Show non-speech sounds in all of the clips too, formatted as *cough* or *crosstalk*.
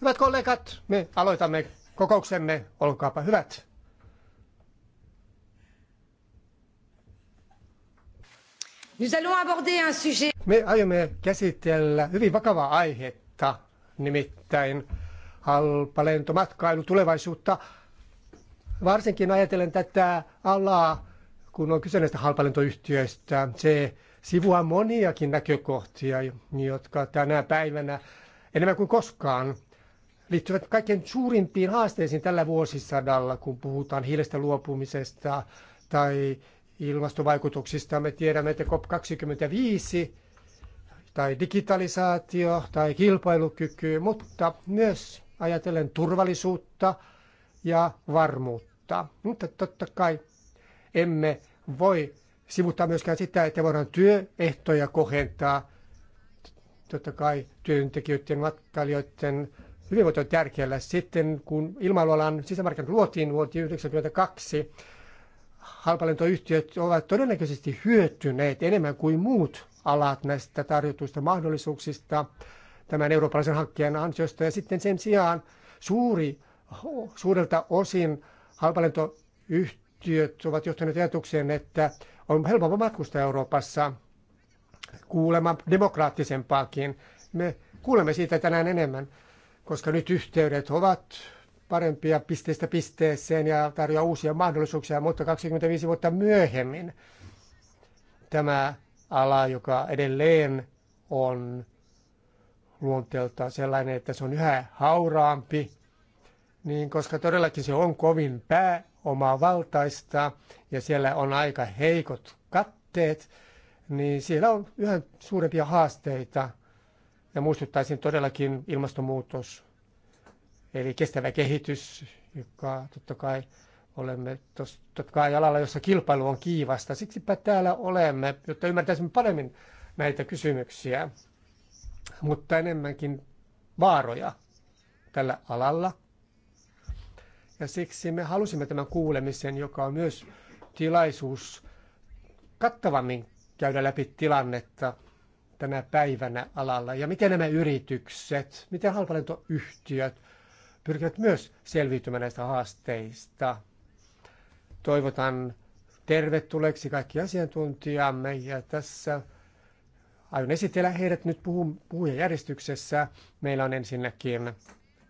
Hyvät kollegat, me aloitamme kokouksemme. Olkaapa hyvät. Me aiomme käsitellä hyvin vakavaa aihetta, nimittäin halpalentomatkailu tulevaisuutta. Varsinkin ajatellen tätä alaa, kun on kyse näistä halpalentoyhtiöistä. Se sivuaa moniakin näkökohtia, jotka tänä päivänä enemmän kuin koskaan liittyvät kaikkein suurimpiin haasteisiin tällä vuosisadalla, kun puhutaan hiilestä luopumisesta tai ilmastovaikutuksista. Me tiedämme, että COP25 tai digitalisaatio tai kilpailukyky, mutta myös ajatellen turvallisuutta ja varmuutta. Mutta totta kai emme voi sivuttaa myöskään sitä, että voidaan työehtoja kohentaa Totta kai työntekijöiden, matkailijoiden hyvinvointi on tärkeällä. Sitten kun ilmailualan sisämarkkinat luotiin vuonna 1992, halpalentoyhtiöt ovat todennäköisesti hyötyneet enemmän kuin muut alat näistä tarjotuista mahdollisuuksista tämän eurooppalaisen hankkeen ansiosta. Ja sitten sen sijaan suuri, suurelta osin halpalentoyhtiöt ovat johtaneet ajatukseen, että on helpompaa matkustaa Euroopassa – kuulema demokraattisempaakin. Me kuulemme siitä tänään enemmän, koska nyt yhteydet ovat parempia pisteestä pisteeseen ja tarjoaa uusia mahdollisuuksia, mutta 25 vuotta myöhemmin tämä ala, joka edelleen on luonteeltaan sellainen, että se on yhä hauraampi, niin koska todellakin se on kovin pääomavaltaista ja siellä on aika heikot katteet, niin siellä on yhä suurempia haasteita. Ja muistuttaisin todellakin ilmastonmuutos, eli kestävä kehitys, joka totta kai olemme tos, totta kai alalla, jossa kilpailu on kiivasta. Siksipä täällä olemme, jotta ymmärtäisimme paremmin näitä kysymyksiä, mutta enemmänkin vaaroja tällä alalla. Ja siksi me halusimme tämän kuulemisen, joka on myös tilaisuus kattavammin käydä läpi tilannetta tänä päivänä alalla ja miten nämä yritykset, miten halpalentoyhtiöt pyrkivät myös selviytymään näistä haasteista. Toivotan tervetulleeksi kaikki asiantuntijamme ja tässä aion esitellä heidät nyt puhujajärjestyksessä. Meillä on ensinnäkin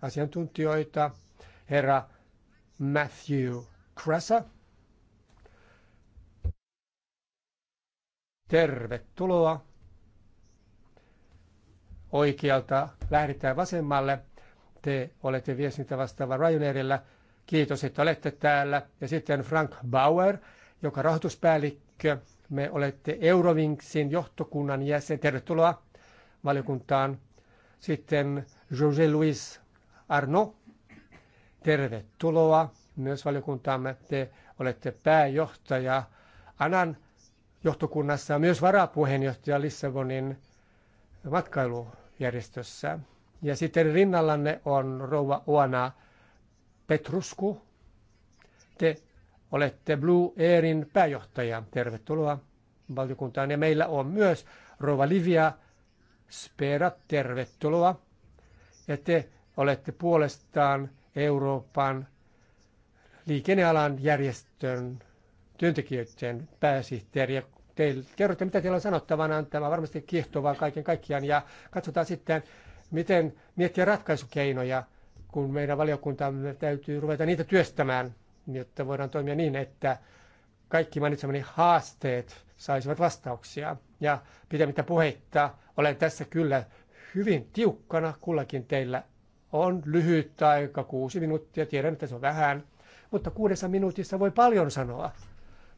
asiantuntijoita herra Matthew Cressa, Tervetuloa. Oikealta lähdetään vasemmalle. Te olette viestintä vastaava Ryanairillä. Kiitos, että olette täällä. Ja sitten Frank Bauer, joka rahoituspäällikkö. Me olette Eurovinksin johtokunnan jäsen. Tervetuloa valiokuntaan. Sitten José Luis Arno. Tervetuloa myös valiokuntaamme. Te olette pääjohtaja Anan johtokunnassa ja myös varapuheenjohtaja Lissabonin matkailujärjestössä. Ja sitten rinnallanne on rouva Oana Petrusku. Te olette Blue Airin pääjohtaja. Tervetuloa valtiokuntaan. Ja meillä on myös rouva Livia Spera. Tervetuloa. Ja te olette puolestaan Euroopan liikennealan järjestön työntekijöiden pääsihteeri teille, kerrotte, mitä teillä on sanottavana. Tämä on varmasti kiehtovaa kaiken kaikkiaan. Ja katsotaan sitten, miten miettiä ratkaisukeinoja, kun meidän valiokuntamme täytyy ruveta niitä työstämään, jotta voidaan toimia niin, että kaikki mainitsemani haasteet saisivat vastauksia. Ja pitämättä puheitta, olen tässä kyllä hyvin tiukkana, kullakin teillä on lyhyt aika, kuusi minuuttia, tiedän, että se on vähän, mutta kuudessa minuutissa voi paljon sanoa.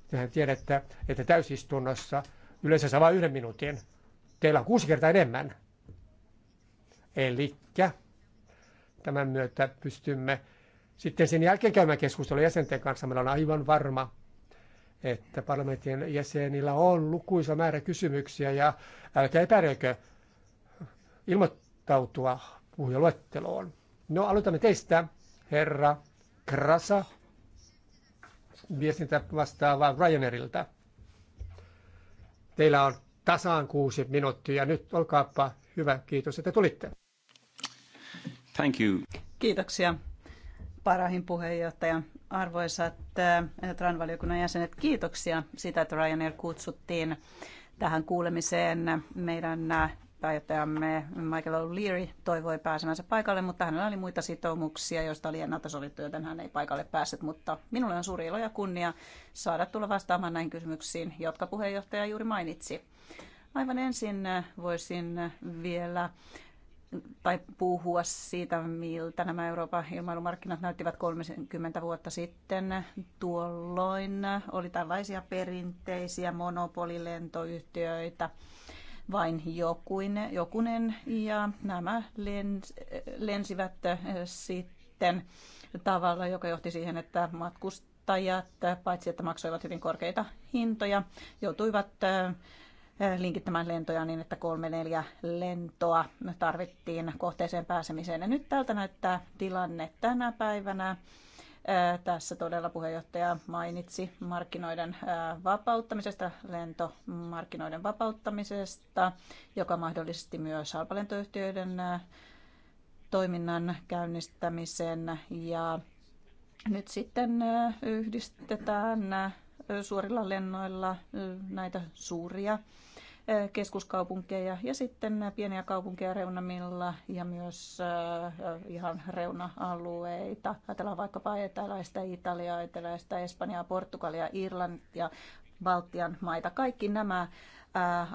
Tehän että, että täysistunnossa yleensä saa vain yhden minuutin. Teillä on kuusi kertaa enemmän. Eli tämän myötä pystymme sitten sen jälkeen käymään keskustelua jäsenten kanssa. Meillä on aivan varma, että parlamentin jäsenillä on lukuisa määrä kysymyksiä ja älkää epäröikö ilmoittautua puhujaluetteloon. No aloitamme teistä, herra Krasa viestintä vastaava Ryanairilta. Teillä on tasaan kuusi minuuttia. Nyt olkaapa hyvä. Kiitos, että tulitte. Thank you. Kiitoksia. Parahin puheenjohtaja, arvoisat eh, TRAN-valiokunnan jäsenet, kiitoksia sitä, että Ryanair kutsuttiin tähän kuulemiseen meidän eh, pääjohtajamme Michael O'Leary toivoi pääsemänsä paikalle, mutta hänellä oli muita sitoumuksia, joista oli ennalta sovittu, joten hän ei paikalle päässyt. Mutta minulle on suuri ilo ja kunnia saada tulla vastaamaan näihin kysymyksiin, jotka puheenjohtaja juuri mainitsi. Aivan ensin äh, voisin vielä tai puhua siitä, miltä nämä Euroopan ilmailumarkkinat näyttivät 30 vuotta sitten. Tuolloin oli tällaisia perinteisiä monopolilentoyhtiöitä, vain jokuinen, jokunen ja nämä lensivät eh, sitten tavalla, joka johti siihen, että matkustajat, paitsi että maksoivat hyvin korkeita hintoja, joutuivat eh, eh, linkittämään lentoja niin, että kolme neljä lentoa tarvittiin kohteeseen pääsemiseen. Ja nyt tältä näyttää tilanne tänä päivänä. Tässä todella puheenjohtaja mainitsi markkinoiden vapauttamisesta, lentomarkkinoiden vapauttamisesta, joka mahdollisesti myös halpalentoyhtiöiden toiminnan käynnistämisen ja nyt sitten yhdistetään suorilla lennoilla näitä suuria keskuskaupunkeja ja sitten pieniä kaupunkeja reunamilla ja myös äh, ihan reuna-alueita. Ajatellaan vaikkapa eteläistä Italiaa, eteläistä Espanjaa, Portugalia, Irlantia, Baltian maita. Kaikki nämä äh,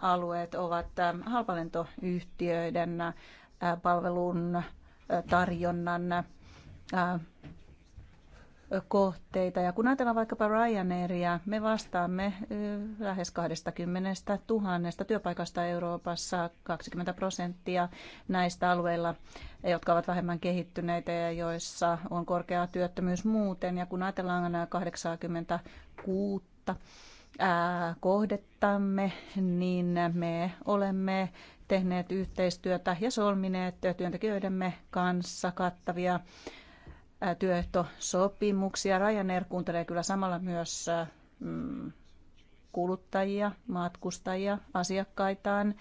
alueet ovat äh, halpalentoyhtiöiden palvelun tarjonnan kohteita. Ja kun ajatellaan vaikkapa Ryanairia, me vastaamme lähes 20 000 työpaikasta Euroopassa, 20 prosenttia näistä alueilla, jotka ovat vähemmän kehittyneitä ja joissa on korkea työttömyys muuten. Ja kun ajatellaan nämä 86 kohdettamme, niin me olemme tehneet yhteistyötä ja solmineet työntekijöidemme kanssa kattavia työehtosopimuksia. Ryanair kuuntelee kyllä samalla myös mm, kuluttajia, matkustajia, asiakkaitaan.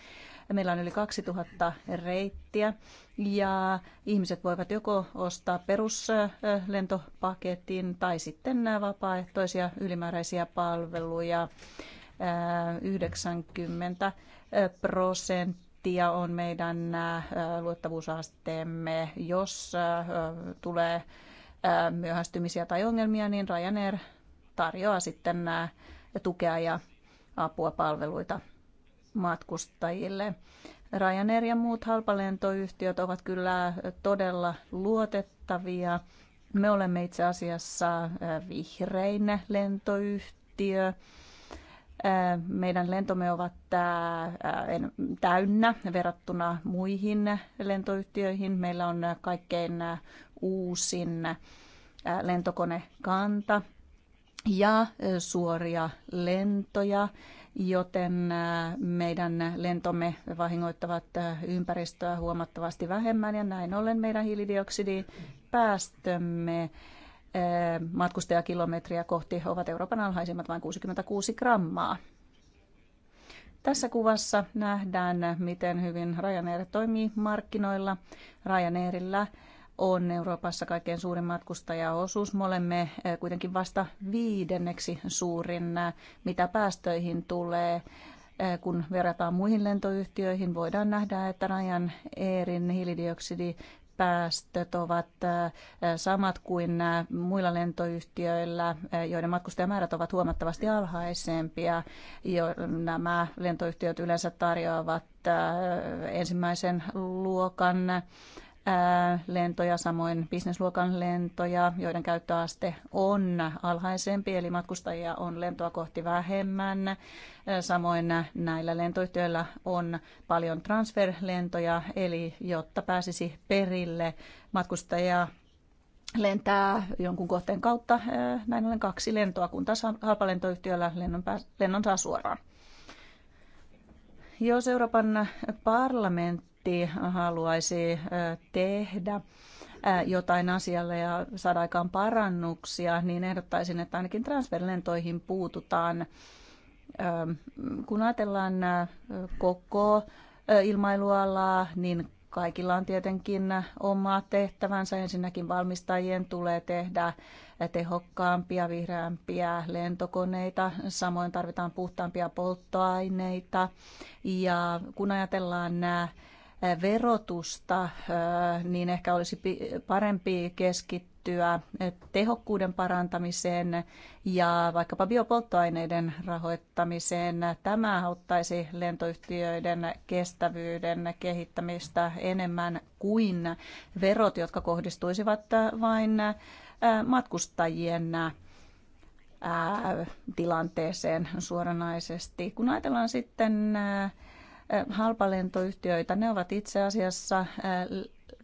Meillä on yli 2000 reittiä ja ihmiset voivat joko ostaa peruslentopaketin tai sitten vapaaehtoisia ylimääräisiä palveluja. 90 prosenttia on meidän luottavuusasteemme, jos tulee myöhästymisiä tai ongelmia, niin Ryanair tarjoaa sitten nämä tukea ja apua palveluita matkustajille. Ryanair ja muut halpalentoyhtiöt ovat kyllä todella luotettavia. Me olemme itse asiassa vihrein lentoyhtiö. Meidän lentomme ovat täynnä verrattuna muihin lentoyhtiöihin. Meillä on kaikkein uusin lentokonekanta ja suoria lentoja, joten meidän lentomme vahingoittavat ympäristöä huomattavasti vähemmän ja näin ollen meidän hiilidioksidipäästömme matkustajakilometriä kohti ovat Euroopan alhaisimmat vain 66 grammaa. Tässä kuvassa nähdään, miten hyvin Ryanair toimii markkinoilla. Ryanairillä on Euroopassa kaikkein suurin matkustajaosuus. Me olemme eh, kuitenkin vasta viidenneksi suurin, eh, mitä päästöihin tulee. Eh, kun verrataan muihin lentoyhtiöihin, voidaan nähdä, että Rajan Eerin hiilidioksidi päästöt ovat samat kuin muilla lentoyhtiöillä, joiden matkustajamäärät ovat huomattavasti alhaisempia. Jo nämä lentoyhtiöt yleensä tarjoavat ensimmäisen luokan lentoja, samoin bisnesluokan lentoja, joiden käyttöaste on alhaisempi, eli matkustajia on lentoa kohti vähemmän. Samoin näillä lentoyhtiöillä on paljon transferlentoja, eli jotta pääsisi perille matkustajia lentää jonkun kohteen kautta näin ollen kaksi lentoa, kun taas halpalentoyhtiöllä lennon, lennon saa suoraan. Jos Euroopan parlamentti parlamentti haluaisi tehdä jotain asialle ja saada aikaan parannuksia, niin ehdottaisin, että ainakin transferlentoihin puututaan. Kun ajatellaan koko ilmailualaa, niin kaikilla on tietenkin oma tehtävänsä. Ensinnäkin valmistajien tulee tehdä tehokkaampia, vihreämpiä lentokoneita. Samoin tarvitaan puhtaampia polttoaineita. Ja kun ajatellaan nämä verotusta, niin ehkä olisi parempi keskittyä tehokkuuden parantamiseen ja vaikkapa biopolttoaineiden rahoittamiseen. Tämä auttaisi lentoyhtiöiden kestävyyden kehittämistä enemmän kuin verot, jotka kohdistuisivat vain matkustajien tilanteeseen suoranaisesti. Kun ajatellaan sitten halpalentoyhtiöitä. Ne ovat itse asiassa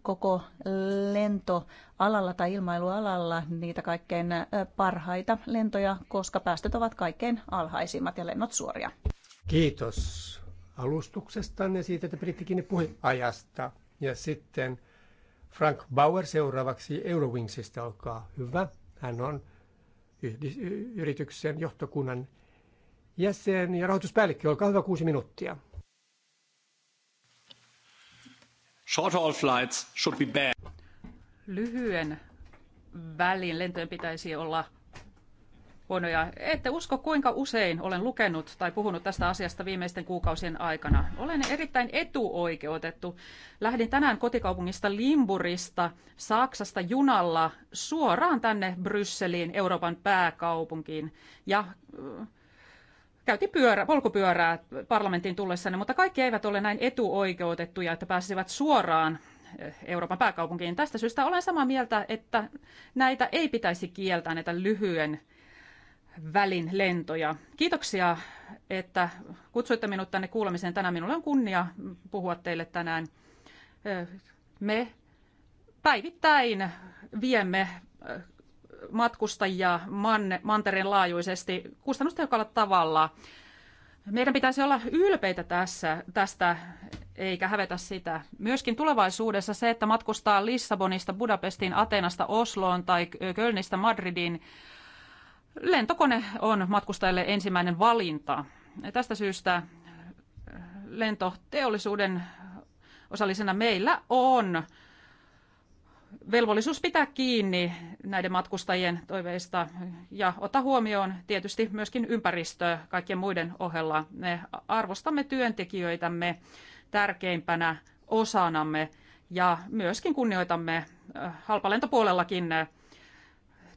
koko lentoalalla tai ilmailualalla niitä kaikkein parhaita lentoja, koska päästöt ovat kaikkein alhaisimmat ja lennot suoria. Kiitos alustuksestanne siitä, että kiinni puheajasta. Ja sitten Frank Bauer seuraavaksi Eurowingsista, olkaa hyvä. Hän on yrityksen johtokunnan jäsen ja rahoituspäällikkö, olkaa hyvä kuusi minuuttia. Lyhyen välin lentojen pitäisi olla huonoja. Ette usko, kuinka usein olen lukenut tai puhunut tästä asiasta viimeisten kuukausien aikana. Olen erittäin etuoikeutettu. Lähdin tänään kotikaupungista Limburista, Saksasta junalla suoraan tänne Brysseliin, Euroopan pääkaupunkiin. Ja äh, käytti pyörä, polkupyörää parlamentin tullessani, mutta kaikki eivät ole näin etuoikeutettuja, että pääsisivät suoraan eh, Euroopan pääkaupunkiin. Tästä syystä olen samaa mieltä, että näitä ei pitäisi kieltää, näitä lyhyen välin lentoja. Kiitoksia, että kutsuitte minut tänne kuulemiseen tänään. Minulla on kunnia puhua teille tänään. Eh, me päivittäin viemme eh, matkustajia man, mantereen laajuisesti kustannustehokkaalla tavalla. Meidän pitäisi olla ylpeitä tässä, tästä, eikä hävetä sitä. Myöskin tulevaisuudessa se, että matkustaa Lissabonista, Budapestiin, Atenasta, Osloon tai Kölnistä, Madridiin, lentokone on matkustajille ensimmäinen valinta. Ja tästä syystä lentoteollisuuden osallisena meillä on velvollisuus pitää kiinni näiden matkustajien toiveista ja ottaa huomioon tietysti myöskin ympäristö kaikkien muiden ohella. Me arvostamme työntekijöitämme tärkeimpänä osanamme ja myöskin kunnioitamme halpalentopuolellakin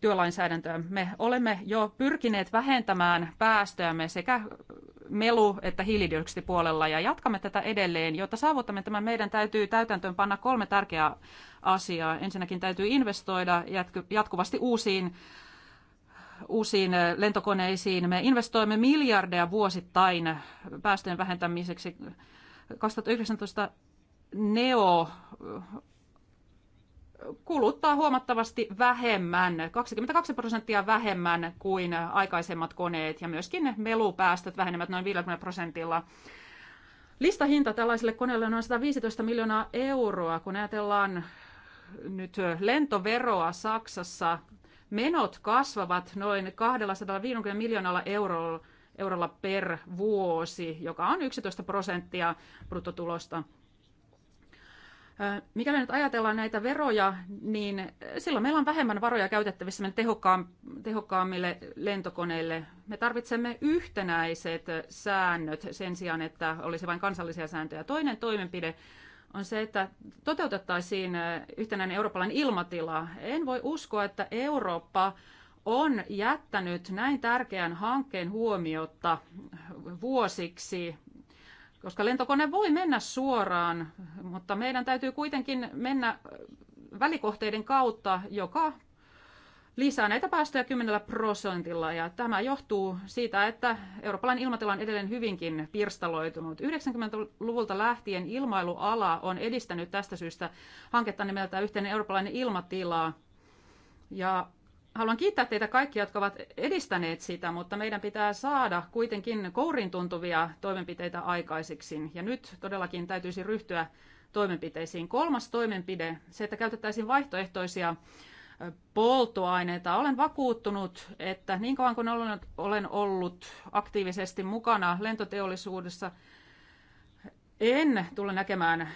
työlainsäädäntöä. Me olemme jo pyrkineet vähentämään päästöjämme sekä melu- että hiilidioksidipuolella ja jatkamme tätä edelleen. Jotta saavutamme tämän, meidän täytyy täytäntöön panna kolme tärkeää asiaa. Ensinnäkin täytyy investoida jatkuvasti uusiin uusiin äh, lentokoneisiin. Me investoimme miljardeja vuosittain päästöjen vähentämiseksi. 2019 Neo kuluttaa huomattavasti vähemmän, 22 prosenttia vähemmän kuin aikaisemmat koneet ja myöskin melupäästöt vähenevät noin 50 prosentilla. Listahinta tällaiselle koneelle on noin 115 miljoonaa euroa, kun ajatellaan nyt lentoveroa Saksassa. Menot kasvavat noin 250 miljoonalla eurolla, eurolla per vuosi, joka on 11 prosenttia bruttotulosta. Mikäli nyt ajatellaan näitä veroja, niin silloin meillä on vähemmän varoja käytettävissä tehokkaammille lentokoneille. Me tarvitsemme yhtenäiset säännöt sen sijaan, että olisi vain kansallisia sääntöjä. Toinen toimenpide on se, että toteutettaisiin yhtenäinen eurooppalainen ilmatila. En voi uskoa, että Eurooppa on jättänyt näin tärkeän hankkeen huomiota vuosiksi koska lentokone voi mennä suoraan, mutta meidän täytyy kuitenkin mennä välikohteiden kautta, joka lisää näitä päästöjä 10 prosentilla. Ja tämä johtuu siitä, että eurooppalainen ilmatila on edelleen hyvinkin pirstaloitunut. 90-luvulta lähtien ilmailuala on edistänyt tästä syystä hanketta nimeltä yhteinen eurooppalainen ilmatila. Ja haluan kiittää teitä kaikkia, jotka ovat edistäneet sitä, mutta meidän pitää saada kuitenkin kourin tuntuvia toimenpiteitä aikaisiksi. Ja nyt todellakin täytyisi ryhtyä toimenpiteisiin. Kolmas toimenpide, se, että käytettäisiin vaihtoehtoisia polttoaineita. Olen vakuuttunut, että niin kauan kuin olen ollut aktiivisesti mukana lentoteollisuudessa, en tule näkemään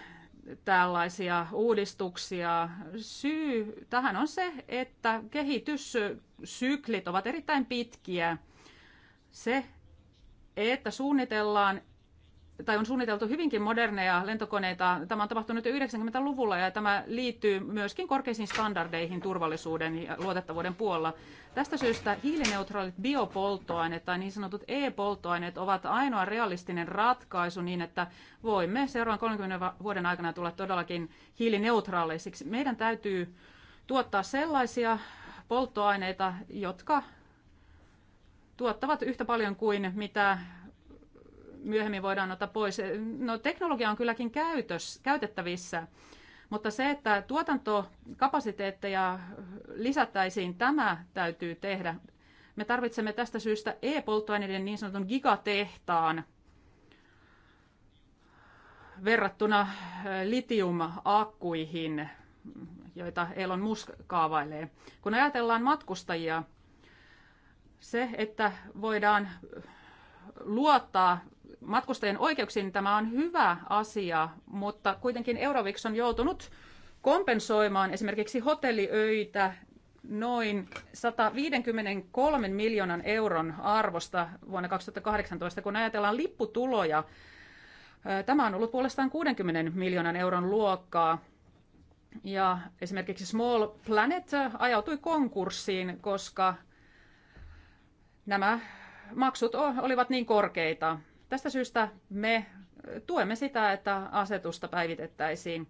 tällaisia uudistuksia. Syy tähän on se, että kehityssyklit ovat erittäin pitkiä. Se, että suunnitellaan tai on suunniteltu hyvinkin moderneja lentokoneita. Tämä on tapahtunut jo 90-luvulla ja tämä liittyy myöskin korkeisiin standardeihin turvallisuuden ja luotettavuuden puolella. Tästä syystä hiilineutraalit biopolttoaineet tai niin sanotut e-polttoaineet ovat ainoa realistinen ratkaisu niin, että voimme seuraavan 30 vuoden aikana tulla todellakin hiilineutraaleisiksi. Meidän täytyy tuottaa sellaisia polttoaineita, jotka tuottavat yhtä paljon kuin mitä myöhemmin voidaan ottaa pois. No, teknologia on kylläkin käytös, käytettävissä, mutta se, että tuotantokapasiteetteja lisättäisiin, tämä täytyy tehdä. Me tarvitsemme tästä syystä e-polttoaineiden niin sanotun gigatehtaan verrattuna eh, litiumakkuihin, joita Elon Musk kaavailee. Kun ajatellaan matkustajia, se, että voidaan luottaa matkustajien oikeuksiin, niin tämä on hyvä asia, mutta kuitenkin Eurovix on joutunut kompensoimaan esimerkiksi hotelliöitä noin 153 miljoonan euron arvosta vuonna 2018, kun ajatellaan lipputuloja. Tämä on ollut puolestaan 60 miljoonan euron luokkaa. Ja esimerkiksi Small Planet ajautui konkurssiin, koska nämä maksut olivat niin korkeita. Tästä syystä me tuemme sitä, että asetusta päivitettäisiin.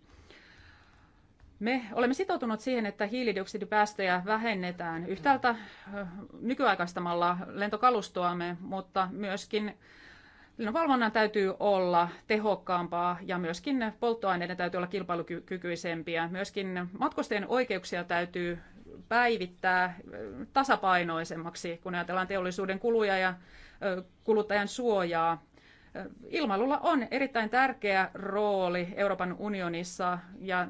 Me olemme sitoutuneet siihen, että hiilidioksidipäästöjä vähennetään yhtäältä nykyaikaistamalla lentokalustoamme, mutta myöskin valvonnan täytyy olla tehokkaampaa ja myöskin polttoaineiden täytyy olla kilpailukykyisempiä. Myöskin matkustajien oikeuksia täytyy päivittää tasapainoisemmaksi, kun ajatellaan teollisuuden kuluja ja kuluttajan suojaa. Ilmailulla on erittäin tärkeä rooli Euroopan unionissa ja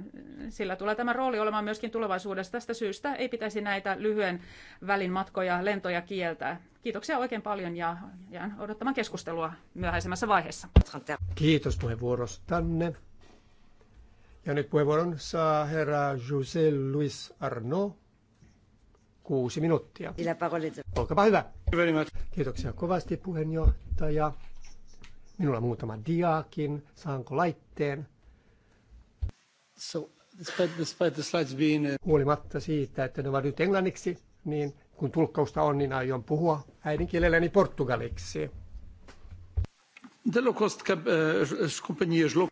sillä tulee tämä rooli olemaan myöskin tulevaisuudessa. Tästä syystä ei pitäisi näitä lyhyen välin matkoja, lentoja kieltää. Kiitoksia oikein paljon ja jään odottamaan keskustelua myöhäisemmässä vaiheessa. Kiitos puheenvuorostanne. Ja nyt puheenvuoron saa herra José Luis Arnaud. Kuusi minuuttia. Olkaapa hyvä. Kiitoksia kovasti puheenjohtaja. Minulla muutama diakin. Saanko laitteen? So, despite, despite the slides being... Uh, Huolimatta siitä, että ne ovat nyt englanniksi, niin kun tulkkausta on, niin aion puhua äidinkielelläni portugaliksi. Uh,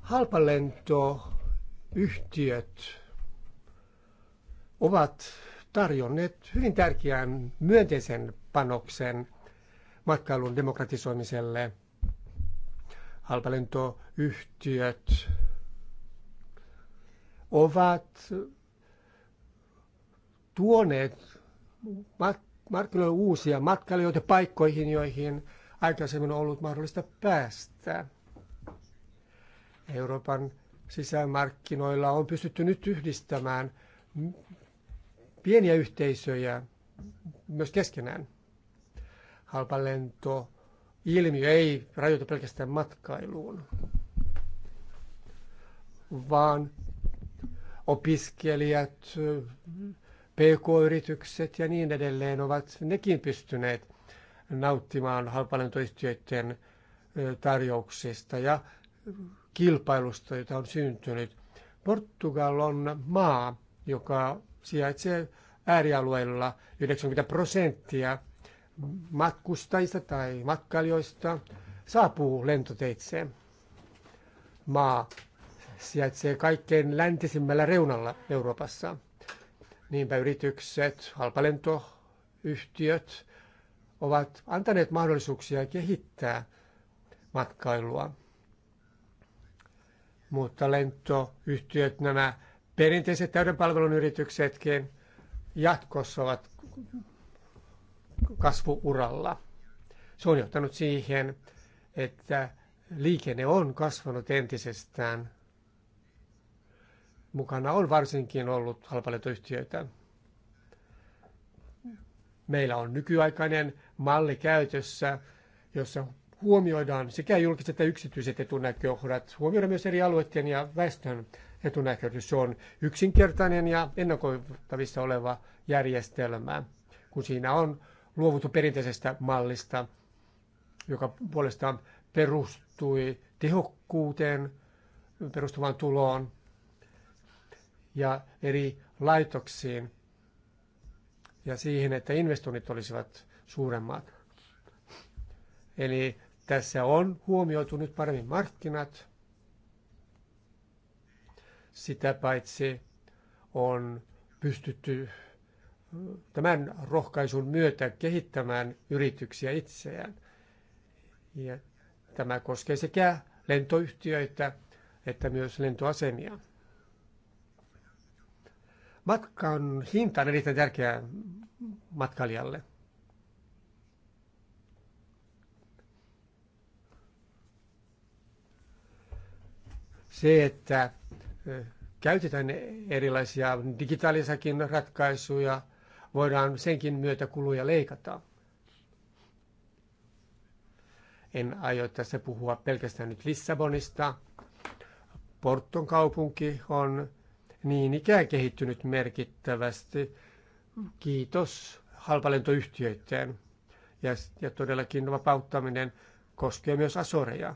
Halpalentoyhtiöt ovat tarjonneet hyvin tärkeän myönteisen panoksen matkailun demokratisoimiselle halpalentoyhtiöt ovat tuoneet markkinoille uusia matkailijoita paikkoihin, joihin aikaisemmin on ollut mahdollista päästä. Euroopan sisämarkkinoilla on pystytty nyt yhdistämään pieniä yhteisöjä myös keskenään. Halpalento ilmiö ei rajoitu pelkästään matkailuun, vaan opiskelijat, PK-yritykset ja niin edelleen ovat nekin pystyneet nauttimaan halpalentoyhtiöiden tarjouksista ja kilpailusta, jota on syntynyt. Portugal on maa, joka sijaitsee äärialueilla 90 prosenttia matkustajista tai matkailijoista saapuu lentoteitse. Maa sijaitsee kaikkein läntisimmällä reunalla Euroopassa. Niinpä yritykset, halpalentoyhtiöt ovat antaneet mahdollisuuksia kehittää matkailua. Mutta lentoyhtiöt, nämä perinteiset täyden palvelun yrityksetkin jatkossa ovat kasvuuralla. Se on johtanut siihen, että liikenne on kasvanut entisestään. Mukana on varsinkin ollut halpalentoyhtiöitä. Meillä on nykyaikainen malli käytössä, jossa huomioidaan sekä julkiset että yksityiset etunäkökohdat. Huomioidaan myös eri alueiden ja väestön etunäkökohdat. Se on yksinkertainen ja ennakoitavissa oleva järjestelmä, kun siinä on luovuttu perinteisestä mallista, joka puolestaan perustui tehokkuuteen perustuvaan tuloon ja eri laitoksiin ja siihen, että investoinnit olisivat suuremmat. Eli tässä on huomioitu nyt paremmin markkinat. Sitä paitsi on pystytty tämän rohkaisun myötä kehittämään yrityksiä itseään. Ja tämä koskee sekä lentoyhtiöitä että myös lentoasemia. Matkan hinta on erittäin tärkeä matkailijalle. Se, että käytetään erilaisia digitaalisiakin ratkaisuja, voidaan senkin myötä kuluja leikata. En aio tässä puhua pelkästään nyt Lissabonista. Porton kaupunki on niin ikään kehittynyt merkittävästi. Kiitos halpalentoyhtiöiden. Ja, ja todellakin vapauttaminen koskee myös Asoreja.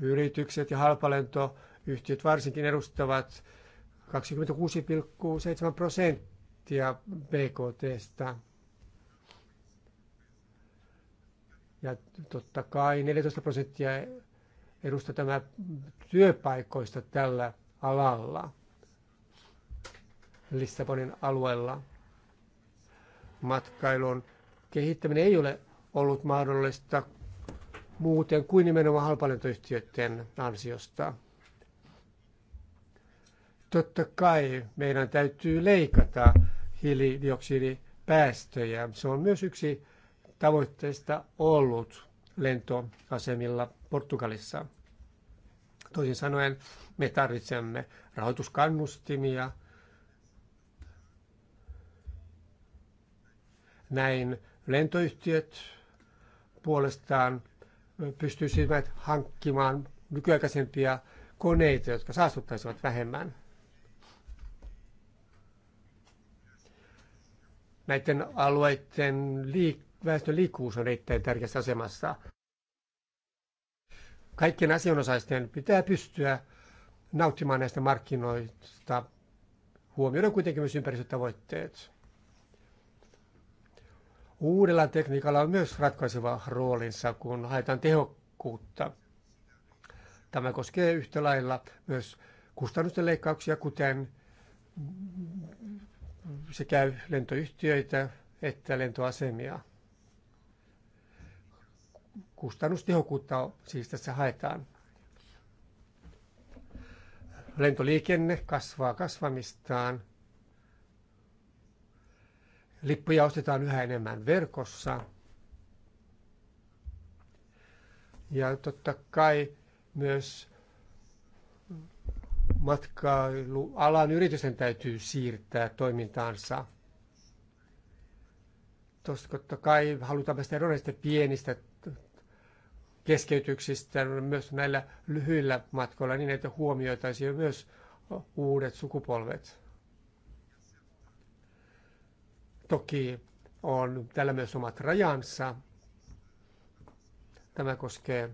Yritykset ja halpalentoyhtiöt varsinkin edustavat 26,7 prosenttia BKTstä. Ja totta kai 14 prosenttia edustaa tämä työpaikoista tällä alalla Lissabonin alueella. Matkailun kehittäminen ei ole ollut mahdollista muuten kuin nimenomaan halpalentoyhtiöiden ansiosta. Totta kai meidän täytyy leikata hiilidioksidipäästöjä. Se on myös yksi tavoitteista ollut lentoasemilla Portugalissa. Toisin sanoen me tarvitsemme rahoituskannustimia. Näin lentoyhtiöt puolestaan pystyisivät hankkimaan nykyaikaisempia koneita, jotka saastuttaisivat vähemmän. näiden alueiden liik- väestön liikkuvuus on erittäin tärkeässä asemassa. Kaikkien asianosaisten pitää pystyä nauttimaan näistä markkinoista, huomioiden kuitenkin myös ympäristötavoitteet. Uudella tekniikalla on myös ratkaiseva roolinsa, kun haetaan tehokkuutta. Tämä koskee yhtä lailla myös kustannusten leikkauksia, kuten se käy lentoyhtiöitä että lentoasemia. Kustannustehokkuutta siis tässä haetaan. Lentoliikenne kasvaa kasvamistaan. Lippuja ostetaan yhä enemmän verkossa. Ja totta kai myös matkailualan yritysten täytyy siirtää toimintaansa. Tuosta totta kai halutaan päästä eroon näistä pienistä keskeytyksistä myös näillä lyhyillä matkoilla niin, että huomioitaisiin myös uudet sukupolvet. Toki on tällä myös omat rajansa. Tämä koskee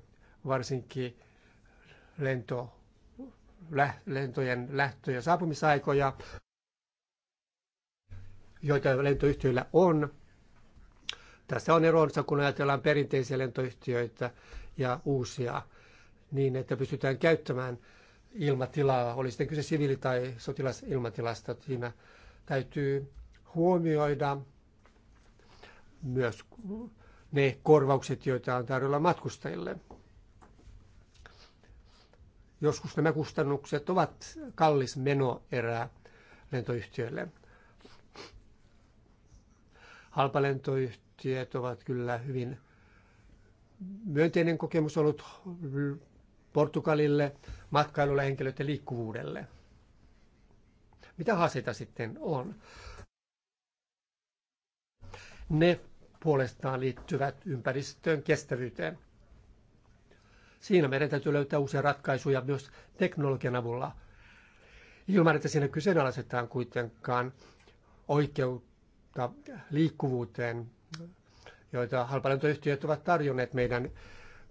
varsinkin lentoa lentojen lähtö- ja saapumisaikoja, joita lentoyhtiöillä on. Tässä on eronsa, kun ajatellaan perinteisiä lentoyhtiöitä ja uusia, niin että pystytään käyttämään ilmatilaa, oli sitten kyse siviili- tai sotilasilmatilasta. Siinä täytyy huomioida myös ne korvaukset, joita on tarjolla matkustajille. Joskus nämä kustannukset ovat kallis menoerä lentoyhtiöille. Halpalentoyhtiöt ovat kyllä hyvin myönteinen kokemus ollut Portugalille, matkailulle, henkilöiden liikkuvuudelle. Mitä haasteita sitten on? Ne puolestaan liittyvät ympäristöön, kestävyyteen. Siinä meidän täytyy löytää uusia ratkaisuja myös teknologian avulla, ilman että siinä kyseenalaistetaan kuitenkaan oikeutta liikkuvuuteen, joita halpalentoyhtiöt ovat tarjonneet meidän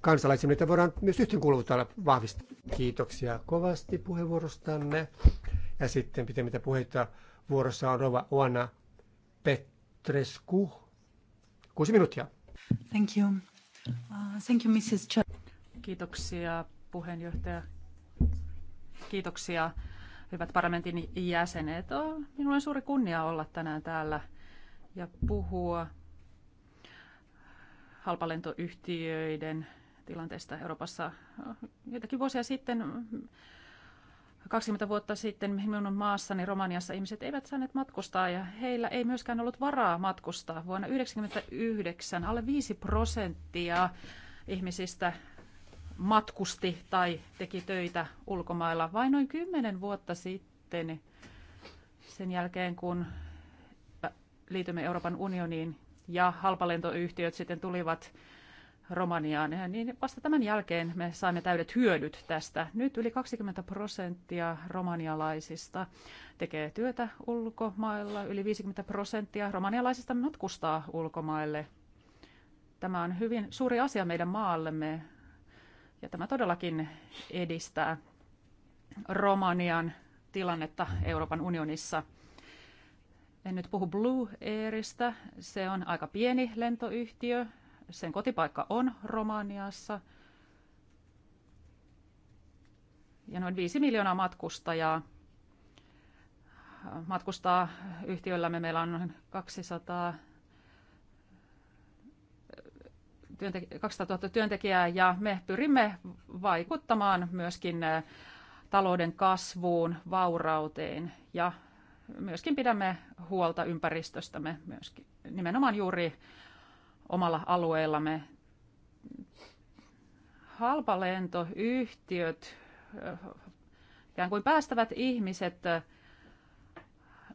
kansalaisille, Niitä voidaan myös yhteenkuuluvuutta vahvistaa. Kiitoksia kovasti puheenvuorostanne. Ja sitten pitemmitä puheita vuorossa on Rova Oana Petrescu. Kuusi minuuttia. Thank you. Uh, thank you, Mrs. Chair. Kiitoksia puheenjohtaja. Kiitoksia hyvät parlamentin jäsenet. Minulla on suuri kunnia olla tänään täällä ja puhua halpalentoyhtiöiden tilanteesta Euroopassa. Joitakin vuosia sitten 20 vuotta sitten minun maassani Romaniassa ihmiset eivät saaneet matkustaa ja heillä ei myöskään ollut varaa matkustaa. Vuonna 1999 alle 5 prosenttia ihmisistä matkusti tai teki töitä ulkomailla vain noin kymmenen vuotta sitten, sen jälkeen kun liitymme Euroopan unioniin ja halpalentoyhtiöt sitten tulivat Romaniaan, niin vasta tämän jälkeen me saimme täydet hyödyt tästä. Nyt yli 20 prosenttia romanialaisista tekee työtä ulkomailla, yli 50 prosenttia romanialaisista matkustaa ulkomaille. Tämä on hyvin suuri asia meidän maallemme. Ja tämä todellakin edistää Romanian tilannetta Euroopan unionissa. En nyt puhu Blue Airista. Se on aika pieni lentoyhtiö. Sen kotipaikka on Romaniassa. Ja noin 5 miljoonaa matkustajaa matkustaa yhtiöllämme. Meillä on noin 200 työntek- 200 000 työntekijää ja me pyrimme vaikuttamaan myöskin äh, talouden kasvuun, vaurauteen ja myöskin pidämme huolta ympäristöstämme myöskin, nimenomaan juuri omalla alueellamme. Halpalentoyhtiöt äh, ikään kuin päästävät ihmiset äh,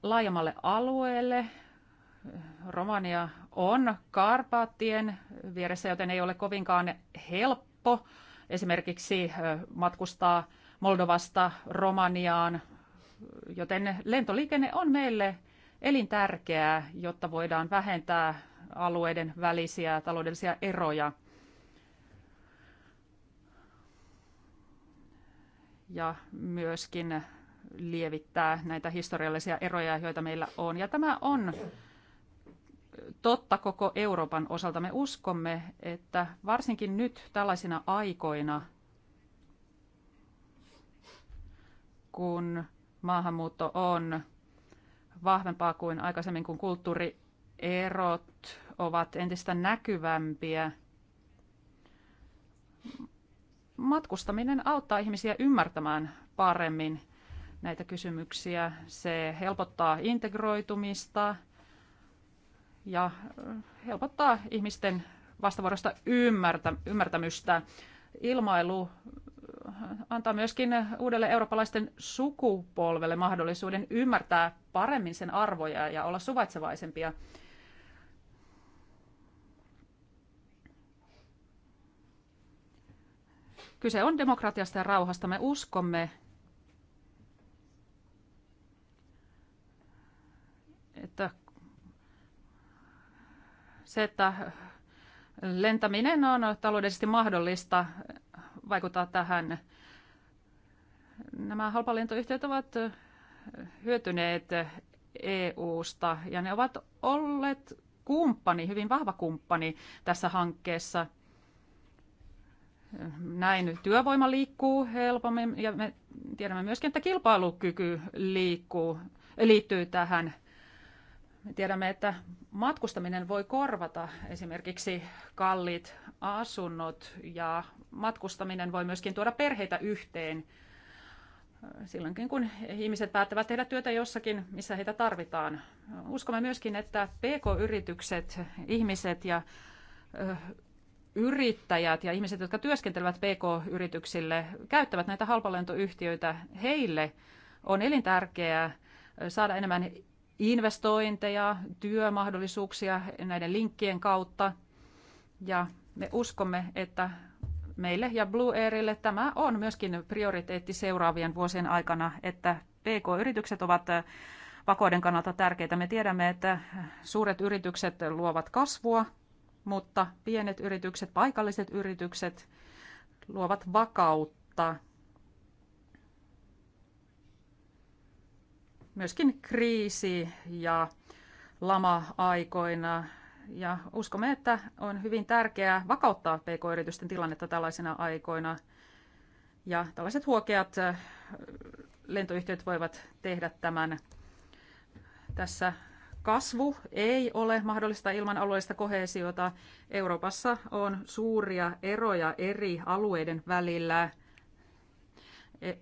laajemmalle alueelle. Romania on Karpaattien vieressä, joten ei ole kovinkaan helppo esimerkiksi matkustaa Moldovasta Romaniaan, joten lentoliikenne on meille elintärkeää, jotta voidaan vähentää alueiden välisiä taloudellisia eroja. Ja myöskin lievittää näitä historiallisia eroja, joita meillä on. Ja tämä on totta koko Euroopan osalta. Me uskomme, että varsinkin nyt tällaisina aikoina, kun maahanmuutto on vahvempaa kuin aikaisemmin, kun kulttuurierot ovat entistä näkyvämpiä, matkustaminen auttaa ihmisiä ymmärtämään paremmin näitä kysymyksiä. Se helpottaa integroitumista, ja äh, helpottaa ihmisten vastavuorosta ymmärtä, ymmärtämystä. Ilmailu äh, antaa myöskin uudelle eurooppalaisten sukupolvelle mahdollisuuden ymmärtää paremmin sen arvoja ja olla suvaitsevaisempia. Kyse on demokratiasta ja rauhasta. Me uskomme, että se, että lentäminen on taloudellisesti mahdollista, vaikuttaa tähän. Nämä halpalentoyhtiöt ovat hyötyneet EUsta ja ne ovat olleet kumppani, hyvin vahva kumppani tässä hankkeessa. Näin työvoima liikkuu helpommin ja me tiedämme myöskin, että kilpailukyky liikkuu, liittyy tähän – Tiedämme, että matkustaminen voi korvata esimerkiksi kalliit asunnot ja matkustaminen voi myöskin tuoda perheitä yhteen silloinkin, kun ihmiset päättävät tehdä työtä jossakin, missä heitä tarvitaan. Uskomme myöskin, että PK-yritykset, ihmiset ja yrittäjät ja ihmiset, jotka työskentelevät PK-yrityksille, käyttävät näitä halpalentoyhtiöitä. Heille on elintärkeää saada enemmän investointeja, työmahdollisuuksia näiden linkkien kautta. Ja me uskomme, että meille ja Blue Airille tämä on myöskin prioriteetti seuraavien vuosien aikana, että PK-yritykset ovat äh, vakoiden kannalta tärkeitä. Me tiedämme, että suuret yritykset luovat kasvua, mutta pienet yritykset, paikalliset yritykset luovat vakautta myöskin kriisi- ja lama-aikoina. Ja uskomme, että on hyvin tärkeää vakauttaa pk-yritysten tilannetta tällaisina aikoina. Ja tällaiset huokeat lentoyhtiöt voivat tehdä tämän. Tässä kasvu ei ole mahdollista ilman alueellista kohesiota. Euroopassa on suuria eroja eri alueiden välillä e-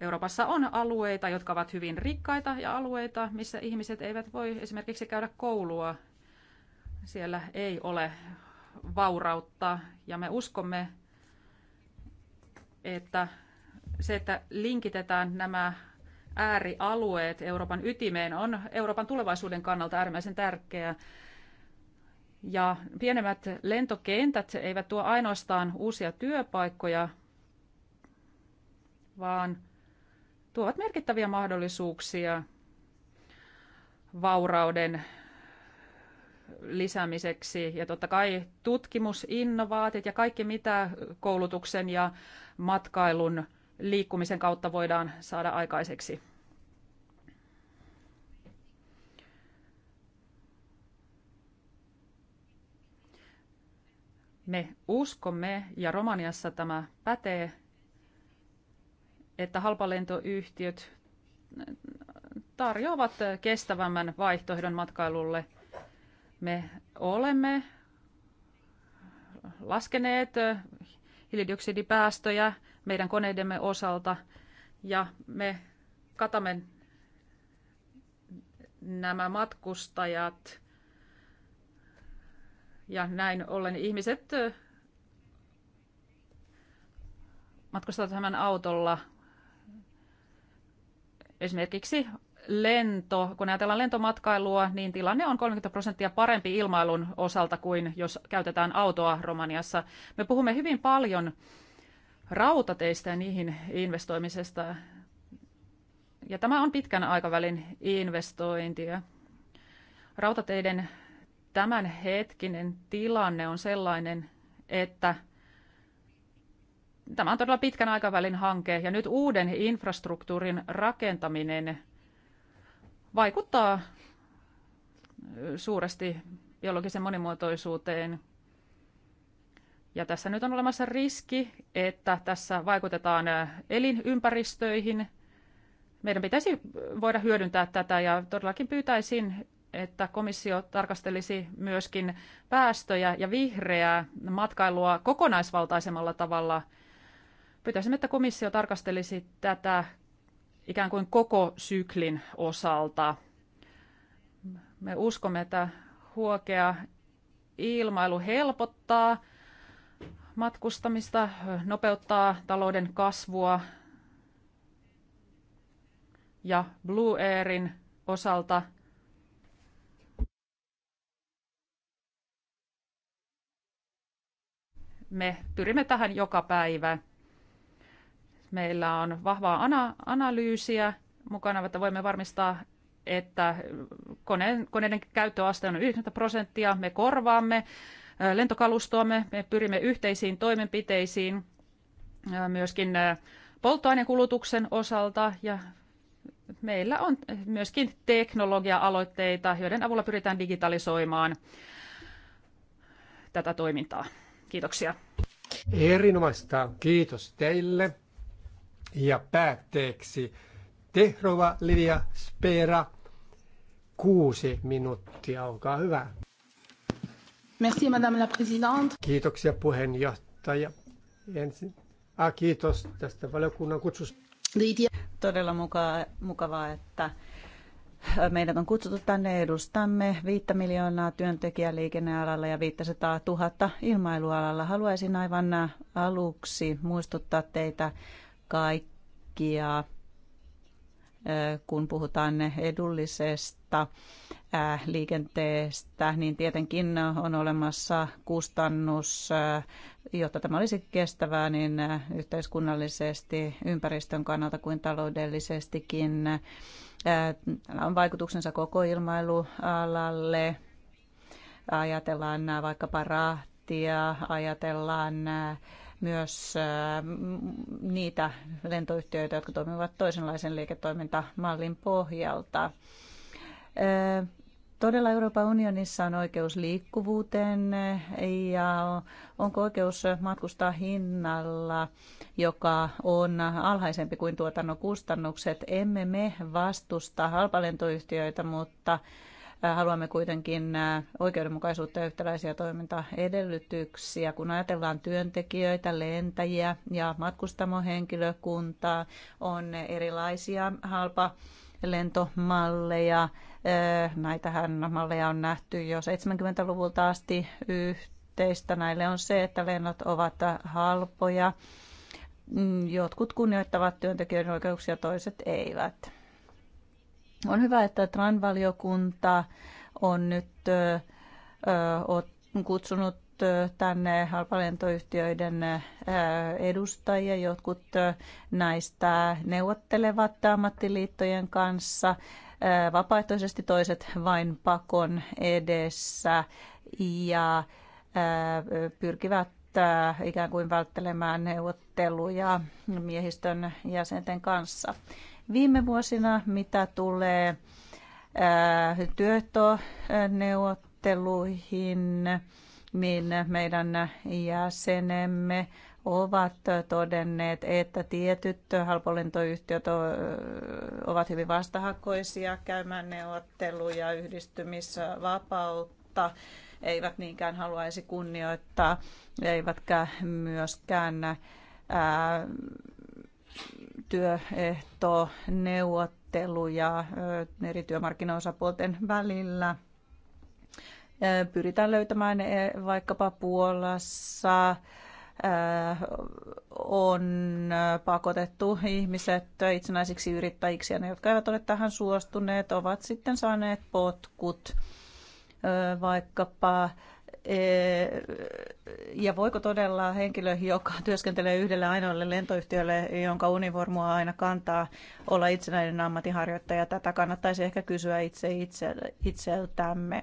Euroopassa on alueita, jotka ovat hyvin rikkaita ja alueita, missä ihmiset eivät voi esimerkiksi käydä koulua. Siellä ei ole vaurautta ja me uskomme, että se, että linkitetään nämä äärialueet Euroopan ytimeen on Euroopan tulevaisuuden kannalta äärimmäisen tärkeää. Ja pienemmät lentokentät eivät tuo ainoastaan uusia työpaikkoja, vaan tuovat merkittäviä mahdollisuuksia vaurauden lisäämiseksi. Ja totta kai tutkimus, innovaatit ja kaikki mitä koulutuksen ja matkailun liikkumisen kautta voidaan saada aikaiseksi. Me uskomme, ja Romaniassa tämä pätee, että halpalentoyhtiöt tarjoavat kestävämmän vaihtoehdon matkailulle. Me olemme laskeneet hiilidioksidipäästöjä meidän koneidemme osalta ja me katamme nämä matkustajat ja näin ollen ihmiset matkustavat tämän autolla Esimerkiksi lento, kun ajatellaan lentomatkailua, niin tilanne on 30 prosenttia parempi ilmailun osalta kuin jos käytetään autoa Romaniassa. Me puhumme hyvin paljon rautateistä ja niihin investoimisesta. Ja tämä on pitkän aikavälin investointia. Rautateiden tämänhetkinen tilanne on sellainen, että tämä on todella pitkän aikavälin hanke ja nyt uuden infrastruktuurin rakentaminen vaikuttaa suuresti biologisen monimuotoisuuteen. Ja tässä nyt on olemassa riski, että tässä vaikutetaan elinympäristöihin. Meidän pitäisi voida hyödyntää tätä ja todellakin pyytäisin, että komissio tarkastelisi myöskin päästöjä ja vihreää matkailua kokonaisvaltaisemmalla tavalla – Pyytäisimme, että komissio tarkastelisi tätä ikään kuin koko syklin osalta. Me uskomme, että huokea ilmailu helpottaa matkustamista, nopeuttaa talouden kasvua ja Blue Airin osalta me pyrimme tähän joka päivä. Meillä on vahvaa ana- analyysiä mukana, että voimme varmistaa, että koneen, koneiden käyttöaste on 90 prosenttia. Me korvaamme lentokalustoamme, me pyrimme yhteisiin toimenpiteisiin myöskin polttoainekulutuksen osalta ja meillä on myöskin teknologia-aloitteita, joiden avulla pyritään digitalisoimaan tätä toimintaa. Kiitoksia. Erinomaista. Kiitos teille. Ja päätteeksi Tehrova Livia Spera, kuusi minuuttia, olkaa hyvä. Merci, Madame la Présidente. Kiitoksia puheenjohtaja. Ensin, ah, kiitos tästä valiokunnan kutsusta. Todella muka, mukavaa, että meidät on kutsuttu tänne edustamme viittä miljoonaa työntekijää liikennealalla ja 500 000 ilmailualalla. Haluaisin aivan aluksi muistuttaa teitä kaikkia, kun puhutaan edullisesta liikenteestä, niin tietenkin on olemassa kustannus, jotta tämä olisi kestävää niin yhteiskunnallisesti, ympäristön kannalta kuin taloudellisestikin. Tällä on vaikutuksensa koko ilmailualalle. Ajatellaan vaikkapa rahtia, ajatellaan myös äh, niitä lentoyhtiöitä, jotka toimivat toisenlaisen liiketoimintamallin pohjalta. Äh, todella Euroopan unionissa on oikeus liikkuvuuteen äh, ja onko oikeus matkustaa hinnalla, joka on alhaisempi kuin tuotannon kustannukset. Emme me vastusta halpalentoyhtiöitä, mutta Äh, haluamme kuitenkin äh, oikeudenmukaisuutta ja yhtäläisiä toimintaedellytyksiä, kun ajatellaan työntekijöitä, lentäjiä ja matkustamohenkilökuntaa. On erilaisia halpa lentomalleja. Äh, näitähän malleja on nähty jo 70-luvulta asti yhteistä. Näille on se, että lennot ovat halpoja. Mm, jotkut kunnioittavat työntekijöiden oikeuksia, toiset eivät. On hyvä, että TRAN-valiokunta on nyt ö, kutsunut tänne halpalentoyhtiöiden edustajia. Jotkut näistä neuvottelevat ammattiliittojen kanssa vapaaehtoisesti, toiset vain pakon edessä ja pyrkivät ikään kuin välttelemään neuvotteluja miehistön jäsenten kanssa. Viime vuosina, mitä tulee äh, työtoneuvotteluihin, niin meidän jäsenemme ovat todenneet, että tietyt halpolentoyhtiöt ovat hyvin vastahakoisia käymään neuvotteluja yhdistymisvapautta, eivät niinkään haluaisi kunnioittaa, eivätkä myöskään työehto, neuvotteluja eri työmarkkinaosapuolten välillä. Pyritään löytämään e, vaikkapa Puolassa on pakotettu ihmiset itsenäisiksi yrittäjiksi ja ne, jotka eivät ole tähän suostuneet, ovat sitten saaneet potkut vaikkapa Eh, ja voiko todella henkilö, joka työskentelee yhdellä ainoalle lentoyhtiölle, jonka univormua aina kantaa, olla itsenäinen ammatinharjoittaja? Tätä kannattaisi ehkä kysyä itse, itse itseltämme.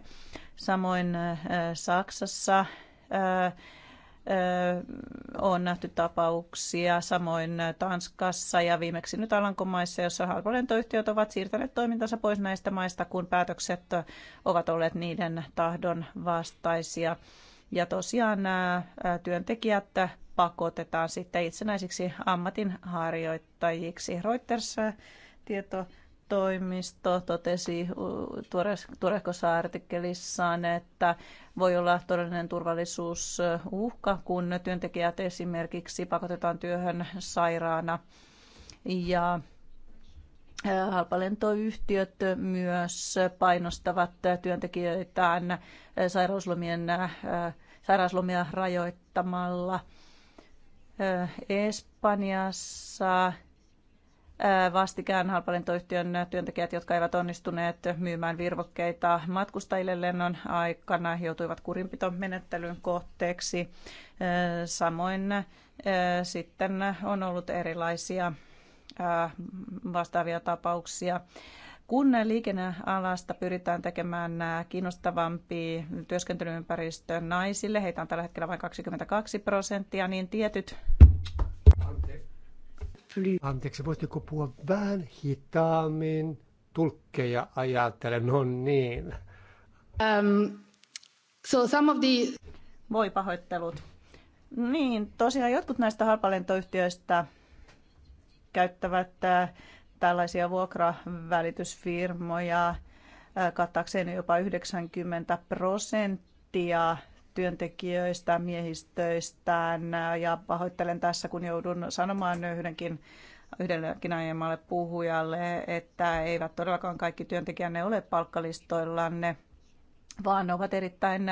Samoin eh, Saksassa eh, on nähty tapauksia, samoin Tanskassa ja viimeksi nyt Alankomaissa, jossa halpolentoyhtiöt ovat siirtäneet toimintansa pois näistä maista, kun päätökset ovat olleet niiden tahdon vastaisia. Ja tosiaan nämä työntekijät pakotetaan sitten itsenäisiksi ammatinharjoittajiksi. Reuters tieto toimisto totesi tuorehkossa artikkelissaan, että voi olla todellinen turvallisuusuhka, kun työntekijät esimerkiksi pakotetaan työhön sairaana. Ja halpalentoyhtiöt myös painostavat työntekijöitään sairauslomien, sairauslomia rajoittamalla. Espanjassa vastikään halpalentoyhtiön työntekijät, jotka eivät onnistuneet myymään virvokkeita matkustajille lennon aikana, joutuivat kurinpitomenettelyn kohteeksi. Samoin sitten on ollut erilaisia vastaavia tapauksia. Kun liikennealasta pyritään tekemään kiinnostavampi työskentelyympäristö naisille, heitä on tällä hetkellä vain 22 prosenttia, niin tietyt plus. Anteeksi, voisitko puhua vähän hitaammin? Tulkkeja ajattelen, no niin. Um, so some of the... Voi pahoittelut. Niin, tosiaan jotkut näistä halpalentoyhtiöistä käyttävät äh, tällaisia vuokravälitysfirmoja äh, kattaakseen jopa 90 prosenttia työntekijöistä, miehistöistään ja pahoittelen tässä, kun joudun sanomaan yhdenkin yhdellekin aiemmalle puhujalle, että eivät todellakaan kaikki työntekijänne ole palkkalistoillanne, vaan ovat erittäin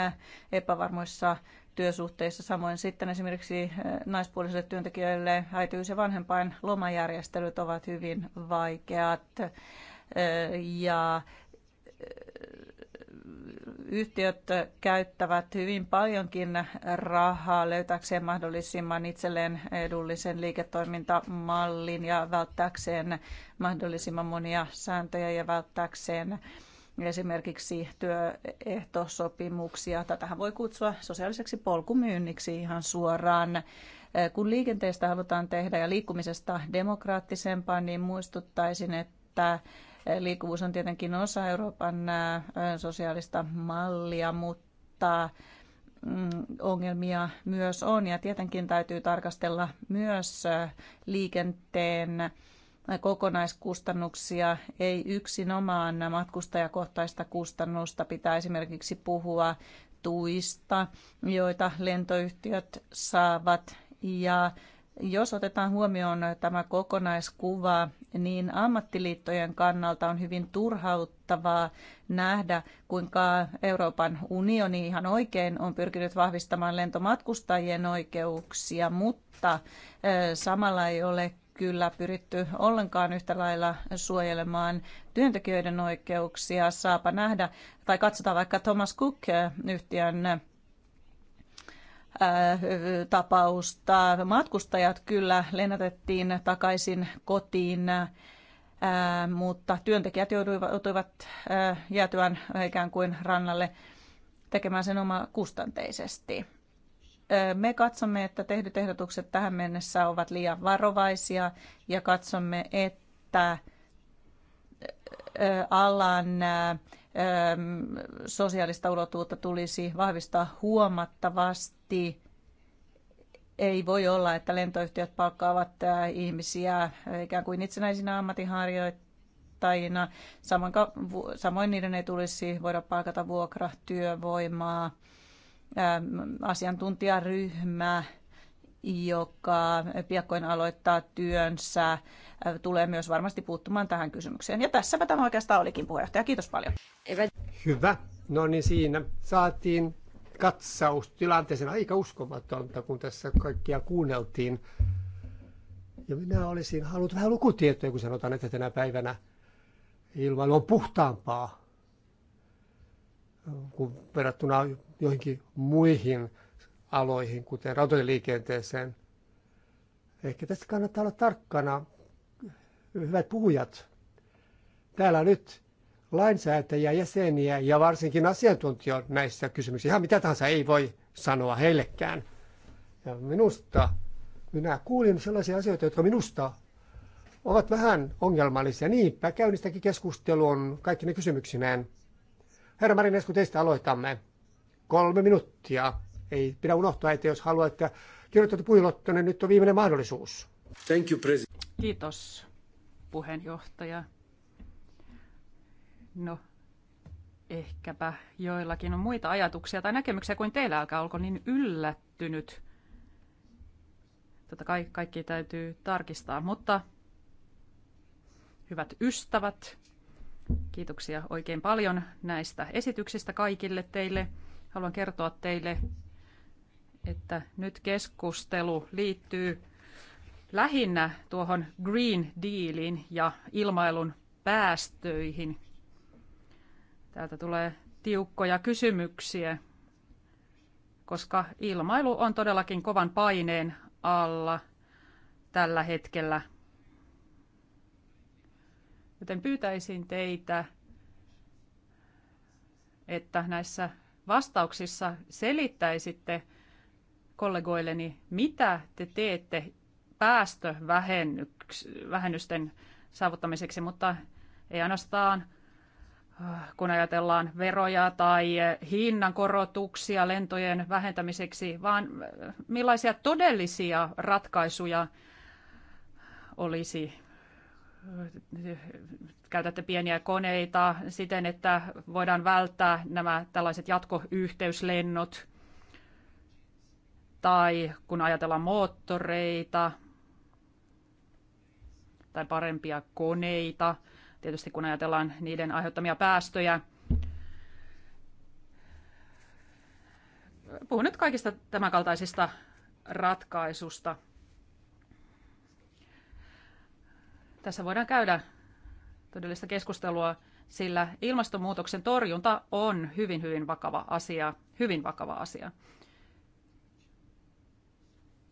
epävarmoissa työsuhteissa. Samoin sitten esimerkiksi naispuolisille työntekijöille äitiys- ja vanhempain lomajärjestelyt ovat hyvin vaikeat. Ja yhtiöt käyttävät hyvin paljonkin rahaa löytääkseen mahdollisimman itselleen edullisen liiketoimintamallin ja välttääkseen mahdollisimman monia sääntöjä ja välttääkseen esimerkiksi työehtosopimuksia. Tätähän voi kutsua sosiaaliseksi polkumyynniksi ihan suoraan. Kun liikenteestä halutaan tehdä ja liikkumisesta demokraattisempaa, niin muistuttaisin, että Liikkuvuus on tietenkin osa Euroopan sosiaalista mallia, mutta mm, ongelmia myös on ja tietenkin täytyy tarkastella myös liikenteen kokonaiskustannuksia, ei yksinomaan matkustajakohtaista kustannusta. Pitää esimerkiksi puhua tuista, joita lentoyhtiöt saavat ja jos otetaan huomioon tämä kokonaiskuva, niin ammattiliittojen kannalta on hyvin turhauttavaa nähdä, kuinka Euroopan unioni ihan oikein on pyrkinyt vahvistamaan lentomatkustajien oikeuksia, mutta samalla ei ole kyllä pyritty ollenkaan yhtä lailla suojelemaan työntekijöiden oikeuksia. Saapa nähdä, tai katsotaan vaikka Thomas Cook-yhtiön tapausta. Matkustajat kyllä lennätettiin takaisin kotiin, mutta työntekijät joutuivat jäätyään ikään kuin rannalle tekemään sen oma kustanteisesti. Me katsomme, että tehdyt ehdotukset tähän mennessä ovat liian varovaisia ja katsomme, että alan sosiaalista ulottuvuutta tulisi vahvistaa huomattavasti miettii, ei voi olla, että lentoyhtiöt palkkaavat äh, ihmisiä äh, ikään kuin itsenäisinä ammatinharjoittajina. Samoin, samoin niiden ei tulisi voida palkata vuokratyövoimaa, ähm, asiantuntijaryhmää, joka piakkoin aloittaa työnsä, äh, tulee myös varmasti puuttumaan tähän kysymykseen. Ja tässäpä tämä oikeastaan olikin puheenjohtaja. Kiitos paljon. Hyvä. No niin siinä saatiin katsaus tilanteeseen aika uskomatonta, kun tässä kaikkia kuunneltiin. Ja minä olisin halunnut vähän lukutietoja, kun sanotaan, että tänä päivänä ilmailu on puhtaampaa kuin verrattuna joihinkin muihin aloihin, kuten rautatieliikenteeseen. Ehkä tässä kannattaa olla tarkkana, hyvät puhujat. Täällä nyt lainsäätäjiä, jäseniä ja varsinkin asiantuntijoita näissä kysymyksissä. Ihan mitä tahansa ei voi sanoa heillekään. Ja minusta, minä kuulin sellaisia asioita, jotka minusta ovat vähän ongelmallisia. Niinpä käynnistäkin keskustelun kaikki ne kysymyksineen. Herra Marines, kun teistä aloitamme. Kolme minuuttia. Ei pidä unohtaa, että jos haluatte kirjoittaa puhilottonen, nyt on viimeinen mahdollisuus. Thank you, president. Kiitos, puheenjohtaja. No, ehkäpä joillakin on muita ajatuksia tai näkemyksiä kuin teillä, älkää olko niin yllättynyt. Totta kaikki, kaikki täytyy tarkistaa, mutta hyvät ystävät, kiitoksia oikein paljon näistä esityksistä kaikille teille. Haluan kertoa teille, että nyt keskustelu liittyy lähinnä tuohon Green Dealiin ja ilmailun päästöihin – Täältä tulee tiukkoja kysymyksiä, koska ilmailu on todellakin kovan paineen alla tällä hetkellä. Joten pyytäisin teitä, että näissä vastauksissa selittäisitte kollegoilleni, mitä te teette päästövähennysten saavuttamiseksi, mutta ei ainoastaan Ah, kun ajatellaan veroja tai hinnankorotuksia lentojen vähentämiseksi, vaan äh, millaisia todellisia ratkaisuja olisi. Käytätte pieniä koneita siten, että voidaan välttää nämä tällaiset jatkoyhteyslennot. Tai kun ajatellaan moottoreita tai parempia koneita – tietysti kun ajatellaan niiden aiheuttamia päästöjä. Puhun nyt kaikista tämänkaltaisista ratkaisusta. Tässä voidaan käydä todellista keskustelua, sillä ilmastonmuutoksen torjunta on hyvin, hyvin vakava asia, hyvin vakava asia.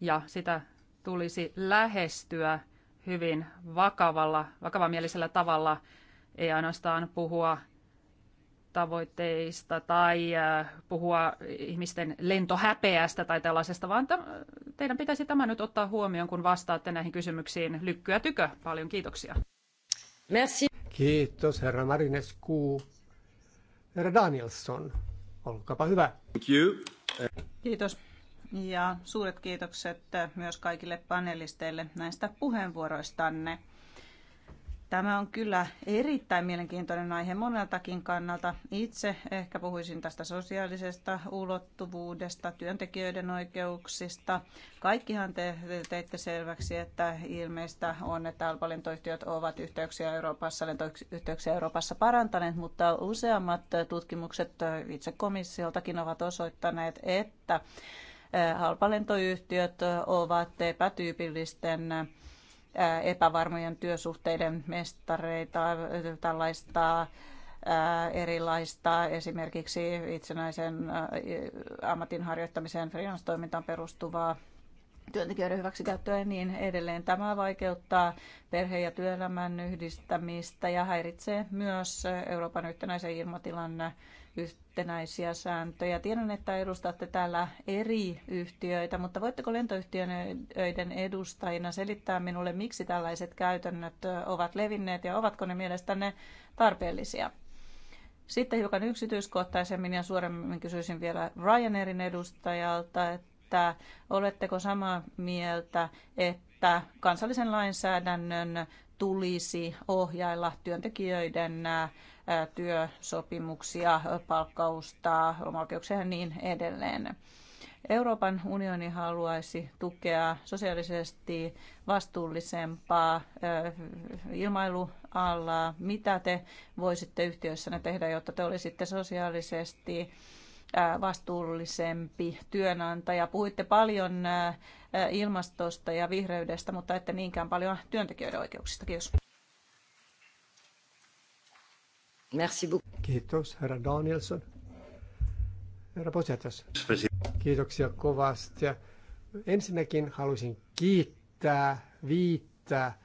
Ja sitä tulisi lähestyä hyvin vakavalla, vakavamielisellä tavalla, ei ainoastaan puhua tavoitteista tai äh, puhua ihmisten lentohäpeästä tai tällaisesta, vaan teidän pitäisi tämä nyt ottaa huomioon, kun vastaatte näihin kysymyksiin. Lykkyä tykö. Paljon kiitoksia. Merci. Kiitos, herra Marinescu. Herra Danielson, olkaapa hyvä. Thank you. Kiitos ja suuret kiitokset myös kaikille panelisteille näistä puheenvuoroistanne. Tämä on kyllä erittäin mielenkiintoinen aihe moneltakin kannalta. Itse ehkä puhuisin tästä sosiaalisesta ulottuvuudesta, työntekijöiden oikeuksista. Kaikkihan te teitte selväksi, että ilmeistä on, että alpalentoyhtiöt ovat yhteyksiä Euroopassa, lentoyhteyksiä Euroopassa parantaneet, mutta useammat tutkimukset itse komissioltakin ovat osoittaneet, että halpalentoyhtiöt ovat epätyypillisten epävarmojen työsuhteiden mestareita, tällaista erilaista esimerkiksi itsenäisen ammatin harjoittamiseen freelance-toimintaan perustuvaa työntekijöiden hyväksikäyttöä ja niin edelleen. Tämä vaikeuttaa perhe- ja työelämän yhdistämistä ja häiritsee myös Euroopan yhtenäisen ilmatilan yhtenäisiä sääntöjä. Tiedän, että edustatte täällä eri yhtiöitä, mutta voitteko lentoyhtiöiden edustajina selittää minulle, miksi tällaiset käytännöt ovat levinneet ja ovatko ne mielestänne tarpeellisia? Sitten hiukan yksityiskohtaisemmin ja suoremmin kysyisin vielä Ryanairin edustajalta, että oletteko samaa mieltä, että kansallisen lainsäädännön tulisi ohjailla työntekijöiden työsopimuksia, palkkausta, lomaoikeuksia ja niin edelleen. Euroopan unioni haluaisi tukea sosiaalisesti vastuullisempaa ilmailualaa. Mitä te voisitte yhtiöissänne tehdä, jotta te olisitte sosiaalisesti vastuullisempi työnantaja. Puhuitte paljon ilmastosta ja vihreydestä, mutta ette niinkään paljon työntekijöiden oikeuksista. Kiitos. Merci beaucoup. Kiitos, herra Danielson. Herra Posetas. Kiitoksia kovasti. Ensinnäkin haluaisin kiittää, viittää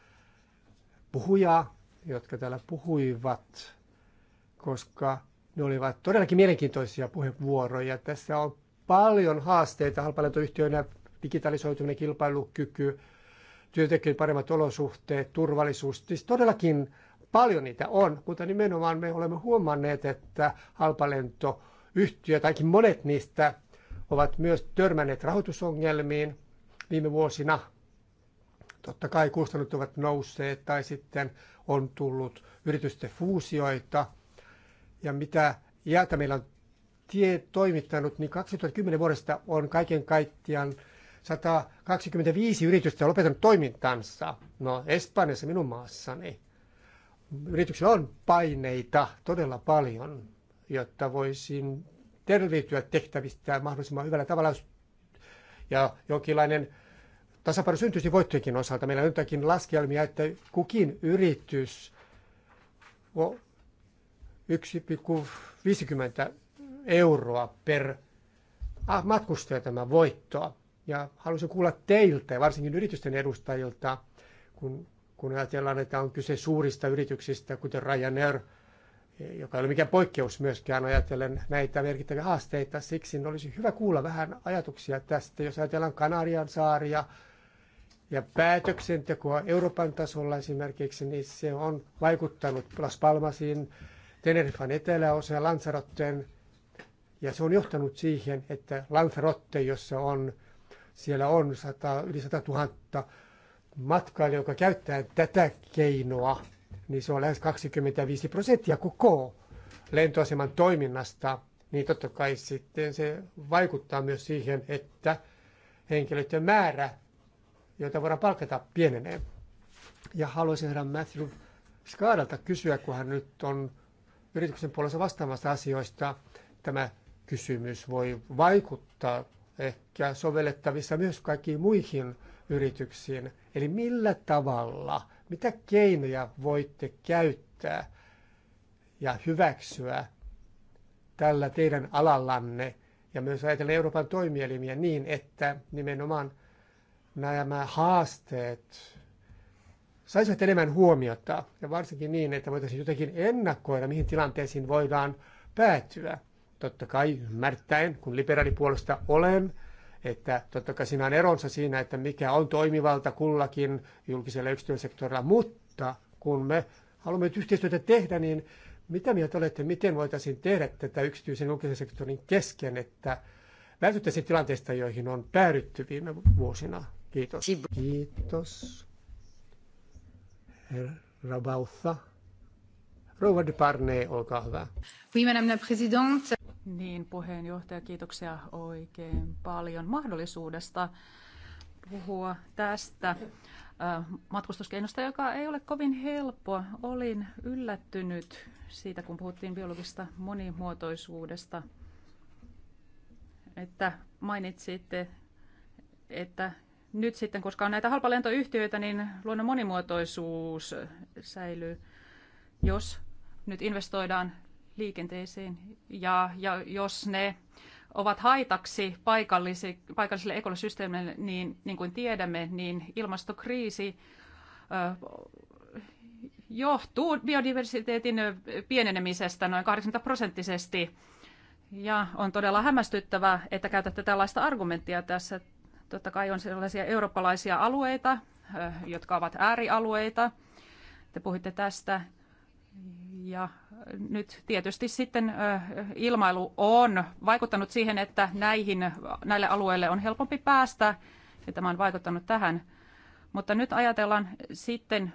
puhujaa, jotka täällä puhuivat, koska ne olivat todellakin mielenkiintoisia puheenvuoroja. Tässä on paljon haasteita halpalentoyhtiöinä, digitalisoituminen, kilpailukyky, työntekijöiden paremmat olosuhteet, turvallisuus. Siis todellakin paljon niitä on, mutta nimenomaan me olemme huomanneet, että halpalentoyhtiö, tai monet niistä ovat myös törmänneet rahoitusongelmiin viime vuosina. Totta kai kustannut ovat nousseet tai sitten on tullut yritysten fuusioita ja mitä jäätä meillä on tie toimittanut, niin 2010 vuodesta on kaiken kaikkiaan 125 yritystä lopettanut toimintansa. No Espanjassa minun maassani. Yrityksillä on paineita todella paljon, jotta voisin terviytyä tehtävistä mahdollisimman hyvällä tavalla. Ja jonkinlainen tasapaino syntyisi voittojenkin osalta. Meillä on jotakin laskelmia, että kukin yritys 1,50 euroa per matkustaja tämä voittoa. Ja haluaisin kuulla teiltä ja varsinkin yritysten edustajilta, kun, kun ajatellaan, että on kyse suurista yrityksistä, kuten Ryanair, joka ei ole mikään poikkeus myöskään ajatellen näitä merkittäviä haasteita. Siksi olisi hyvä kuulla vähän ajatuksia tästä, jos ajatellaan Kanarian saaria ja päätöksentekoa Euroopan tasolla esimerkiksi, niin se on vaikuttanut Las Palmasiin, Tenerifan eteläosa ja Lanzarotteen. Ja se on johtanut siihen, että Lanzarotte, jossa on, siellä on 100, yli 100 000 matkailijaa, joka käyttää tätä keinoa, niin se on lähes 25 prosenttia koko lentoaseman toiminnasta, niin totta kai sitten se vaikuttaa myös siihen, että henkilöiden määrä, joita voidaan palkata, pienenee. Ja haluaisin herran Matthew Skaadalta kysyä, kun hän nyt on yrityksen puolessa vastaamasta asioista. Tämä kysymys voi vaikuttaa ehkä sovellettavissa myös kaikkiin muihin yrityksiin. Eli millä tavalla, mitä keinoja voitte käyttää ja hyväksyä tällä teidän alallanne ja myös ajatellen Euroopan toimielimiä niin, että nimenomaan nämä haasteet saisivat enemmän huomiota, ja varsinkin niin, että voitaisiin jotenkin ennakoida, mihin tilanteisiin voidaan päätyä. Totta kai ymmärtäen, kun liberaalipuolesta olen, että totta kai siinä on eronsa siinä, että mikä on toimivalta kullakin julkisella yksityisellä mutta kun me haluamme nyt yhteistyötä tehdä, niin mitä mieltä olette, miten voitaisiin tehdä tätä yksityisen julkisen sektorin kesken, että vältyttäisiin tilanteista, joihin on päädytty viime vuosina? Kiitos. Kiitos. Rabautha. Rouva de Parne, olkaa hyvä. Oui, madame la présidente. Niin, puheenjohtaja, kiitoksia oikein paljon mahdollisuudesta puhua tästä äh, matkustuskeinosta, joka ei ole kovin helppo. Olin yllättynyt siitä, kun puhuttiin biologista monimuotoisuudesta, että mainitsitte, että nyt sitten, koska on näitä halpalentoyhtiöitä, niin luonnon monimuotoisuus säilyy, jos nyt investoidaan liikenteeseen ja, ja jos ne ovat haitaksi paikallisille ekosysteemeille, niin, niin kuin tiedämme, niin ilmastokriisi ö, johtuu biodiversiteetin pienenemisestä noin 80 prosenttisesti. Ja on todella hämmästyttävää, että käytätte tällaista argumenttia tässä Totta kai on sellaisia eurooppalaisia alueita, jotka ovat äärialueita. Te puhuitte tästä. Ja nyt tietysti sitten ilmailu on vaikuttanut siihen, että näihin, näille alueille on helpompi päästä, ja tämä on vaikuttanut tähän. Mutta nyt ajatellaan sitten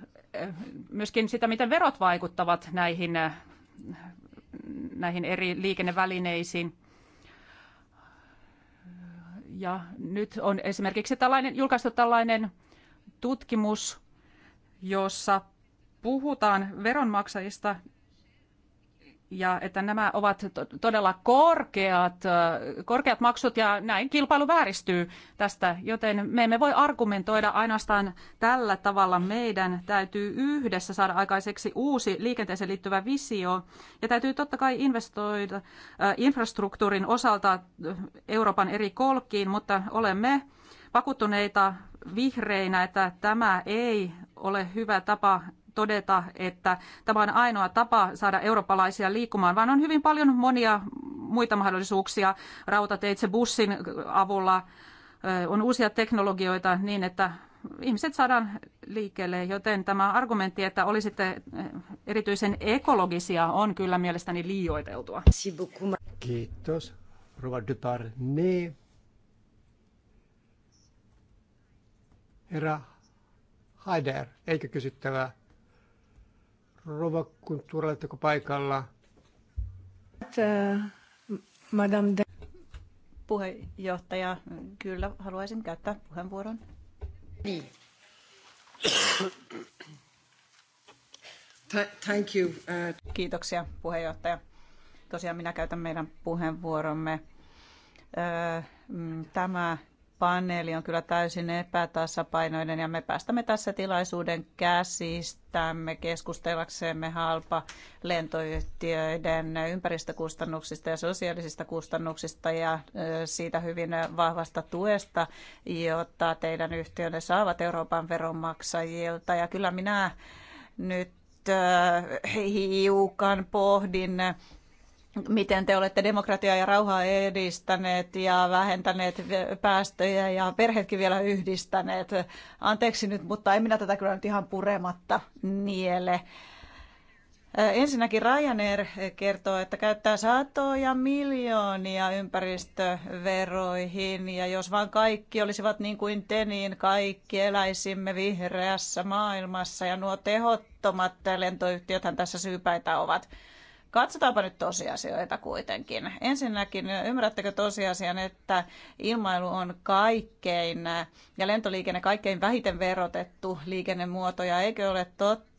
myöskin sitä, miten verot vaikuttavat näihin, näihin eri liikennevälineisiin. Ja nyt on esimerkiksi tällainen, julkaistu tällainen tutkimus, jossa puhutaan veronmaksajista ja että nämä ovat todella korkeat, korkeat maksut ja näin kilpailu vääristyy tästä, joten me emme voi argumentoida ainoastaan tällä tavalla. Meidän täytyy yhdessä saada aikaiseksi uusi liikenteeseen liittyvä visio ja täytyy totta kai investoida infrastruktuurin osalta Euroopan eri kolkkiin, mutta olemme vakuuttuneita vihreinä, että tämä ei ole hyvä tapa todeta, että tämä on ainoa tapa saada eurooppalaisia liikkumaan, vaan on hyvin paljon monia muita mahdollisuuksia rautateitse bussin avulla. On uusia teknologioita niin, että ihmiset saadaan liikkeelle, joten tämä argumentti, että olisitte erityisen ekologisia, on kyllä mielestäni liioiteltua. Kiitos. Rova Duparne. Herra Haider, eikö kysyttävää? Rova Kuntura, oletteko paikalla? Madame de... Puheenjohtaja, kyllä haluaisin käyttää puheenvuoron. Niin. Thank you. Uh- Kiitoksia puheenjohtaja. Tosiaan minä käytän meidän puheenvuoromme. Mm, tämä paneeli on kyllä täysin epätasapainoinen ja me päästämme tässä tilaisuuden käsistämme keskustellaksemme halpa lentoyhtiöiden ympäristökustannuksista ja sosiaalisista kustannuksista ja siitä hyvin vahvasta tuesta, jota teidän yhtiönne saavat Euroopan veronmaksajilta. Ja kyllä minä nyt hiukan pohdin miten te olette demokratiaa ja rauhaa edistäneet ja vähentäneet päästöjä ja perheetkin vielä yhdistäneet. Anteeksi nyt, mutta en minä tätä kyllä nyt ihan purematta niele. Äh, ensinnäkin Ryanair kertoo, että käyttää satoja miljoonia ympäristöveroihin ja jos vain kaikki olisivat niin kuin te, niin kaikki eläisimme vihreässä maailmassa ja nuo tehottomat lentoyhtiöthän tässä syypäitä ovat. Katsotaanpa nyt tosiasioita kuitenkin. Ensinnäkin, ymmärrättekö tosiasian, että ilmailu on kaikkein ja lentoliikenne kaikkein vähiten verotettu liikennemuoto ja eikö ole totta?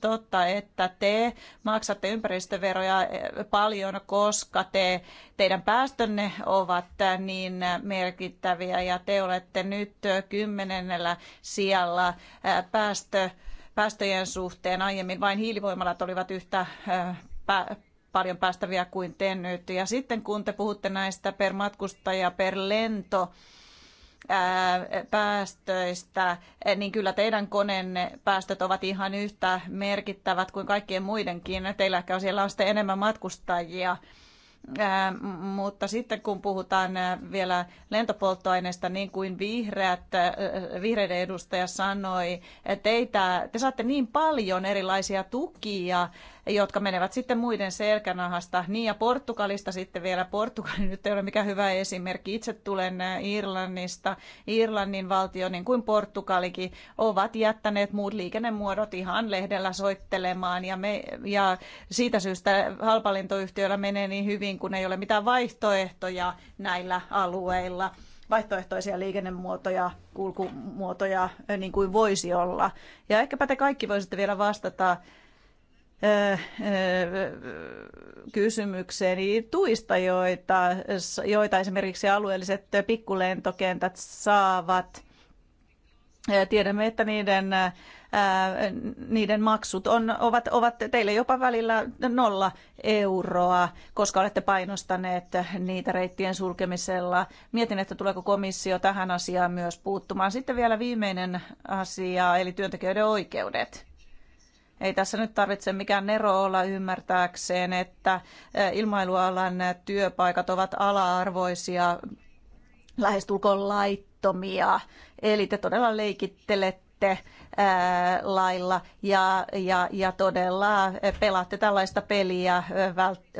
totta, että te maksatte ympäristöveroja eh, paljon, koska te, teidän päästönne ovat niin merkittäviä ja te olette nyt kymmenennellä siellä eh, päästö päästöjen suhteen. Aiemmin vain hiilivoimalat olivat yhtä paljon päästäviä kuin te nyt. Ja sitten kun te puhutte näistä per matkustaja, per lento, päästöistä, niin kyllä teidän koneenne päästöt ovat ihan yhtä merkittävät kuin kaikkien muidenkin. Teillä ehkä siellä on sitten enemmän matkustajia mutta sitten kun puhutaan vielä lentopolttoaineesta, niin kuin vihreät, vihreiden edustaja sanoi, teitä, te saatte niin paljon erilaisia tukia jotka menevät sitten muiden selkänahasta. Niin ja Portugalista sitten vielä. Portugali nyt ei ole mikään hyvä esimerkki. Itse tulen äh, Irlannista. Irlannin valtio, niin kuin Portugalikin, ovat jättäneet muut liikennemuodot ihan lehdellä soittelemaan. Ja, me, ja siitä syystä halpalintoyhtiöillä menee niin hyvin, kun ei ole mitään vaihtoehtoja näillä alueilla vaihtoehtoisia liikennemuotoja, kulkumuotoja, äh, niin kuin voisi olla. Ja ehkäpä te kaikki voisitte vielä vastata kysymykseen niin tuista, joita, joita esimerkiksi alueelliset pikkulentokentät saavat. Tiedämme, että niiden, niiden maksut on, ovat, ovat teille jopa välillä nolla euroa, koska olette painostaneet niitä reittien sulkemisella. Mietin, että tuleeko komissio tähän asiaan myös puuttumaan. Sitten vielä viimeinen asia, eli työntekijöiden oikeudet ei tässä nyt tarvitse mikään nero olla ymmärtääkseen, että ilmailualan työpaikat ovat ala-arvoisia, lähestulkoon laittomia. Eli te todella leikittelette lailla ja, ja, ja todella pelaatte tällaista peliä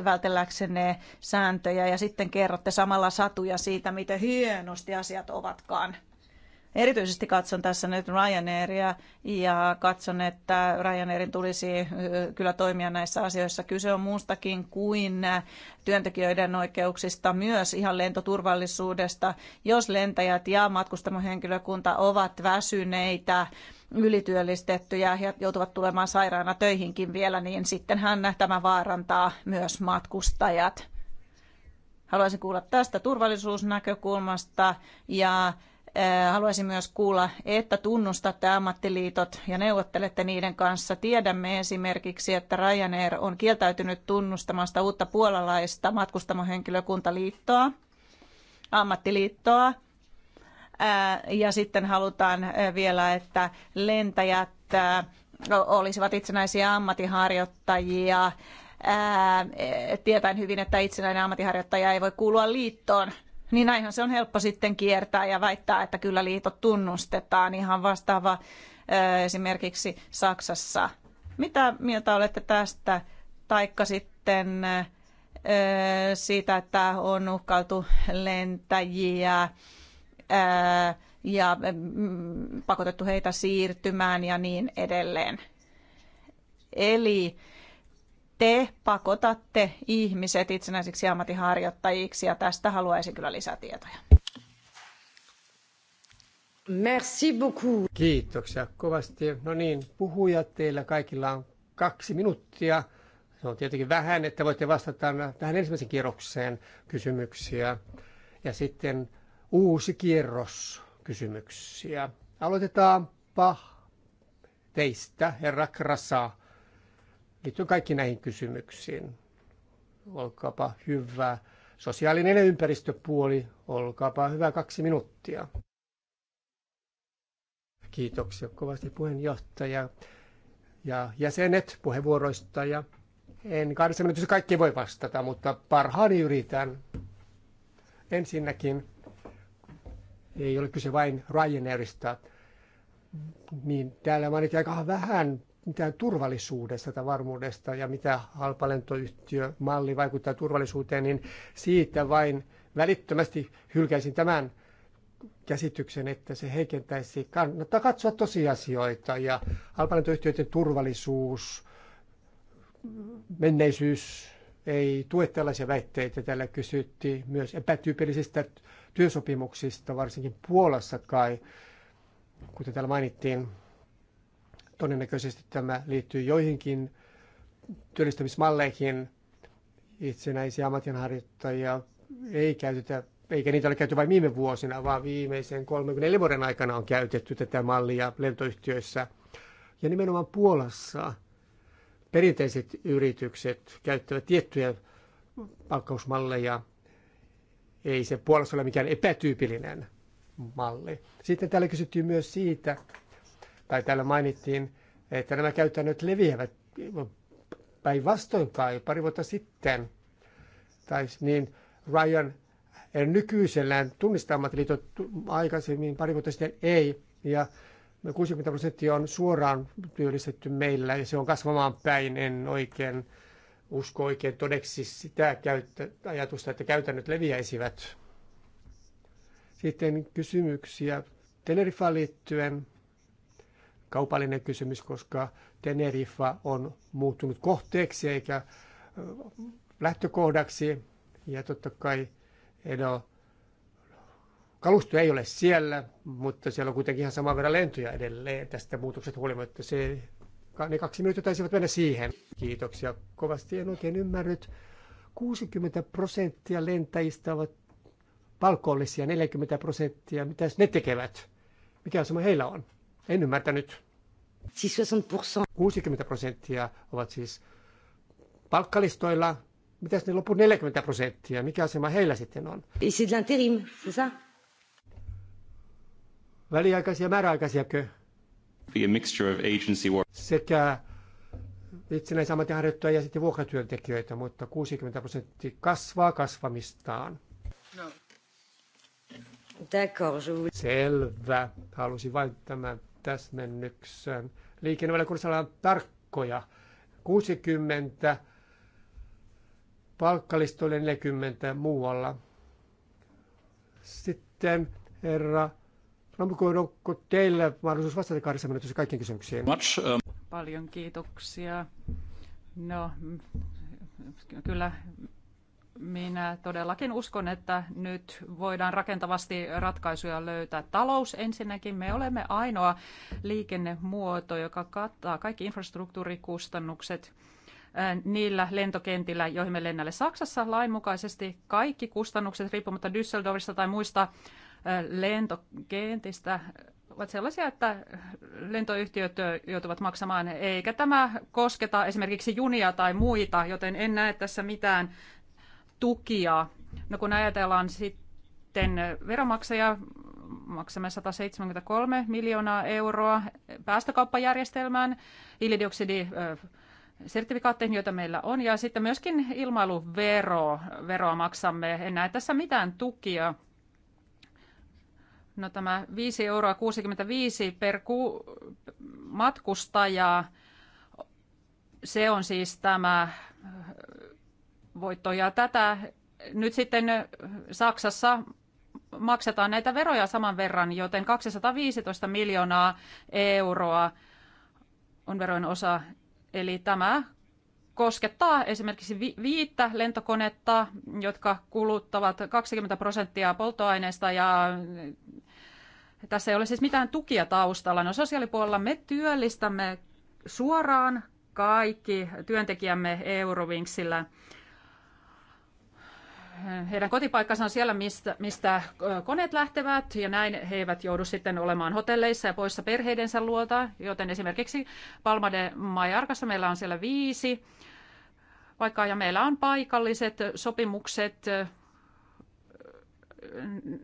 vältelläksenne sääntöjä ja sitten kerrotte samalla satuja siitä, miten hienosti asiat ovatkaan. Erityisesti katson tässä nyt Ryanairia ja katson, että Ryanairin tulisi kyllä toimia näissä asioissa. Kyse on muustakin kuin työntekijöiden oikeuksista, myös ihan lentoturvallisuudesta. Jos lentäjät ja matkustamohenkilökunta ovat väsyneitä, ylityöllistettyjä ja joutuvat tulemaan sairaana töihinkin vielä, niin sittenhän tämä vaarantaa myös matkustajat. Haluaisin kuulla tästä turvallisuusnäkökulmasta ja Eh, haluaisin myös kuulla, että tunnustatte ammattiliitot ja neuvottelette niiden kanssa. Tiedämme esimerkiksi, että Ryanair on kieltäytynyt tunnustamasta uutta puolalaista matkustamohenkilökuntaliittoa, ammattiliittoa. Eh, ja sitten halutaan eh, vielä, että lentäjät olisivat itsenäisiä ammattiharjoittajia, tietäen hyvin, että itsenäinen ammattiharjoittaja ei voi kuulua liittoon niin näinhän se on helppo sitten kiertää ja väittää, että kyllä liitot tunnustetaan. Ihan vastaava esimerkiksi Saksassa. Mitä mieltä olette tästä? Taikka sitten siitä, että on uhkailtu lentäjiä ja pakotettu heitä siirtymään ja niin edelleen. Eli te pakotatte ihmiset itsenäisiksi ammattiharjoittajiksi ja tästä haluaisin kyllä lisätietoja. Merci beaucoup. Kiitoksia kovasti. No niin, puhujat teillä kaikilla on kaksi minuuttia. Se on tietenkin vähän, että voitte vastata tähän ensimmäisen kierrokseen kysymyksiä. Ja sitten uusi kierros kysymyksiä. Aloitetaanpa teistä, herra Krasa liittyy kaikki näihin kysymyksiin. Olkaapa hyvä. Sosiaalinen ja ympäristöpuoli, olkaapa hyvä kaksi minuuttia. Kiitoksia kovasti puheenjohtaja ja jäsenet puheenvuoroista. Ja en kahdessa minuutissa kaikki voi vastata, mutta parhaani yritän. Ensinnäkin ei ole kyse vain Ryanairista, niin täällä mainitsin aika vähän mitään turvallisuudesta tai varmuudesta ja mitä malli vaikuttaa turvallisuuteen, niin siitä vain välittömästi hylkäisin tämän käsityksen, että se heikentäisi. Kannattaa katsoa tosiasioita ja halpalentoyhtiöiden turvallisuus, menneisyys ei tue tällaisia väitteitä. Täällä kysyttiin myös epätyypillisistä työsopimuksista, varsinkin Puolassa kai, kuten täällä mainittiin, Todennäköisesti tämä liittyy joihinkin työllistämismalleihin. Itsenäisiä ammatinharjoittajia ei käytetä, eikä niitä ole käytetty vain viime vuosina, vaan viimeisen 34 vuoden aikana on käytetty tätä mallia lentoyhtiöissä. Ja nimenomaan Puolassa perinteiset yritykset käyttävät tiettyjä palkkausmalleja. Ei se Puolassa ole mikään epätyypillinen malli. Sitten täällä kysyttiin myös siitä, tai täällä mainittiin, että nämä käytännöt leviävät päinvastoin kai pari vuotta sitten. Tai niin Ryan eh, nykyisellään tunnistaa ammattiliitot aikaisemmin, pari vuotta sitten ei. Ja 60 prosenttia on suoraan työllistetty meillä ja se on kasvamaan päin. En oikein usko oikein todeksi sitä käyttä, ajatusta, että käytännöt leviäisivät. Sitten kysymyksiä Tenerifaan liittyen kaupallinen kysymys, koska Teneriffa on muuttunut kohteeksi eikä lähtökohdaksi. Ja totta kai no, kalusto ei ole siellä, mutta siellä on kuitenkin ihan saman verran lentoja edelleen tästä muutoksesta huolimatta. Se, ne kaksi minuuttia taisivat mennä siihen. Kiitoksia kovasti. En oikein ymmärryt. 60 prosenttia lentäjistä ovat palkollisia, 40 prosenttia. mitä ne tekevät? Mikä asema heillä on? En ymmärtänyt. Siis 60 prosenttia ovat siis palkkalistoilla. Mitäs ne loput 40 prosenttia? Mikä asema heillä sitten on? Ici de l'intérim, c'est ça? Väliaikaisia, määräaikaisiakö? A mixture of agency work. Sekä itsenäisammattiharjoittajia ja sitten vuokratyöntekijöitä, mutta 60 prosenttia kasvaa kasvamistaan. No. D'accord, je... Selvä. Halusin vain tämän täsmennyksen. Liikennevaliokunnassa ollaan tarkkoja. 60 palkkalistoille 40 muualla. Sitten herra Ramko, onko teille mahdollisuus vastata kahdessa minuutissa kaikkiin kysymyksiin? Much, um... Paljon kiitoksia. No, kyllä minä todellakin uskon, että nyt voidaan rakentavasti ratkaisuja löytää. Talous ensinnäkin. Me olemme ainoa liikennemuoto, joka kattaa kaikki infrastruktuurikustannukset äh, niillä lentokentillä, joihin me lennämme. Saksassa lainmukaisesti kaikki kustannukset, riippumatta Düsseldorfista tai muista äh, lentokentistä, ovat sellaisia, että lentoyhtiöt joutuvat maksamaan, eikä tämä kosketa esimerkiksi junia tai muita, joten en näe tässä mitään tukia. No kun ajatellaan sitten veromaksaja maksamme 173 miljoonaa euroa päästökauppajärjestelmään, hiilidioksidi sertifikaatteihin, joita meillä on, ja sitten myöskin ilmailuvero, veroa maksamme. En näe tässä mitään tukia. No tämä 5 euroa 65 per ku, matkustaja, se on siis tämä voittoja. Tätä nyt sitten Saksassa maksetaan näitä veroja saman verran, joten 215 miljoonaa euroa on verojen osa. Eli tämä koskettaa esimerkiksi vi- viittä lentokonetta, jotka kuluttavat 20 prosenttia polttoaineesta ja tässä ei ole siis mitään tukia taustalla. No sosiaalipuolella me työllistämme suoraan kaikki työntekijämme Eurovinksillä heidän kotipaikkansa on siellä, mistä, mistä koneet lähtevät, ja näin he eivät joudu sitten olemaan hotelleissa ja poissa perheidensä luota, joten esimerkiksi Palma de Mallorcassa meillä on siellä viisi paikkaa, ja meillä on paikalliset sopimukset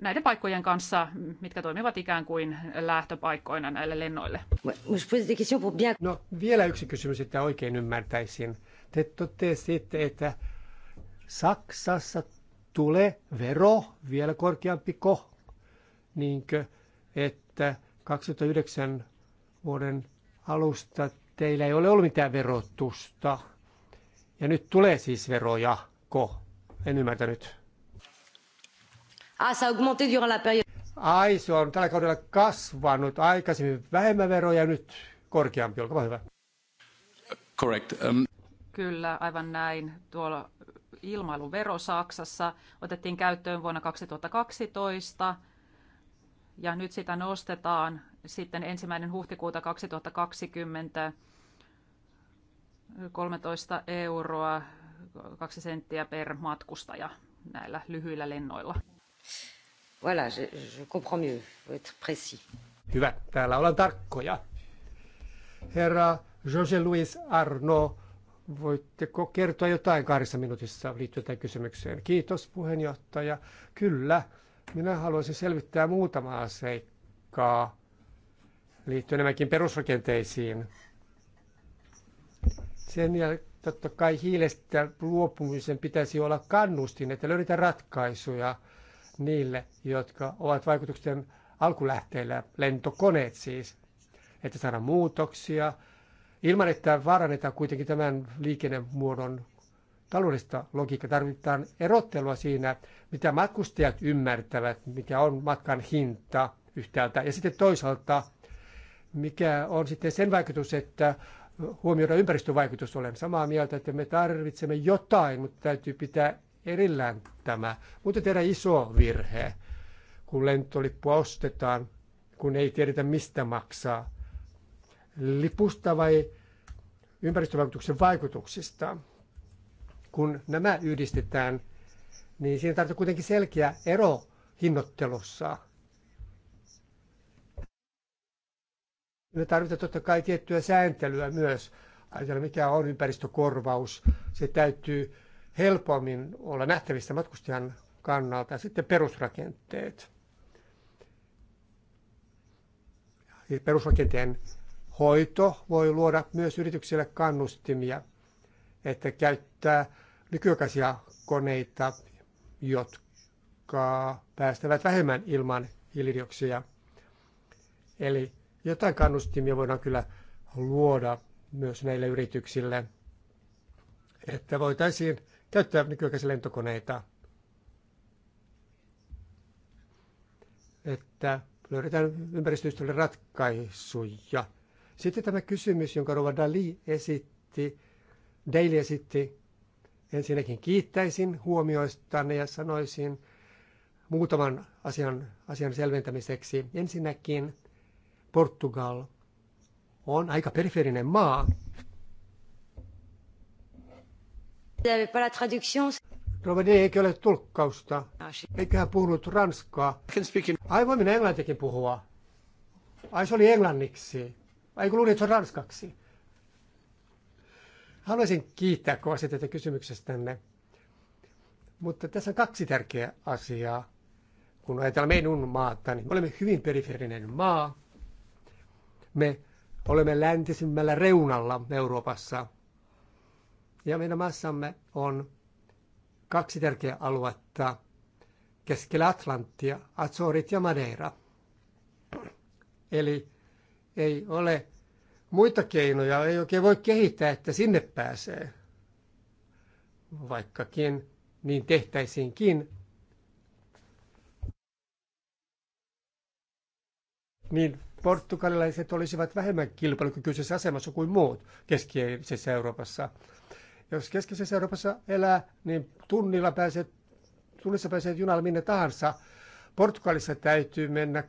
näiden paikkojen kanssa, mitkä toimivat ikään kuin lähtöpaikkoina näille lennoille. No vielä yksi kysymys, että oikein ymmärtäisin. Te totesitte, että Saksassa tule vero vielä korkeampi ko, niinkö, että 2009 vuoden alusta teillä ei ole ollut mitään verotusta. Ja nyt tulee siis veroja, ko? En ymmärtänyt. Ah, ça a augmenté durant la période. Ai, se on tällä kaudella kasvanut. Aikaisemmin vähemmän veroja, nyt korkeampi. Olkaa hyvä. Correct. Um... Kyllä, aivan näin. Tuolla ilmailuvero Saksassa otettiin käyttöön vuonna 2012 ja nyt sitä nostetaan sitten ensimmäinen huhtikuuta 2020 13 euroa 2 senttiä per matkustaja näillä lyhyillä lennoilla. Voilà, je, je comprends mieux, être précis. Hyvä, täällä ollaan tarkkoja. Herra José Luis Arnaud. Voitteko kertoa jotain kahdessa minuutissa liittyen tähän kysymykseen? Kiitos puheenjohtaja. Kyllä, minä haluaisin selvittää muutamaa seikkaa liittyen enemmänkin perusrakenteisiin. Sen jälkeen totta kai hiilestä luopumisen pitäisi olla kannustin, että löydetään ratkaisuja niille, jotka ovat vaikutuksen alkulähteillä, lentokoneet siis, että saadaan muutoksia ilman että vaarannetaan kuitenkin tämän liikennemuodon taloudellista logiikkaa. Tarvitaan erottelua siinä, mitä matkustajat ymmärtävät, mikä on matkan hinta yhtäältä, ja sitten toisaalta, mikä on sitten sen vaikutus, että huomioida ympäristövaikutus. Olen samaa mieltä, että me tarvitsemme jotain, mutta täytyy pitää erillään tämä. Mutta tehdä iso virhe, kun lentolippua ostetaan, kun ei tiedetä mistä maksaa. Lipusta vai ympäristövaikutuksen vaikutuksista. Kun nämä yhdistetään, niin siinä tarvitaan kuitenkin selkeä ero hinnoittelussa. Me tarvitaan totta kai tiettyä sääntelyä myös. Ajatellaan, mikä on ympäristökorvaus. Se täytyy helpommin olla nähtävissä matkustajan kannalta. Sitten perusrakenteet. Perusrakenteen Hoito voi luoda myös yrityksille kannustimia, että käyttää nykyaikaisia koneita, jotka päästävät vähemmän ilman hiilidioksia. Eli jotain kannustimia voidaan kyllä luoda myös näille yrityksille, että voitaisiin käyttää nykyaikaisia lentokoneita, että löydetään ympäristöystävällisiä ratkaisuja. Sitten tämä kysymys, jonka Rova Dali esitti, Daily esitti, ensinnäkin kiittäisin huomioistanne ja sanoisin muutaman asian, asian selventämiseksi. Ensinnäkin Portugal on aika periferinen maa. Rovani ei ole tulkkausta, ah, eikä hän puhunut ranskaa. Ai voi minä englantikin puhua. Ai se oli englanniksi. Vai kun luulin, että se on ranskaksi. Haluaisin kiittää kovasti tätä kysymyksestänne. Mutta tässä on kaksi tärkeää asiaa. Kun ajatellaan meidän maata, niin me olemme hyvin periferinen maa. Me olemme läntisimmällä reunalla Euroopassa. Ja meidän maassamme on kaksi tärkeää aluetta. Keskellä Atlanttia, Azorit ja Madeira. Eli ei ole muita keinoja, ei oikein voi kehittää, että sinne pääsee. Vaikkakin niin tehtäisiinkin. Niin portugalilaiset olisivat vähemmän kilpailukykyisessä asemassa kuin muut keskeisessä Euroopassa. Jos keskeisessä Euroopassa elää, niin tunnilla pääset, tunnissa pääset junalla minne tahansa. Portugalissa täytyy mennä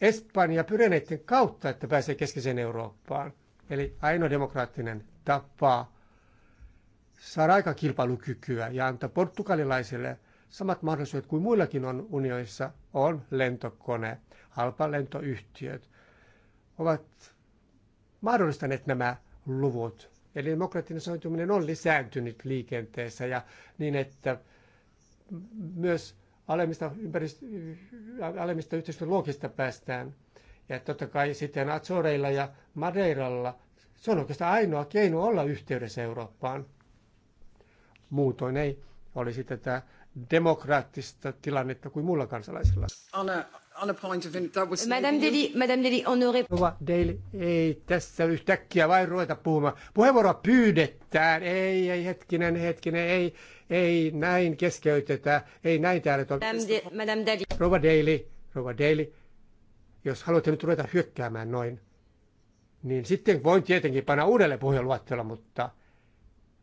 Espanja pyreneiden kautta, että pääsee keskiseen Eurooppaan. Eli ainoa demokraattinen tapa saada aika kilpailukykyä ja antaa portugalilaisille samat mahdollisuudet kuin muillakin on unionissa, on lentokone, halpa lentoyhtiöt, ovat mahdollistaneet nämä luvut. Eli demokraattinen demokratisoituminen on lisääntynyt liikenteessä ja niin, että myös alemmista, ympärist- alemmista yhteiskunnan luokista päästään. Ja totta kai sitten Azoreilla ja Madeiralla, se on oikeastaan ainoa keino olla yhteydessä Eurooppaan. Muutoin ei olisi tätä demokraattista tilannetta kuin muilla kansalaisilla. Anna, on a point of that was... Madame Deli, Madame Deli, on aurait... Rova Deli, ei tässä yhtäkkiä vain ruveta puhumaan. Puheenvuoroa pyydetään. Ei, ei, hetkinen, hetkinen, ei, ei näin keskeytetä. Ei näin täällä to... Madame, Madame Deli. Rova Deli, Rova Deli, jos haluatte nyt ruveta hyökkäämään noin, niin sitten voin tietenkin panna uudelle puheenluettelon, mutta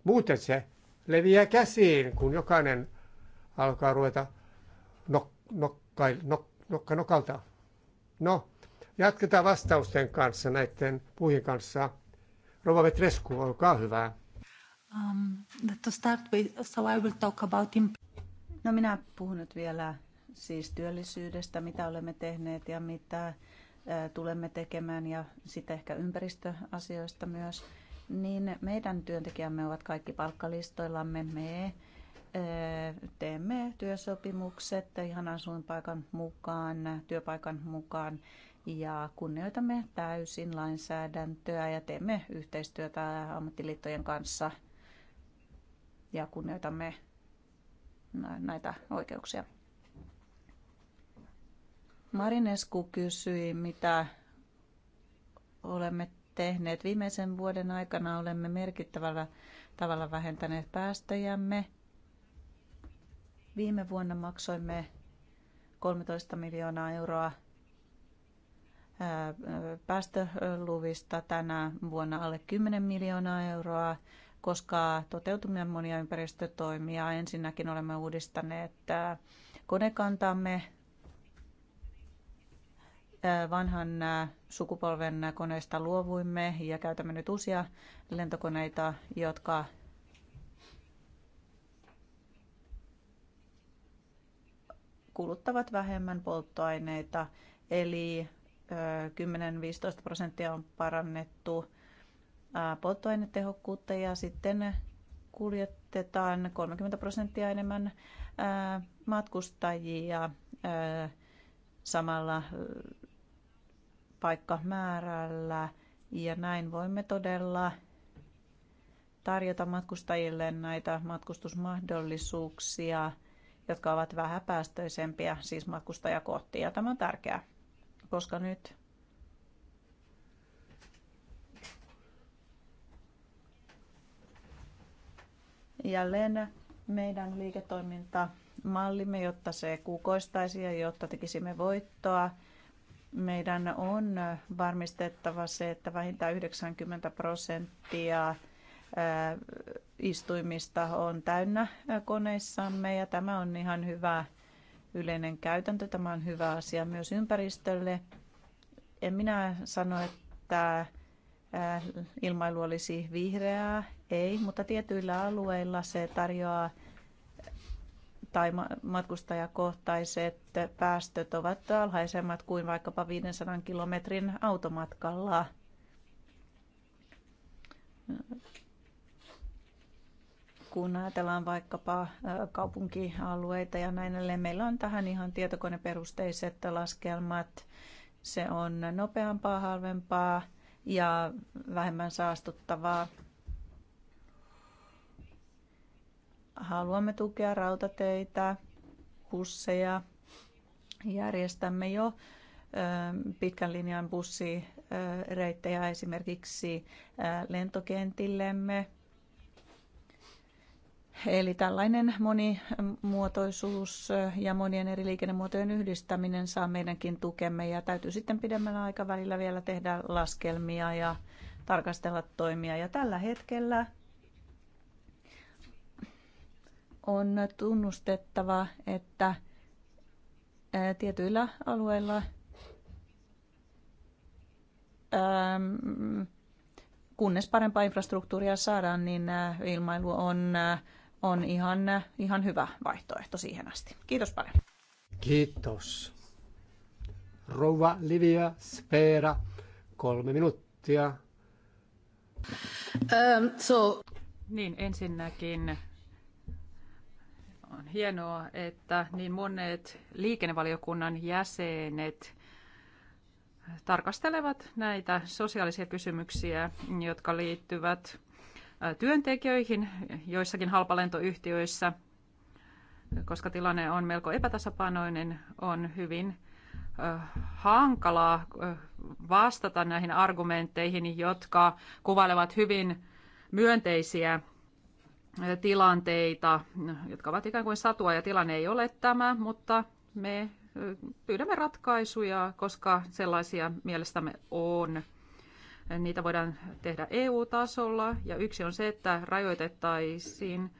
muuten se leviää käsiin, kun jokainen alkaa ruveta nok, nokkail, nok, nokka nokalta. No, jatketaan vastausten kanssa, näiden puhujen kanssa. Rova Vetrescu, olkaa hyvä. Um, to start with, so I will talk about no minä puhun nyt vielä siis työllisyydestä, mitä olemme tehneet ja mitä tulemme tekemään ja sitten ehkä ympäristöasioista myös, niin meidän työntekijämme ovat kaikki palkkalistoillamme. Me teemme työsopimukset ihan asuinpaikan mukaan, työpaikan mukaan ja kunnioitamme täysin lainsäädäntöä ja teemme yhteistyötä ammattiliittojen kanssa ja kunnioitamme näitä oikeuksia. Marinesku kysyi, mitä olemme tehneet. Viimeisen vuoden aikana olemme merkittävällä tavalla vähentäneet päästöjämme Viime vuonna maksoimme 13 miljoonaa euroa päästöluvista tänä vuonna alle 10 miljoonaa euroa, koska toteutumme monia ympäristötoimia. Ensinnäkin olemme uudistaneet konekantamme vanhan sukupolven koneista luovuimme ja käytämme nyt uusia lentokoneita, jotka kuluttavat vähemmän polttoaineita, eli 10-15 prosenttia on parannettu polttoainetehokkuutta ja sitten kuljetetaan 30 prosenttia enemmän matkustajia samalla paikkamäärällä ja näin voimme todella tarjota matkustajille näitä matkustusmahdollisuuksia – jotka ovat vähäpäästöisempiä, siis matkustajakohti. Ja tämä on tärkeää, koska nyt jälleen meidän liiketoiminta mallimme, jotta se kukoistaisi ja jotta tekisimme voittoa. Meidän on varmistettava se, että vähintään 90 prosenttia istuimista on täynnä koneissamme ja tämä on ihan hyvä yleinen käytäntö. Tämä on hyvä asia myös ympäristölle. En minä sano, että ilmailu olisi vihreää, ei, mutta tietyillä alueilla se tarjoaa tai matkustajakohtaiset päästöt ovat alhaisemmat kuin vaikkapa 500 kilometrin automatkalla kun ajatellaan vaikkapa kaupunkialueita ja näin edelleen, meillä on tähän ihan tietokoneperusteiset laskelmat. Se on nopeampaa, halvempaa ja vähemmän saastuttavaa. Haluamme tukea rautateitä, busseja. Järjestämme jo pitkän linjan bussireittejä esimerkiksi lentokentillemme Eli tällainen monimuotoisuus ja monien eri liikennemuotojen yhdistäminen saa meidänkin tukemme ja täytyy sitten pidemmän aikavälillä vielä tehdä laskelmia ja tarkastella toimia. Ja tällä hetkellä on tunnustettava, että tietyillä alueilla kunnes parempaa infrastruktuuria saadaan, niin ilmailu on on ihan, ihan hyvä vaihtoehto siihen asti. Kiitos paljon. Kiitos. Rouva Livia Speera, kolme minuuttia. Um, so. Niin, ensinnäkin on hienoa, että niin monet liikennevaliokunnan jäsenet tarkastelevat näitä sosiaalisia kysymyksiä, jotka liittyvät työntekijöihin joissakin halpalentoyhtiöissä, koska tilanne on melko epätasapainoinen, on hyvin hankalaa vastata näihin argumentteihin, jotka kuvailevat hyvin myönteisiä tilanteita, jotka ovat ikään kuin satua ja tilanne ei ole tämä, mutta me pyydämme ratkaisuja, koska sellaisia mielestämme on. Niitä voidaan tehdä EU-tasolla ja yksi on se, että rajoitettaisiin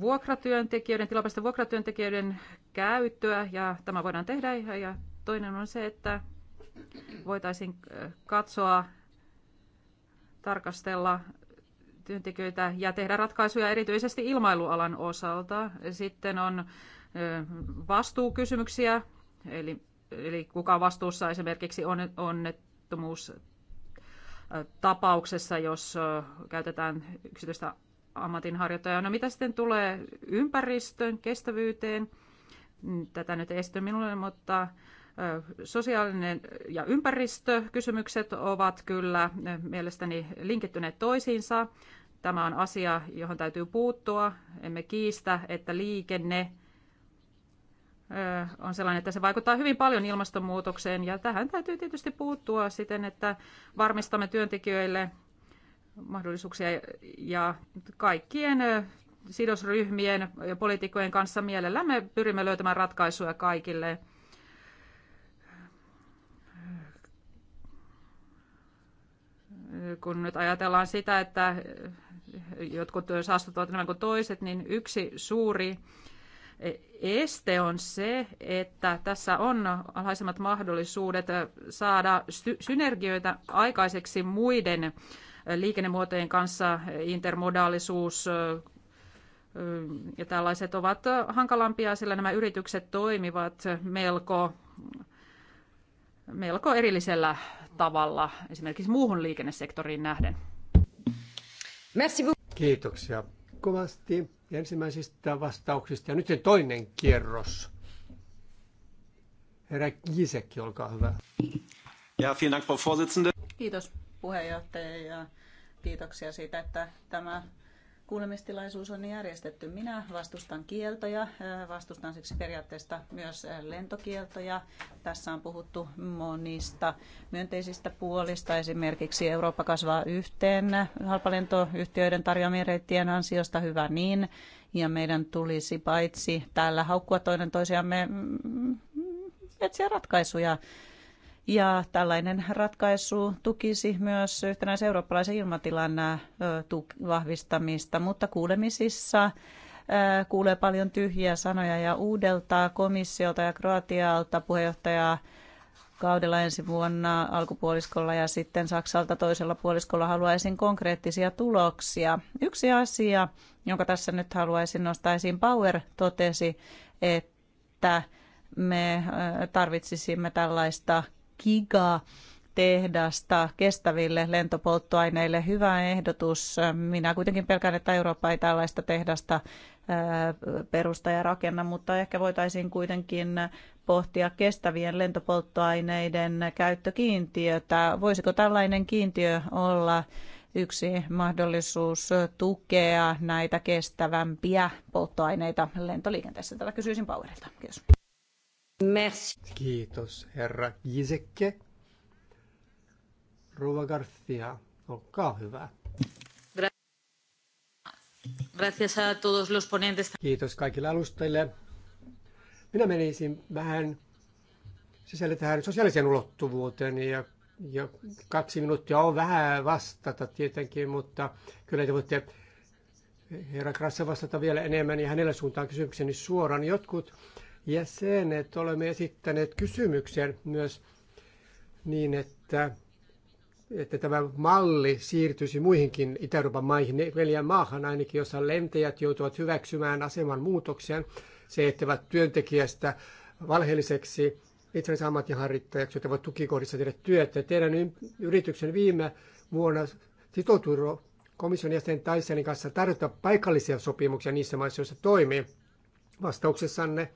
vuokratyöntekijöiden, tilapäisten vuokratyöntekijöiden käyttöä ja tämä voidaan tehdä. Ja toinen on se, että voitaisiin katsoa, tarkastella työntekijöitä ja tehdä ratkaisuja erityisesti ilmailualan osalta. Sitten on vastuukysymyksiä, eli, eli kuka vastuussa esimerkiksi on, on onnettomuus tapauksessa, jos käytetään yksityistä ammatinharjoittajaa. No mitä sitten tulee ympäristön kestävyyteen? Tätä nyt ei esity minulle, mutta sosiaalinen ja ympäristökysymykset ovat kyllä mielestäni linkittyneet toisiinsa. Tämä on asia, johon täytyy puuttua. Emme kiistä, että liikenne on sellainen, että se vaikuttaa hyvin paljon ilmastonmuutokseen ja tähän täytyy tietysti puuttua siten, että varmistamme työntekijöille mahdollisuuksia ja kaikkien sidosryhmien ja poliitikkojen kanssa mielellämme pyrimme löytämään ratkaisuja kaikille. Kun nyt ajatellaan sitä, että jotkut saastuttavat enemmän kuin toiset, niin yksi suuri este on se, että tässä on alhaisemmat mahdollisuudet saada synergioita aikaiseksi muiden liikennemuotojen kanssa. Intermodaalisuus ja tällaiset ovat hankalampia, sillä nämä yritykset toimivat melko, melko erillisellä tavalla esimerkiksi muuhun liikennesektoriin nähden. Kiitoksia kovasti ensimmäisistä vastauksista. Ja nyt se toinen kierros. Herra Gisekki, olkaa hyvä. Ja, Dank, Frau Vorsitzende. Kiitos puheenjohtaja ja kiitoksia siitä, että tämä kuulemistilaisuus on järjestetty. Minä vastustan kieltoja, vastustan siksi periaatteesta myös lentokieltoja. Tässä on puhuttu monista myönteisistä puolista, esimerkiksi Eurooppa kasvaa yhteen halpalentoyhtiöiden tarjoamien reittien ansiosta, hyvä niin. Ja meidän tulisi paitsi täällä haukkua toinen toisiamme mm, mm, mm, etsiä ratkaisuja ja tällainen ratkaisu tukisi myös yhtenäisen eurooppalaisen ilmatilan vahvistamista, mutta kuulemisissa kuulee paljon tyhjiä sanoja ja uudelta komissiolta ja Kroatialta puheenjohtajaa kaudella ensi vuonna alkupuoliskolla ja sitten Saksalta toisella puoliskolla haluaisin konkreettisia tuloksia. Yksi asia, jonka tässä nyt haluaisin nostaa esiin, Power totesi, että me tarvitsisimme tällaista giga tehdasta kestäville lentopolttoaineille. Hyvä ehdotus. Minä kuitenkin pelkään, että Eurooppa ei tällaista tehdasta perusta ja rakenna, mutta ehkä voitaisiin kuitenkin pohtia kestävien lentopolttoaineiden käyttökiintiötä. Voisiko tällainen kiintiö olla yksi mahdollisuus tukea näitä kestävämpiä polttoaineita lentoliikenteessä? Tätä kysyisin Powerilta. Kiitos. Merci. Kiitos, herra Gisekke. Rouva Garcia, olkaa hyvä. Gracias a todos los ponentes. Kiitos kaikille alustajille. Minä menisin vähän sisälle tähän sosiaaliseen ulottuvuuteen ja, ja kaksi minuuttia on vähän vastata tietenkin, mutta kyllä te voitte herra Krasse vastata vielä enemmän ja hänellä suuntaan kysymykseni suoraan. Jotkut jäsenet olemme esittäneet kysymyksen myös niin, että, että tämä malli siirtyisi muihinkin Itä-Euroopan maihin, neljän maahan ainakin, jossa lentäjät joutuvat hyväksymään aseman muutoksen, se ovat työntekijästä valheelliseksi itsensä ammattiharjoittajaksi, jotka voivat tukikohdissa tehdä työtä. Teidän yrityksen viime vuonna sitoutuu komission jäsen Taisenin kanssa tarjota paikallisia sopimuksia niissä maissa, joissa toimii. Vastauksessanne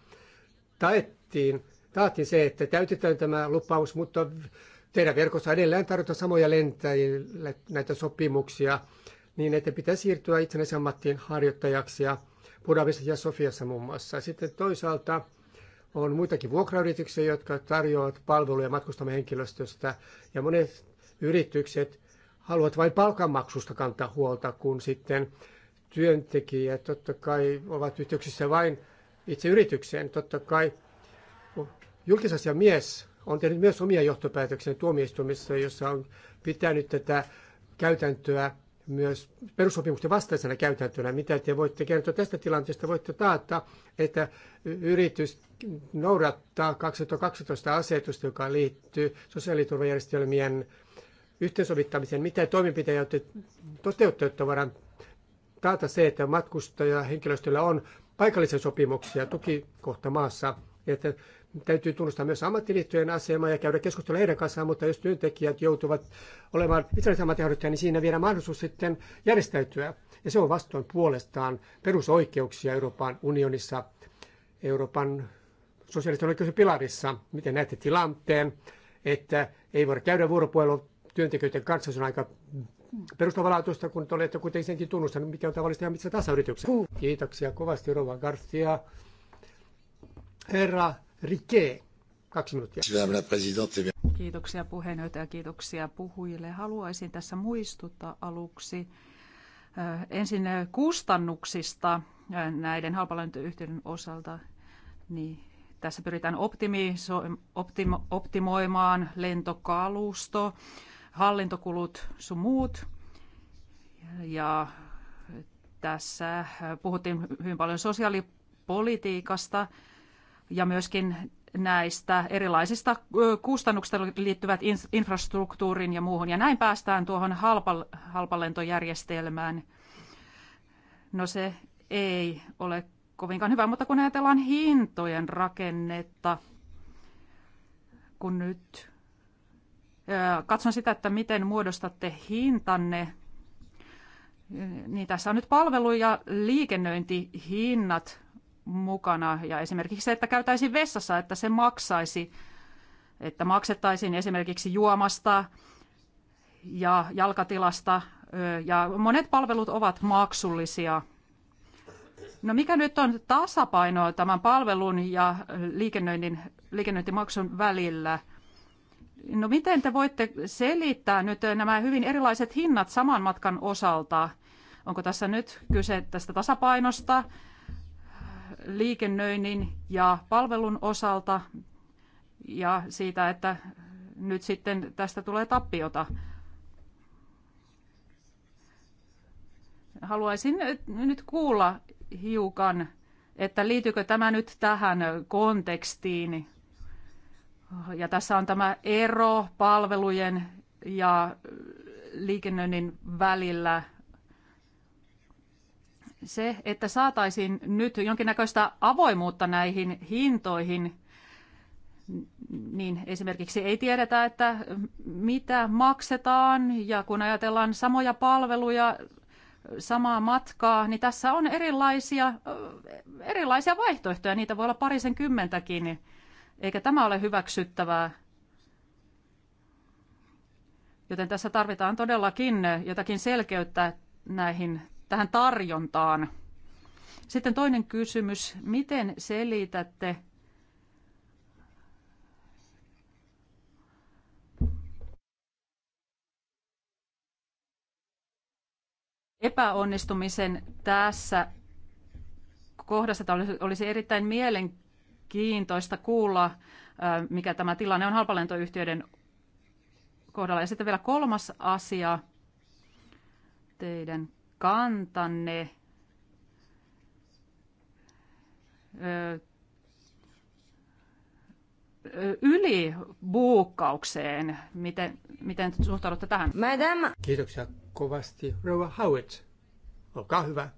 taettiin, taattiin se, että täytetään tämä lupaus, mutta teidän verkossa edelleen tarjotaan samoja lentäjille näitä sopimuksia, niin että pitää siirtyä itsenäisen ammattiin harjoittajaksi ja Budapestissa ja Sofiassa muun muassa. Sitten toisaalta on muitakin vuokrayrityksiä, jotka tarjoavat palveluja henkilöstöstä ja monet yritykset haluavat vain palkanmaksusta kantaa huolta, kun sitten työntekijät totta kai ovat yhteyksissä vain itse yritykseen. Totta kai mies on tehnyt myös omia johtopäätöksiä tuomioistuimissa, jossa on pitänyt tätä käytäntöä myös perussopimusten vastaisena käytäntönä. Mitä te voitte kertoa tästä tilanteesta? Voitte taata, että yritys noudattaa 2012 asetusta, joka liittyy sosiaaliturvajärjestelmien yhteensovittamiseen. Mitä toimenpiteitä olette toteuttaneet, jotta taata se, että matkustajahenkilöstöllä on paikallisia sopimuksia tukikohta maassa, että täytyy tunnustaa myös ammattiliittojen asema ja käydä keskustelua heidän kanssaan, mutta jos työntekijät joutuvat olemaan itsellisiä ammattiharjoittajia, niin siinä vielä mahdollisuus sitten järjestäytyä. Ja se on vastoin puolestaan perusoikeuksia Euroopan unionissa, Euroopan sosiaalisten oikeuksien pilarissa. Miten näette tilanteen, että ei voida käydä vuoropuhelua työntekijöiden kanssa, se on aika perustavanlaatuista, kun te olette kuitenkin senkin tunnustanut, mikä on tavallista ja missä Mm. Kiitoksia kovasti Rova Garcia. Herra Rike, kaksi minuuttia. Kiitoksia puheenjohtaja, kiitoksia puhujille. Haluaisin tässä muistuttaa aluksi äh, ensin kustannuksista äh, näiden halpalentoyhtiöiden osalta. Niin tässä pyritään optimi- optimo, optimoimaan lentokalusto, hallintokulut sun muut. Ja tässä puhuttiin hyvin paljon sosiaalipolitiikasta ja myöskin näistä erilaisista kustannuksista liittyvät infrastruktuurin ja muuhun. Ja näin päästään tuohon halpalentojärjestelmään. No se ei ole kovinkaan hyvä, mutta kun ajatellaan hintojen rakennetta, kun nyt katson sitä, että miten muodostatte hintanne. Niin tässä on nyt palvelu- ja liikennöintihinnat mukana ja esimerkiksi se, että käytäisiin vessassa, että se maksaisi, että maksettaisiin esimerkiksi juomasta ja jalkatilasta ja monet palvelut ovat maksullisia. No mikä nyt on tasapaino tämän palvelun ja liikennöinnin, liikennöintimaksun välillä – No miten te voitte selittää nyt nämä hyvin erilaiset hinnat saman matkan osalta? Onko tässä nyt kyse tästä tasapainosta liikennöinnin ja palvelun osalta ja siitä, että nyt sitten tästä tulee tappiota? Haluaisin nyt kuulla hiukan, että liittyykö tämä nyt tähän kontekstiin, ja tässä on tämä ero palvelujen ja liikennöinnin välillä. Se, että saataisiin nyt jonkinnäköistä avoimuutta näihin hintoihin, niin esimerkiksi ei tiedetä, että mitä maksetaan, ja kun ajatellaan samoja palveluja, samaa matkaa, niin tässä on erilaisia, erilaisia vaihtoehtoja, niitä voi olla parisen kymmentäkin eikä tämä ole hyväksyttävää. Joten tässä tarvitaan todellakin jotakin selkeyttä näihin, tähän tarjontaan. Sitten toinen kysymys. Miten selitätte epäonnistumisen tässä kohdassa? Tämä olisi erittäin mielenkiintoista kiintoista kuulla, mikä tämä tilanne on halpalentoyhtiöiden kohdalla. Ja sitten vielä kolmas asia, teidän kantanne buukkaukseen. Miten, miten suhtaudutte tähän? Madame. Kiitoksia kovasti. Rova Howard, olkaa hyvä.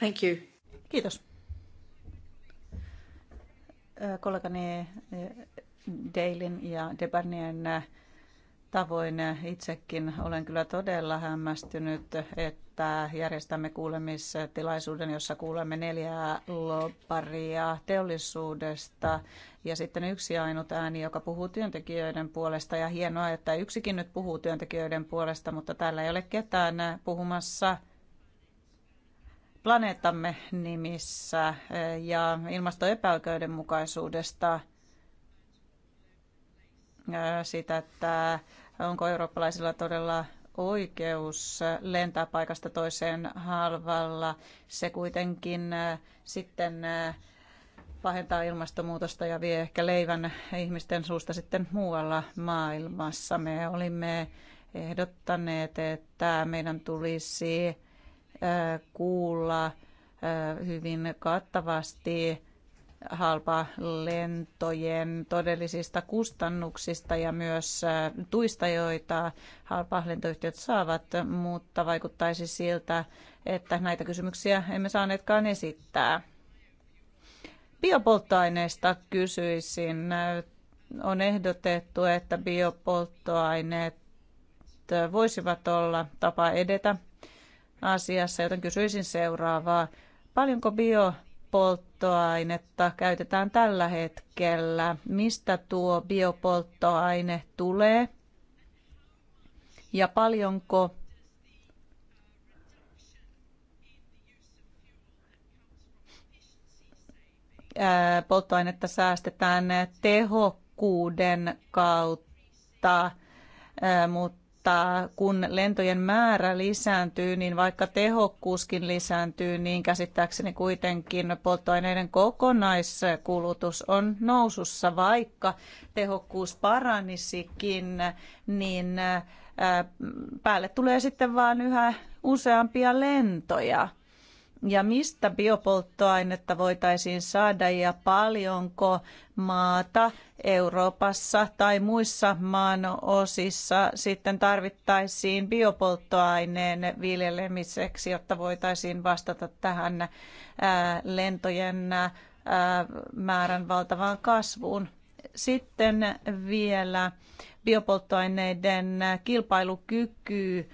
Thank you. Kiitos kollegani eh, Deilin ja Debarnien eh, tavoin eh, itsekin olen kyllä todella hämmästynyt, että järjestämme kuulemistilaisuuden, jossa kuulemme neljää lopparia teollisuudesta ja sitten yksi ainut ääni, joka puhuu työntekijöiden puolesta. Ja hienoa, että yksikin nyt puhuu työntekijöiden puolesta, mutta täällä ei ole ketään puhumassa planeettamme nimissä eh, ja ilmastoepäoikeudenmukaisuudesta eh, sitä, että onko eurooppalaisilla todella oikeus lentää paikasta toiseen halvalla. Se kuitenkin eh, sitten pahentaa ilmastonmuutosta ja vie ehkä leivän ihmisten suusta sitten muualla maailmassa. Me olimme ehdottaneet, että meidän tulisi kuulla hyvin kattavasti halpa lentojen todellisista kustannuksista ja myös tuista, joita halpa lentoyhtiöt saavat, mutta vaikuttaisi siltä, että näitä kysymyksiä emme saaneetkaan esittää. Biopolttoaineista kysyisin. On ehdotettu, että biopolttoaineet voisivat olla tapa edetä asiassa, joten kysyisin seuraavaa. Paljonko biopolttoainetta käytetään tällä hetkellä? Mistä tuo biopolttoaine tulee? Ja paljonko polttoainetta säästetään tehokkuuden kautta, mutta mutta kun lentojen määrä lisääntyy, niin vaikka tehokkuuskin lisääntyy, niin käsittääkseni kuitenkin polttoaineiden kokonaiskulutus on nousussa, vaikka tehokkuus paranisikin, niin päälle tulee sitten vaan yhä useampia lentoja ja mistä biopolttoainetta voitaisiin saada ja paljonko maata Euroopassa tai muissa maan osissa sitten tarvittaisiin biopolttoaineen viljelemiseksi, jotta voitaisiin vastata tähän lentojen määrän valtavaan kasvuun. Sitten vielä biopolttoaineiden kilpailukyky,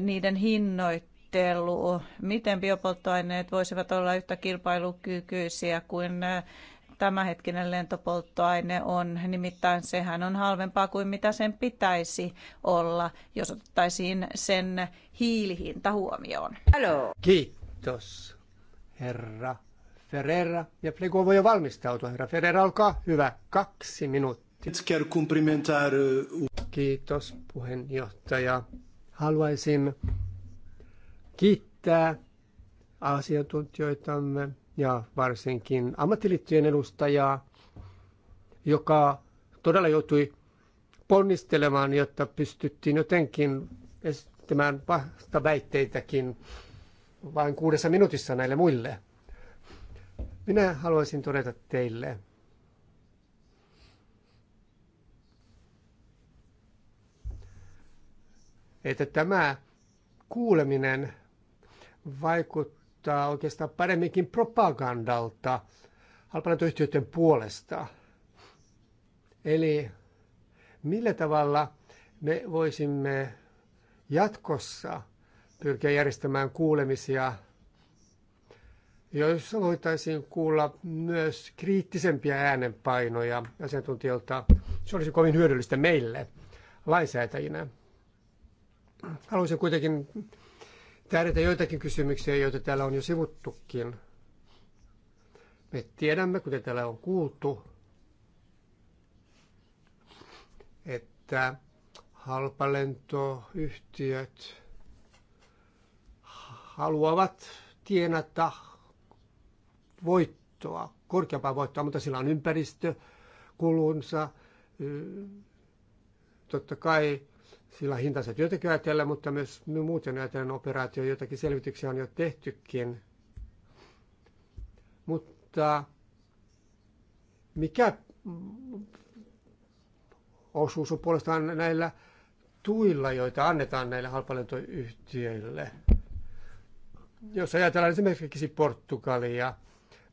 niiden hinnoittelu suunnittelu, miten biopolttoaineet voisivat olla yhtä kilpailukykyisiä kuin äh, tämänhetkinen lentopolttoaine on, nimittäin sehän on halvempaa kuin mitä sen pitäisi olla, jos otettaisiin sen hiilihinta huomioon. Hello. Kiitos, herra Ferreira. Ja Flego voi jo valmistautua, herra Ferreira, olkaa hyvä. Kaksi minuuttia. Uh, Kiitos, puheenjohtaja. Haluaisin kiittää asiantuntijoitamme ja varsinkin ammattiliittojen edustajaa, joka todella joutui ponnistelemaan, jotta pystyttiin jotenkin esittämään vastaväitteitäkin vain kuudessa minuutissa näille muille. Minä haluaisin todeta teille, että tämä kuuleminen vaikuttaa oikeastaan paremminkin propagandalta halpalentoyhtiöiden puolesta. Eli millä tavalla me voisimme jatkossa pyrkiä järjestämään kuulemisia, joissa voitaisiin kuulla myös kriittisempiä äänenpainoja asiantuntijoilta. Se olisi kovin hyödyllistä meille lainsäätäjinä. Haluaisin kuitenkin tärkeitä joitakin kysymyksiä, joita täällä on jo sivuttukin. Me tiedämme, kuten täällä on kuultu, että halpalentoyhtiöt haluavat tienata voittoa, korkeampaa voittoa, mutta sillä on ympäristökulunsa. Totta kai sillä hintaiset työntekijä ajatellen, mutta myös muuten ajatellen operaatio. Jotakin selvityksiä on jo tehtykin. Mutta mikä osuus on puolestaan näillä tuilla, joita annetaan näille halpalentoyhtiöille? Jos ajatellaan esimerkiksi Portugalia,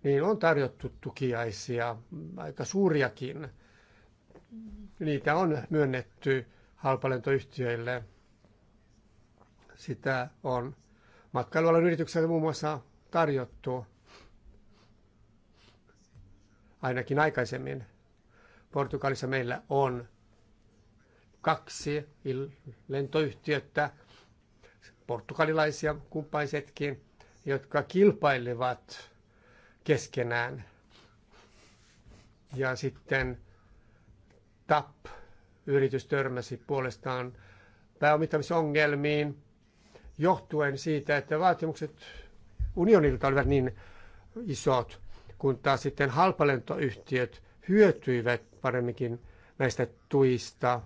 niin on tarjottu tukiaisia, aika suuriakin. Niitä on myönnetty halpalentoyhtiöille. Sitä on matkailualan yritykselle muun muassa tarjottu, ainakin aikaisemmin. Portugalissa meillä on kaksi lentoyhtiötä, portugalilaisia kumppaisetkin, jotka kilpailevat keskenään. Ja sitten TAP yritys törmäsi puolestaan pääomittamisongelmiin johtuen siitä, että vaatimukset unionilta olivat niin isot, kun taas sitten halpalentoyhtiöt hyötyivät paremminkin näistä tuista,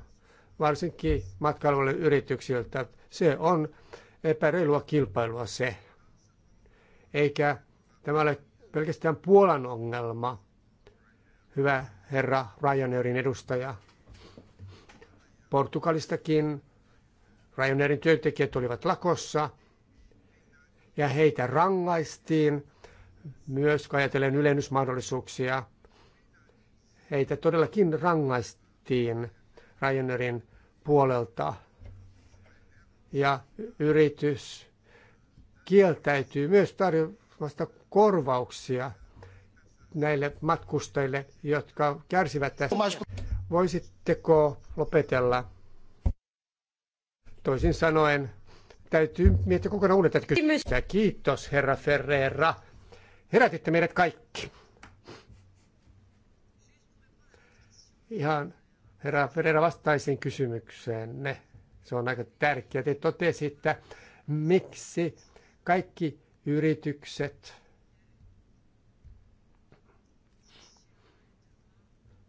varsinkin matkailuille yrityksiltä. Se on epäreilua kilpailua se. Eikä tämä ole pelkästään Puolan ongelma, hyvä herra Ryanairin edustaja. Portugalistakin Ryanairin työntekijät olivat lakossa ja heitä rangaistiin myös, kun ajatellen ylennysmahdollisuuksia. Heitä todellakin rangaistiin Ryanairin puolelta. Ja yritys kieltäytyy myös tarjoamasta korvauksia näille matkustajille, jotka kärsivät tästä. Voisitteko lopetella? Toisin sanoen, täytyy miettiä kokonaan uudet kysymys. Kiitos, herra Ferreira. Herätitte meidät kaikki. Ihan herra Ferreira vastaisin kysymykseenne. Se on aika tärkeää. Te totesitte, miksi kaikki yritykset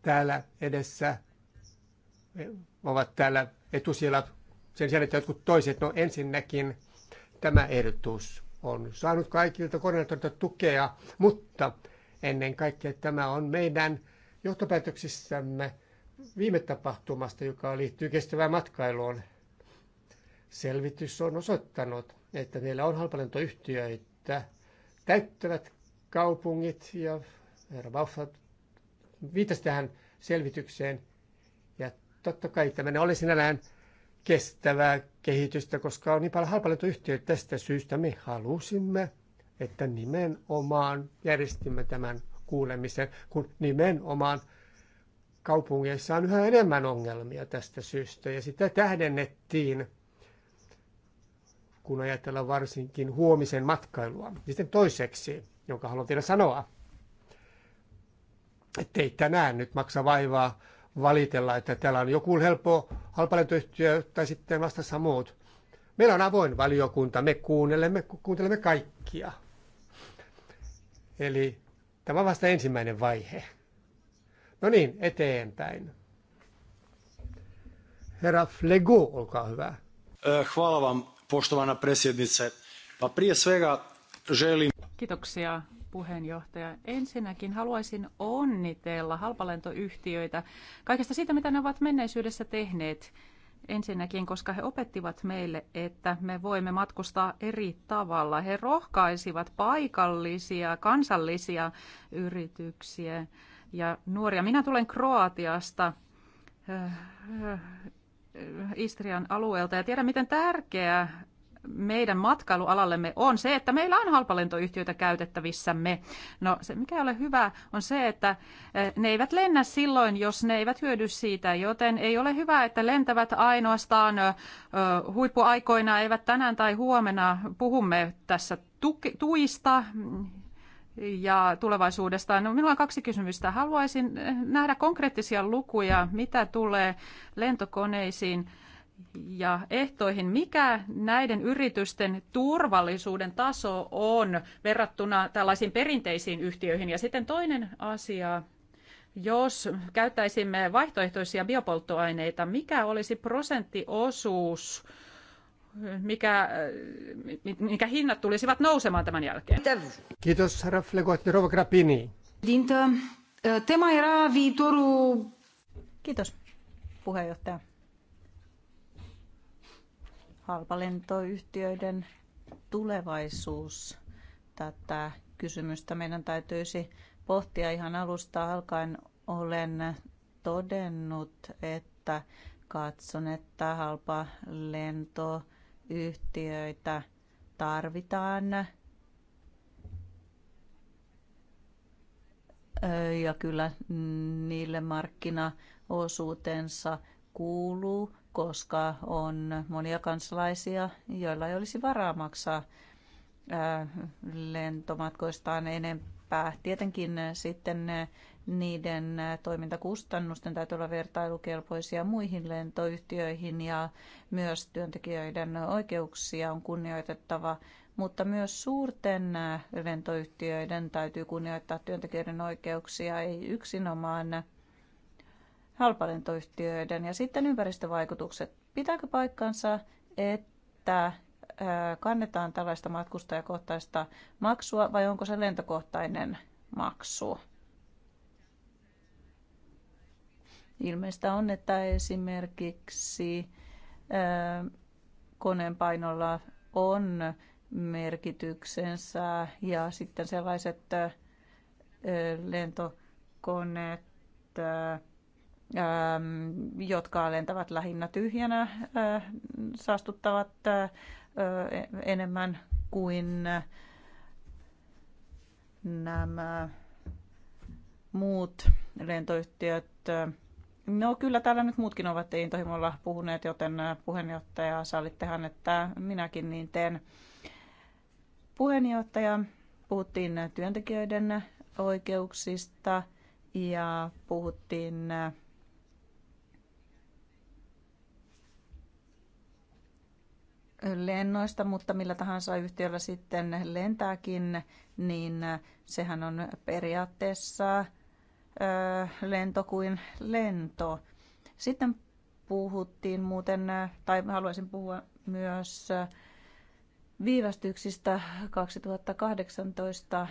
täällä edessä, ovat täällä etusijalla sen sijaan, että jotkut toiset. No ensinnäkin tämä ehdotus on saanut kaikilta koordinaattorilta tukea, mutta ennen kaikkea tämä on meidän johtopäätöksissämme viime tapahtumasta, joka liittyy kestävään matkailuun. Selvitys on osoittanut, että meillä on halpalentoyhtiöitä, täyttävät kaupungit ja herra baufat viittasi tähän selvitykseen. Ja totta kai tämä oli sinällään kestävää kehitystä, koska on niin paljon yhtiö Tästä syystä me halusimme, että nimenomaan järjestimme tämän kuulemisen, kun nimenomaan kaupungeissa on yhä enemmän ongelmia tästä syystä. Ja sitä tähdennettiin, kun ajatellaan varsinkin huomisen matkailua. Ja sitten toiseksi, jonka haluan vielä sanoa, ettei tänään nyt maksa vaivaa valitella, että täällä on joku helppo halpalentoyhtiö tai sitten vastassa muut. Meillä on avoin valiokunta, me kuuntelemme, kuuntelemme kaikkia. Eli tämä on vasta ensimmäinen vaihe. No niin, eteenpäin. Herra Flego, olkaa hyvä. Hvala vam, poštovana predsjednice. Pa prije svega želim... Kiitoksia, puheenjohtaja. Ensinnäkin haluaisin onnitella halpalentoyhtiöitä kaikesta siitä, mitä ne ovat menneisyydessä tehneet. Ensinnäkin, koska he opettivat meille, että me voimme matkustaa eri tavalla. He rohkaisivat paikallisia, kansallisia yrityksiä ja nuoria. Minä tulen Kroatiasta. Äh, äh, Istrian alueelta ja tiedän, miten tärkeää meidän matkailualallemme on se, että meillä on halpalentoyhtiöitä käytettävissämme. No se, mikä ole hyvä, on se, että eh, ne eivät lennä silloin, jos ne eivät hyödy siitä, joten ei ole hyvä, että lentävät ainoastaan eh, eh, huippuaikoina, eivät tänään tai huomenna. Puhumme tässä tuista, ja tulevaisuudesta. No, minulla on kaksi kysymystä. Haluaisin nähdä konkreettisia lukuja, mitä tulee lentokoneisiin ja ehtoihin, mikä näiden yritysten turvallisuuden taso on verrattuna tällaisiin perinteisiin yhtiöihin. Ja sitten toinen asia, jos käyttäisimme vaihtoehtoisia biopolttoaineita, mikä olisi prosenttiosuus, mikä, mikä hinnat tulisivat nousemaan tämän jälkeen? Kiitos, herra Flegoitti, Rova Grappini. Tema era viitoru. Kiitos, puheenjohtaja halpalentoyhtiöiden tulevaisuus. Tätä kysymystä meidän täytyisi pohtia ihan alusta alkaen. Olen todennut, että katson, että halpalentoyhtiöitä tarvitaan ja kyllä niille markkinaosuutensa kuuluu koska on monia kansalaisia, joilla ei olisi varaa maksaa lentomatkoistaan enempää. Tietenkin sitten niiden toimintakustannusten täytyy olla vertailukelpoisia muihin lentoyhtiöihin ja myös työntekijöiden oikeuksia on kunnioitettava, mutta myös suurten lentoyhtiöiden täytyy kunnioittaa työntekijöiden oikeuksia, ei yksinomaan halpalentoyhtiöiden ja sitten ympäristövaikutukset. Pitääkö paikkansa, että kannetaan tällaista matkustajakohtaista maksua vai onko se lentokohtainen maksu? Ilmeistä on, että esimerkiksi koneen painolla on merkityksensä ja sitten sellaiset lentokoneet, Ähm, jotka lentävät lähinnä tyhjänä, äh, saastuttavat äh, enemmän kuin nämä muut lentoyhtiöt. No kyllä täällä nyt muutkin ovat intohimolla puhuneet, joten äh, puheenjohtaja sallittehan, että minäkin niin teen. Puheenjohtaja, puhuttiin työntekijöiden oikeuksista ja puhuttiin lennoista, mutta millä tahansa yhtiöllä sitten lentääkin, niin sehän on periaatteessa lento kuin lento. Sitten puhuttiin muuten, tai haluaisin puhua myös viivästyksistä 2018.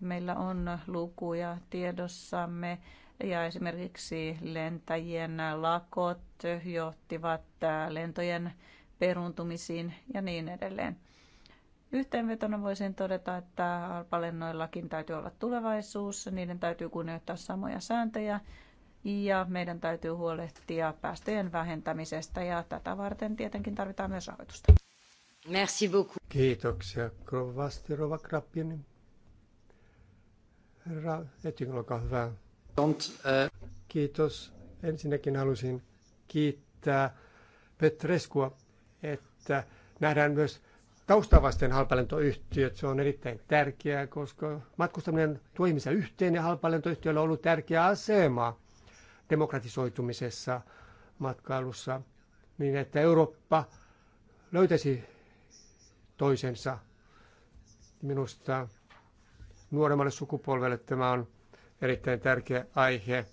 Meillä on lukuja tiedossamme ja esimerkiksi lentäjien lakot johtivat lentojen peruntumisiin ja niin edelleen. Yhteenvetona voisin todeta, että alpalennoillakin täytyy olla tulevaisuus, niiden täytyy kunnioittaa samoja sääntöjä ja meidän täytyy huolehtia päästöjen vähentämisestä ja tätä varten tietenkin tarvitaan myös rahoitusta. Merci beaucoup. Kiitoksia kovasti Rova Krappinen. Herra Etyk, olkaa hyvä. Äh, Kiitos. Ensinnäkin halusin kiittää Petreskua että nähdään myös taustavasten halpalentoyhtiöt. Se on erittäin tärkeää, koska matkustaminen tuo ihmisiä yhteen ja halpalentoyhtiöillä on ollut tärkeä asema demokratisoitumisessa matkailussa, niin että Eurooppa löytäisi toisensa. Minusta nuoremmalle sukupolvelle tämä on erittäin tärkeä aihe,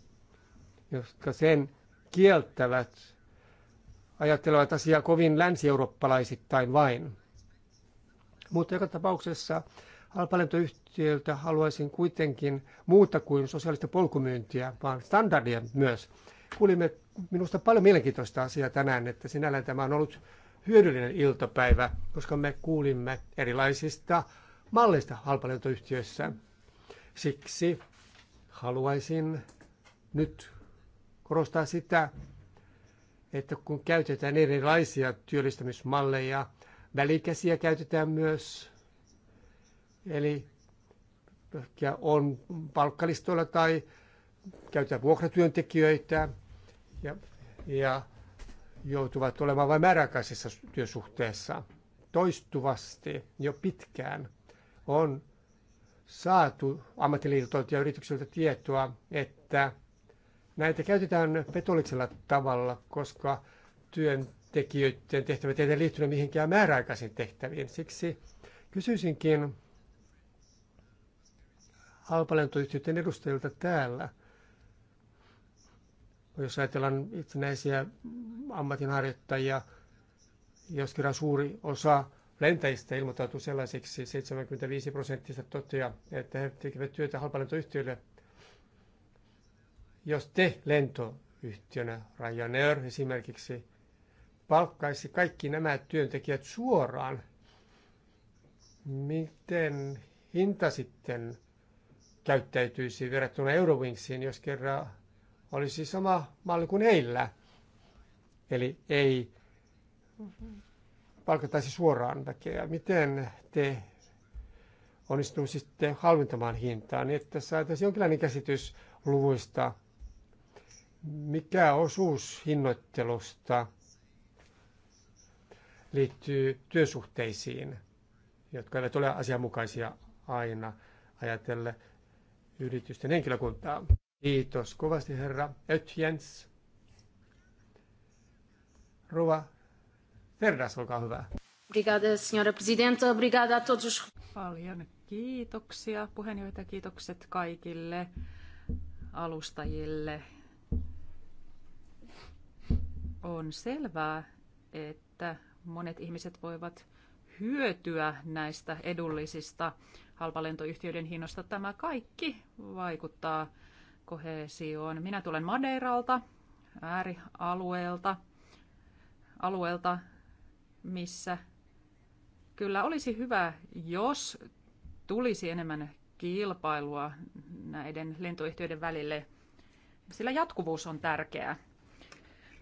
jotka sen kieltävät ajattelevat asiaa kovin länsieurooppalaisittain vain. Mutta joka tapauksessa halpalentoyhtiöltä haluaisin kuitenkin muuta kuin sosiaalista polkumyyntiä, vaan standardia myös. Kuulimme minusta paljon mielenkiintoista asiaa tänään, että sinällään tämä on ollut hyödyllinen iltapäivä, koska me kuulimme erilaisista malleista halpalentoyhtiöissä. Siksi haluaisin nyt korostaa sitä, että kun käytetään erilaisia työllistämismalleja, välikäsiä käytetään myös, eli on palkkalistoilla tai käytetään vuokratyöntekijöitä ja, ja joutuvat olemaan vain määräaikaisessa työsuhteessa toistuvasti jo pitkään on saatu ammattiliitoilta ja yrityksiltä tietoa, että Näitä käytetään petollisella tavalla, koska työntekijöiden tehtävät eivät liittyneet mihinkään määräaikaisiin tehtäviin. Siksi kysyisinkin halpalentoyhtiöiden edustajilta täällä, jos ajatellaan itsenäisiä ammatinharjoittajia, jos kerran suuri osa lentäjistä ilmoittautuu sellaisiksi, 75 prosenttista toteaa, että he tekevät työtä halpalentoyhtiöille jos te lentoyhtiönä Ryanair esimerkiksi palkkaisi kaikki nämä työntekijät suoraan, miten hinta sitten käyttäytyisi verrattuna Eurowingsiin, jos kerran olisi sama malli kuin heillä. Eli ei palkataisi suoraan väkeä. Miten te onnistuisitte halvintamaan hintaa niin, että saataisiin jonkinlainen käsitys luvuista mikä osuus hinnoittelusta liittyy työsuhteisiin, jotka eivät ole asianmukaisia aina ajatelle yritysten henkilökuntaa. Kiitos kovasti herra Ötjens. Rova Terdas, olkaa hyvä. Obrigada, senhora presidenta. Obrigada a todos. Paljon kiitoksia puheenjohtaja, kiitokset kaikille alustajille on selvää, että monet ihmiset voivat hyötyä näistä edullisista halpalentoyhtiöiden hinnoista. Tämä kaikki vaikuttaa kohesioon. Minä tulen Madeiralta, äärialueelta, alueelta, missä kyllä olisi hyvä, jos tulisi enemmän kilpailua näiden lentoyhtiöiden välille, sillä jatkuvuus on tärkeää.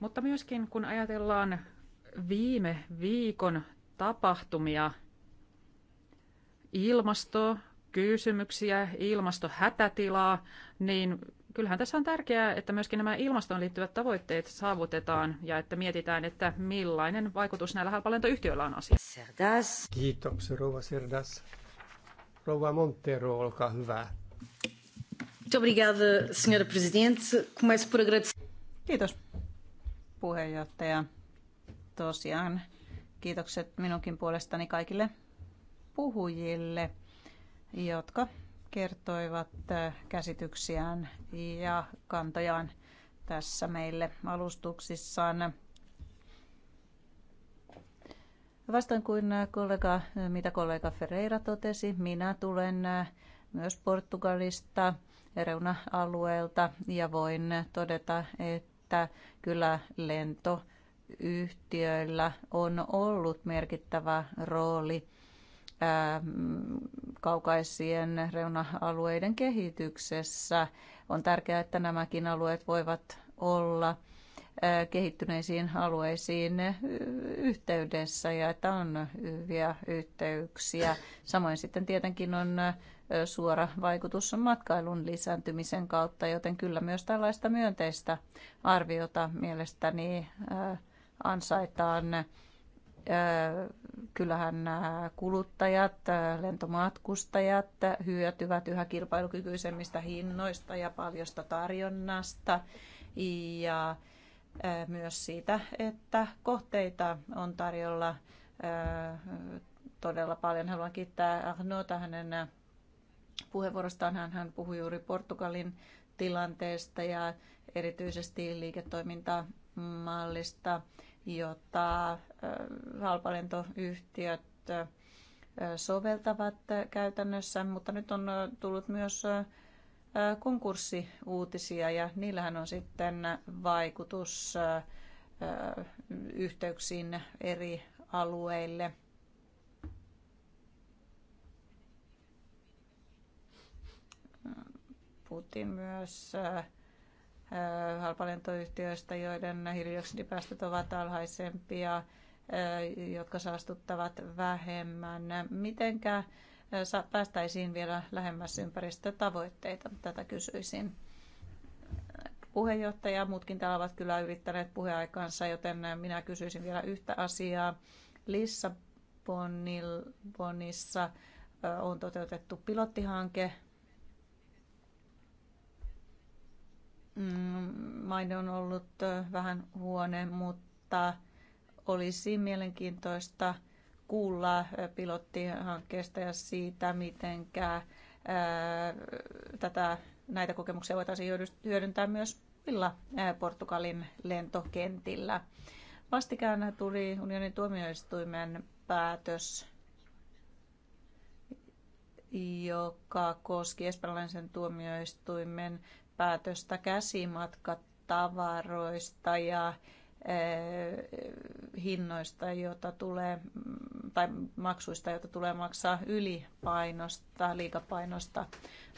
Mutta myöskin kun ajatellaan viime viikon tapahtumia, ilmastoa, kysymyksiä, ilmastohätätilaa, niin kyllähän tässä on tärkeää, että myöskin nämä ilmastoon liittyvät tavoitteet saavutetaan ja että mietitään, että millainen vaikutus näillä halpalentoyhtiöillä on asia. Serdas. Kiitos, Rouva Serdas. Rouva Montero, olkaa hyvä. Muito obrigada, senhora Presidente. Começo por agradecer. Kiitos, puheenjohtaja. Tosiaan kiitokset minunkin puolestani kaikille puhujille, jotka kertoivat äh, käsityksiään ja kantojaan tässä meille alustuksissaan. Vastoin kuin äh, kollega, äh, mitä kollega Ferreira totesi, minä tulen myös Portugalista reuna-alueelta ja voin todeta, että että kyllä lentoyhtiöillä on ollut merkittävä rooli ähm, kaukaisien reuna-alueiden kehityksessä. On tärkeää, että nämäkin alueet voivat olla äh, kehittyneisiin alueisiin äh, yhteydessä ja että on hyviä yhteyksiä. Samoin sitten tietenkin on äh, suora vaikutus on matkailun lisääntymisen kautta, joten kyllä myös tällaista myönteistä arviota mielestäni ansaitaan. Kyllähän kuluttajat, lentomatkustajat hyötyvät yhä kilpailukykyisemmistä hinnoista ja paljosta tarjonnasta ja myös siitä, että kohteita on tarjolla todella paljon. Haluan kiittää Arnoota hänen puheenvuorostaan hän, hän puhui juuri Portugalin tilanteesta ja erityisesti liiketoimintamallista, jota äh, halpalentoyhtiöt äh, soveltavat käytännössä, mutta nyt on äh, tullut myös konkurssiuutisia ja niillähän on sitten vaikutus yhteyksiin eri alueille – Puhuttiin myös äh, halpalentoyhtiöistä, joiden hiilidioksidipäästöt ovat alhaisempia, äh, jotka saastuttavat vähemmän. Mitenkä äh, päästäisiin vielä lähemmäs ympäristötavoitteita? Tätä kysyisin. Puheenjohtaja ja muutkin täällä ovat kyllä yrittäneet puheaikansa, joten minä kysyisin vielä yhtä asiaa. Lissabonissa on toteutettu pilottihanke maine on ollut vähän huone, mutta olisi mielenkiintoista kuulla pilottihankkeesta ja siitä, miten tätä, näitä kokemuksia voitaisiin hyödyntää myös muilla Portugalin lentokentillä. Vastikään tuli unionin tuomioistuimen päätös, joka koski espanjalaisen tuomioistuimen päätöstä käsimatkatavaroista ja eh, hinnoista, jota tulee, mm, tai maksuista, joita tulee maksaa ylipainosta, liikapainosta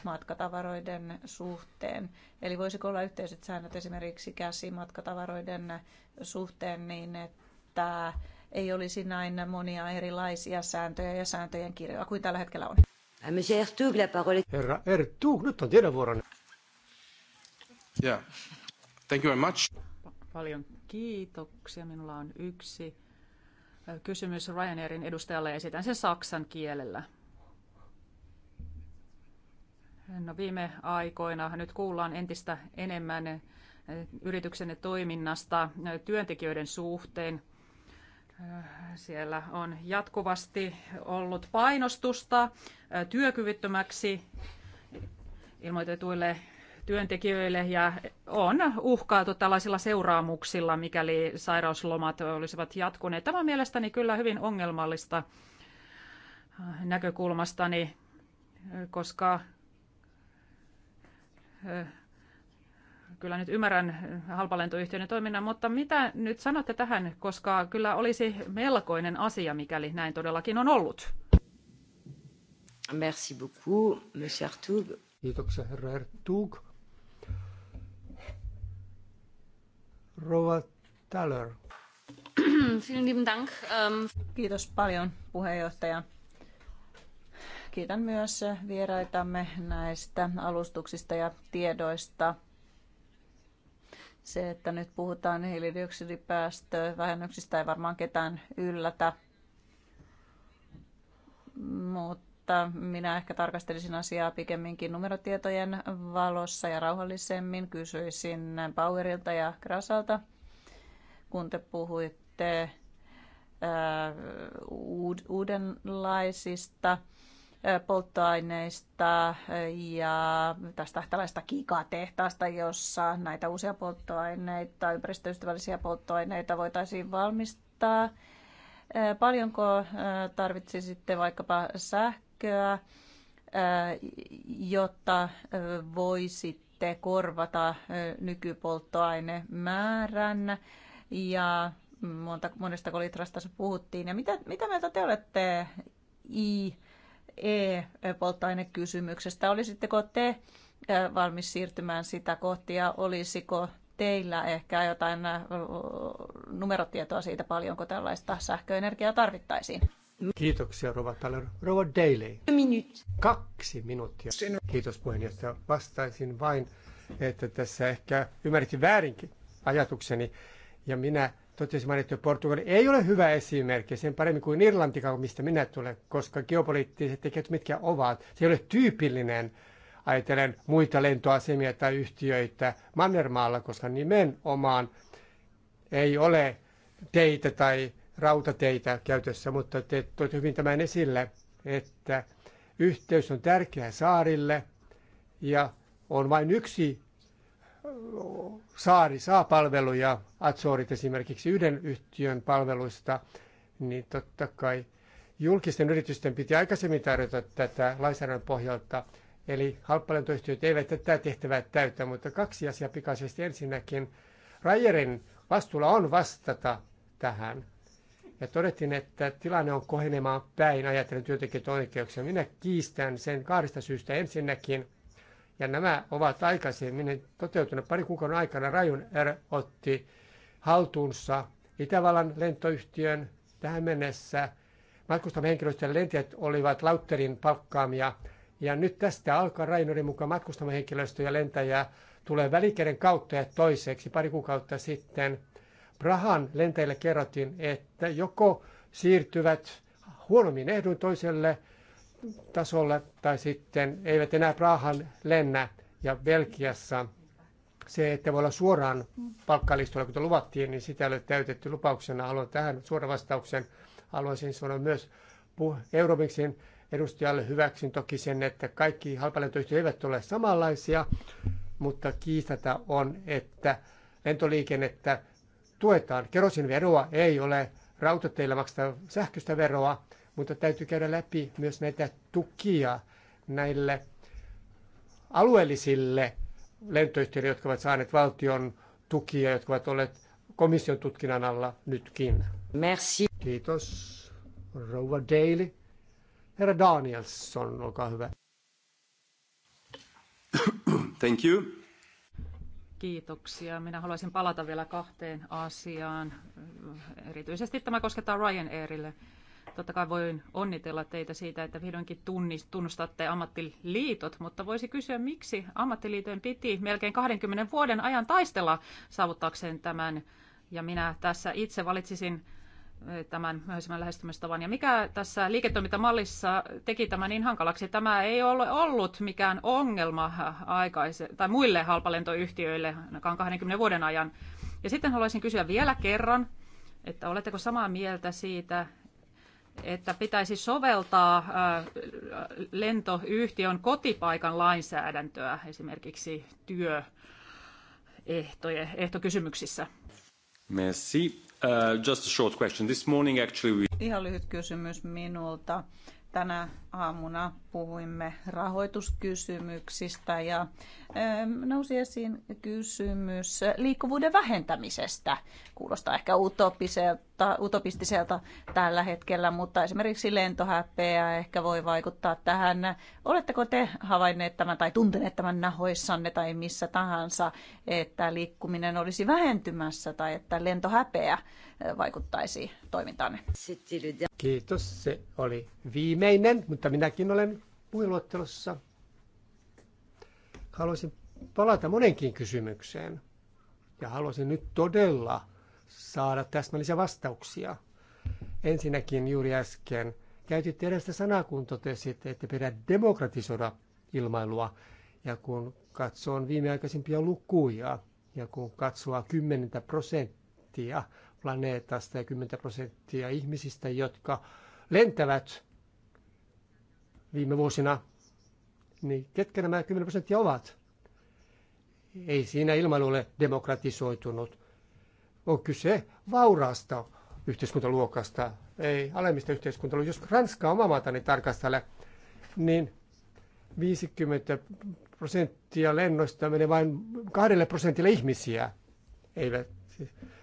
matkatavaroiden suhteen. Eli voisiko olla yhteiset säännöt esimerkiksi käsimatkatavaroiden suhteen niin, että ei olisi näin monia erilaisia sääntöjä ja sääntöjen kirjoja kuin tällä hetkellä on. Herra Ertug, nyt on teidän vuoronne. Yeah. Thank you very much. Paljon kiitoksia. Minulla on yksi kysymys Ryanairin edustajalle ja esitän sen saksan kielellä. No viime aikoina nyt kuullaan entistä enemmän yrityksenne toiminnasta työntekijöiden suhteen. Siellä on jatkuvasti ollut painostusta työkyvyttömäksi ilmoitetuille työntekijöille ja on uhkaa tällaisilla seuraamuksilla, mikäli sairauslomat olisivat jatkuneet. Tämä on mielestäni kyllä hyvin ongelmallista näkökulmastani, koska eh, kyllä nyt ymmärrän halpalentoyhtiöiden toiminnan, mutta mitä nyt sanotte tähän, koska kyllä olisi melkoinen asia, mikäli näin todellakin on ollut. Merci beaucoup, monsieur Artug. Kiitoksia, herra Ertug. Rova Thaler. *clears throat* Ähm, Kiitos paljon puheenjohtaja. Kiitän myös vieraitamme näistä alustuksista ja tiedoista. Se, että nyt puhutaan hiilidioksidipäästövähennyksistä, ei varmaan ketään yllätä. Mutta mutta minä ehkä tarkastelisin asiaa pikemminkin numerotietojen valossa ja rauhallisemmin. Kysyisin Powerilta ja Krasalta, kun te puhuitte äh, uudenlaisista äh, polttoaineista ja tästä tällaista gigatehtaasta, jossa näitä uusia polttoaineita, ympäristöystävällisiä polttoaineita voitaisiin valmistaa. Äh, paljonko tarvitsisitte vaikkapa sähköä? sähköä, jotta voisitte korvata nykypolttoainemäärän ja monta, monesta litrasta se puhuttiin. Ja mitä, mitä mieltä te olette I, e-polttoainekysymyksestä. Olisitteko te valmis siirtymään sitä kohti ja olisiko teillä ehkä jotain numerotietoa siitä, paljonko tällaista sähköenergiaa tarvittaisiin? Kiitoksia, Rova Taler. Rova Daley. Kaksi minuuttia. Kiitos puheenjohtaja. Vastaisin vain, että tässä ehkä ymmärrettiin väärinkin ajatukseni. Ja minä totesin vain, että Portugali ei ole hyvä esimerkki sen paremmin kuin Irlantikaan, mistä minä tulen, koska geopoliittiset tekijät mitkä ovat. Se ei ole tyypillinen ajatellen muita lentoasemia tai yhtiöitä Mannermaalla, koska nimenomaan ei ole teitä tai rautateitä käytössä, mutta te toitte hyvin tämän esille, että yhteys on tärkeä saarille ja on vain yksi saari saa palveluja, Azorit esimerkiksi yhden yhtiön palveluista, niin totta kai julkisten yritysten piti aikaisemmin tarjota tätä lainsäädännön pohjalta. Eli halppalentoyhtiöt eivät tätä tehtävää täytä, mutta kaksi asiaa pikaisesti. Ensinnäkin Rajerin vastuulla on vastata tähän ja todettiin, että tilanne on kohenemaan päin ajatellen työntekijöiden oikeuksia. Minä kiistän sen kahdesta syystä ensinnäkin, ja nämä ovat aikaisemmin toteutuneet pari kuukauden aikana. Rajun R otti haltuunsa Itävallan lentoyhtiön tähän mennessä. Matkustamme henkilöstön lentäjät olivat Lautterin palkkaamia, ja nyt tästä alkaa Rainorin mukaan matkustamme henkilöstö ja lentäjä tulee välikäden kautta ja toiseksi pari kuukautta sitten – Rahan lentäjille kerrottiin, että joko siirtyvät huonommin ehdoin toiselle tasolle tai sitten eivät enää Prahan lennä ja Belgiassa se, että voi olla suoraan palkkalistolla, kuten luvattiin, niin sitä ei ole täytetty lupauksena. Haluan tähän suoran vastauksen. Haluaisin sanoa myös Euromixin edustajalle hyväksyn toki sen, että kaikki halpalentoyhtiöt eivät ole samanlaisia, mutta kiistata on, että lentoliikennettä tuetaan. Kerosin veroa ei ole, rautateillä maksetaan sähköistä veroa, mutta täytyy käydä läpi myös näitä tukia näille alueellisille lentoyhtiöille, jotka ovat saaneet valtion tukia, jotka ovat olleet komission tutkinnan alla nytkin. Merci. Kiitos, rouva Daily. Herra Danielson, olkaa hyvä. Thank you. Kiitoksia. Minä haluaisin palata vielä kahteen asiaan. Erityisesti tämä koskettaa Ryanairille. Totta kai voin onnitella teitä siitä, että vihdoinkin tunnustatte ammattiliitot, mutta voisi kysyä, miksi ammattiliitojen piti melkein 20 vuoden ajan taistella saavuttaakseen tämän. Ja minä tässä itse valitsisin tämän myöhäisemmän lähestymistavan. Ja mikä tässä liiketoimintamallissa teki tämän niin hankalaksi? Tämä ei ole ollut mikään ongelma aikaisen, tai muille halpalentoyhtiöille ainakaan 20 vuoden ajan. Ja sitten haluaisin kysyä vielä kerran, että oletteko samaa mieltä siitä, että pitäisi soveltaa äh, lentoyhtiön kotipaikan lainsäädäntöä esimerkiksi työehtokysymyksissä? Merci. Uh, just a short question. This morning actually we... Ihan lyhyt kysymys minulta. Tänä aamuna puhuimme rahoituskysymyksistä ja nousi esiin kysymys liikkuvuuden vähentämisestä. Kuulostaa ehkä utopiselta utopistiselta tällä hetkellä, mutta esimerkiksi lentohäpeä ehkä voi vaikuttaa tähän. Oletteko te havainneet tämän tai tunteneet tämän nahoissanne tai missä tahansa, että liikkuminen olisi vähentymässä tai että lentohäpeä vaikuttaisi toimintaanne? Kiitos, se oli viimeinen, mutta minäkin olen puheluottelussa. Haluaisin palata monenkin kysymykseen. Ja haluaisin nyt todella saada täsmällisiä vastauksia. Ensinnäkin juuri äsken käytit edellistä sanaa, kun totesit, että pidä demokratisoida ilmailua. Ja kun katsoo viimeaikaisimpia lukuja, ja kun katsoo 10 prosenttia planeetasta ja 10 prosenttia ihmisistä, jotka lentävät viime vuosina, niin ketkä nämä 10 prosenttia ovat? Ei siinä ilmailu ole demokratisoitunut on kyse vauraasta yhteiskuntaluokasta, ei alemmista yhteiskuntaluokasta. Jos on maata, niin tarkastella, niin 50 prosenttia lennoista menee vain kahdelle prosentille ihmisiä. Eivät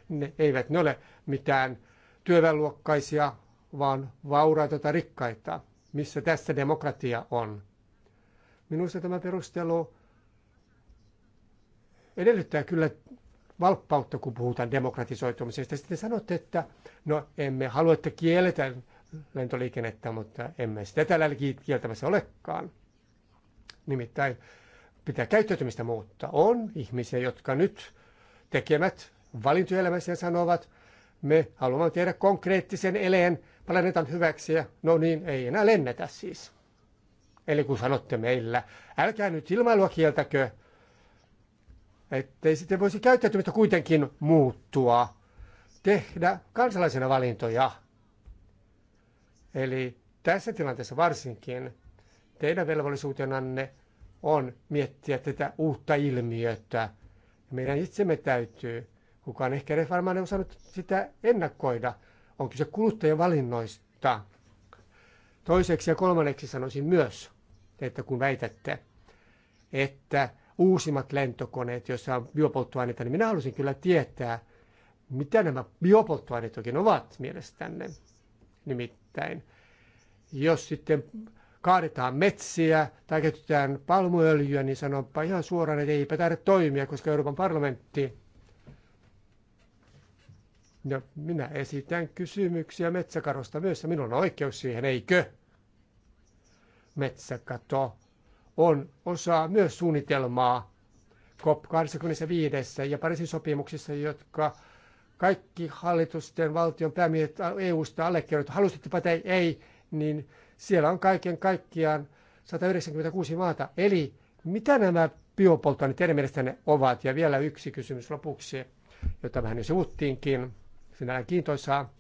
ne, eivät ne ole mitään työväenluokkaisia, vaan vauraita tai rikkaita, missä tässä demokratia on. Minusta tämä perustelu edellyttää kyllä valppautta, kun puhutaan demokratisoitumisesta. Sitten sanotte, että no emme halua, että kielletä lentoliikennettä, mutta emme sitä täällä kieltämässä olekaan. Nimittäin pitää käyttäytymistä muuttaa. On ihmisiä, jotka nyt tekemät valintoja ja sanovat, me haluamme tehdä konkreettisen eleen planeetan hyväksi ja no niin, ei enää lennetä siis. Eli kun sanotte meillä, älkää nyt ilmailua kieltäkö, ettei sitten voisi käyttäytymistä kuitenkin muuttua, tehdä kansalaisena valintoja. Eli tässä tilanteessa varsinkin teidän velvollisuutenanne on miettiä tätä uutta ilmiötä. Meidän itsemme täytyy, kukaan ehkä edes varmaan ei osannut sitä ennakoida, on kyse kuluttajien valinnoista. Toiseksi ja kolmanneksi sanoisin myös, että kun väitätte, että uusimmat lentokoneet, joissa on biopolttoaineita, niin minä haluaisin kyllä tietää, mitä nämä biopolttoaineet oikein ovat mielestänne. Nimittäin, jos sitten kaadetaan metsiä tai käytetään palmuöljyä, niin sanonpa ihan suoraan, että eipä tarvitse toimia, koska Euroopan parlamentti No, minä esitän kysymyksiä metsäkarosta myös, ja minulla on oikeus siihen, eikö? Metsäkato on osa myös suunnitelmaa COP25 ja Pariisin sopimuksissa, jotka kaikki hallitusten valtion päämiehet EU-sta allekirjoittu, halusittepa tai ei, niin siellä on kaiken kaikkiaan 196 maata. Eli mitä nämä biopolttoaineet teidän mielestänne ovat? Ja vielä yksi kysymys lopuksi, jota vähän jo sivuttiinkin, sinällään kiintoisaa.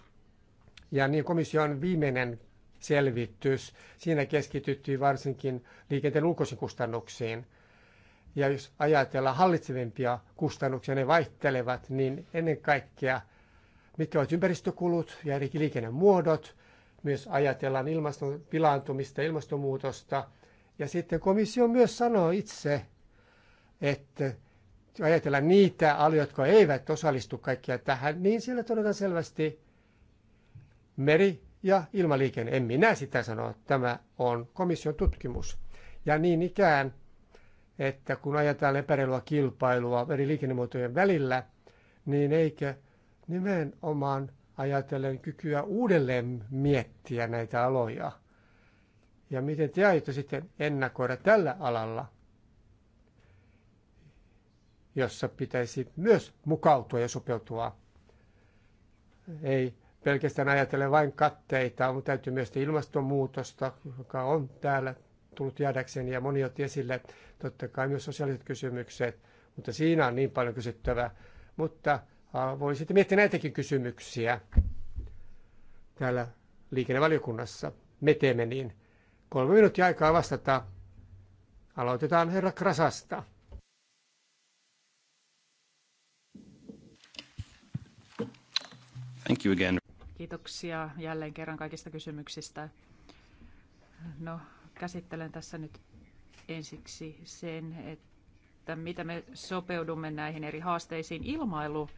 Ja niin komission viimeinen selvitys. Siinä keskityttiin varsinkin liikenteen ulkoisiin kustannuksiin. Ja jos ajatellaan hallitsevimpia kustannuksia, ne vaihtelevat, niin ennen kaikkea mitkä ovat ympäristökulut ja eri liikennemuodot. Myös ajatellaan ilmaston pilaantumista, ilmastonmuutosta. Ja sitten komissio myös sanoo itse, että ajatellaan niitä alueita, jotka eivät osallistu kaikkia tähän, niin siellä todetaan selvästi meri, ja ilmaliikenne. En minä sitä sano, tämä on komission tutkimus. Ja niin ikään, että kun ajetaan epäreilua kilpailua eri liikennemuotojen välillä, niin eikö nimenomaan ajatellen kykyä uudelleen miettiä näitä aloja? Ja miten te aiotte sitten ennakoida tällä alalla, jossa pitäisi myös mukautua ja sopeutua? Ei pelkästään ajatella vain katteita, mutta täytyy myös ilmastonmuutosta, joka on täällä tullut jäädäkseen ja moni otti esille totta kai myös sosiaaliset kysymykset, mutta siinä on niin paljon kysyttävää. Mutta voi sitten miettiä näitäkin kysymyksiä täällä liikennevaliokunnassa. Me teemme niin. Kolme minuuttia aikaa vastata. Aloitetaan herra Krasasta. Thank you again. Kiitoksia jälleen kerran kaikista kysymyksistä. No, käsittelen tässä nyt ensiksi sen, että mitä me sopeudumme näihin eri haasteisiin. Ilmailu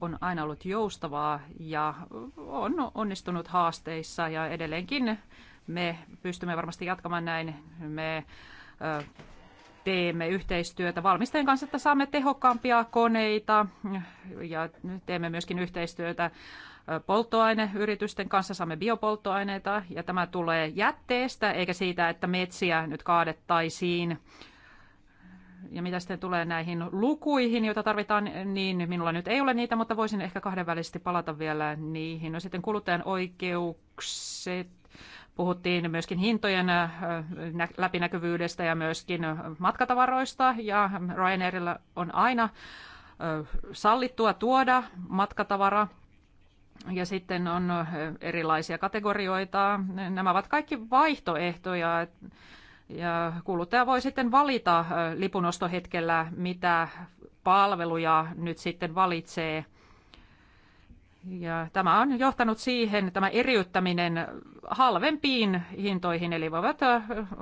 on aina ollut joustavaa ja on onnistunut haasteissa ja edelleenkin me pystymme varmasti jatkamaan näin. Me teemme yhteistyötä valmistajien kanssa, että saamme tehokkaampia koneita ja teemme myöskin yhteistyötä polttoaineyritysten kanssa, saamme biopolttoaineita ja tämä tulee jätteestä eikä siitä, että metsiä nyt kaadettaisiin. Ja mitä sitten tulee näihin lukuihin, joita tarvitaan, niin minulla nyt ei ole niitä, mutta voisin ehkä kahdenvälisesti palata vielä niihin. No sitten kuluttajan oikeukset Puhuttiin myöskin hintojen läpinäkyvyydestä ja myöskin matkatavaroista ja Ryanairilla on aina sallittua tuoda matkatavara ja sitten on erilaisia kategorioita. Nämä ovat kaikki vaihtoehtoja. Ja kuluttaja voi sitten valita lipunostohetkellä, mitä palveluja nyt sitten valitsee – ja tämä on johtanut siihen, tämä eriyttäminen halvempiin hintoihin, eli voivat,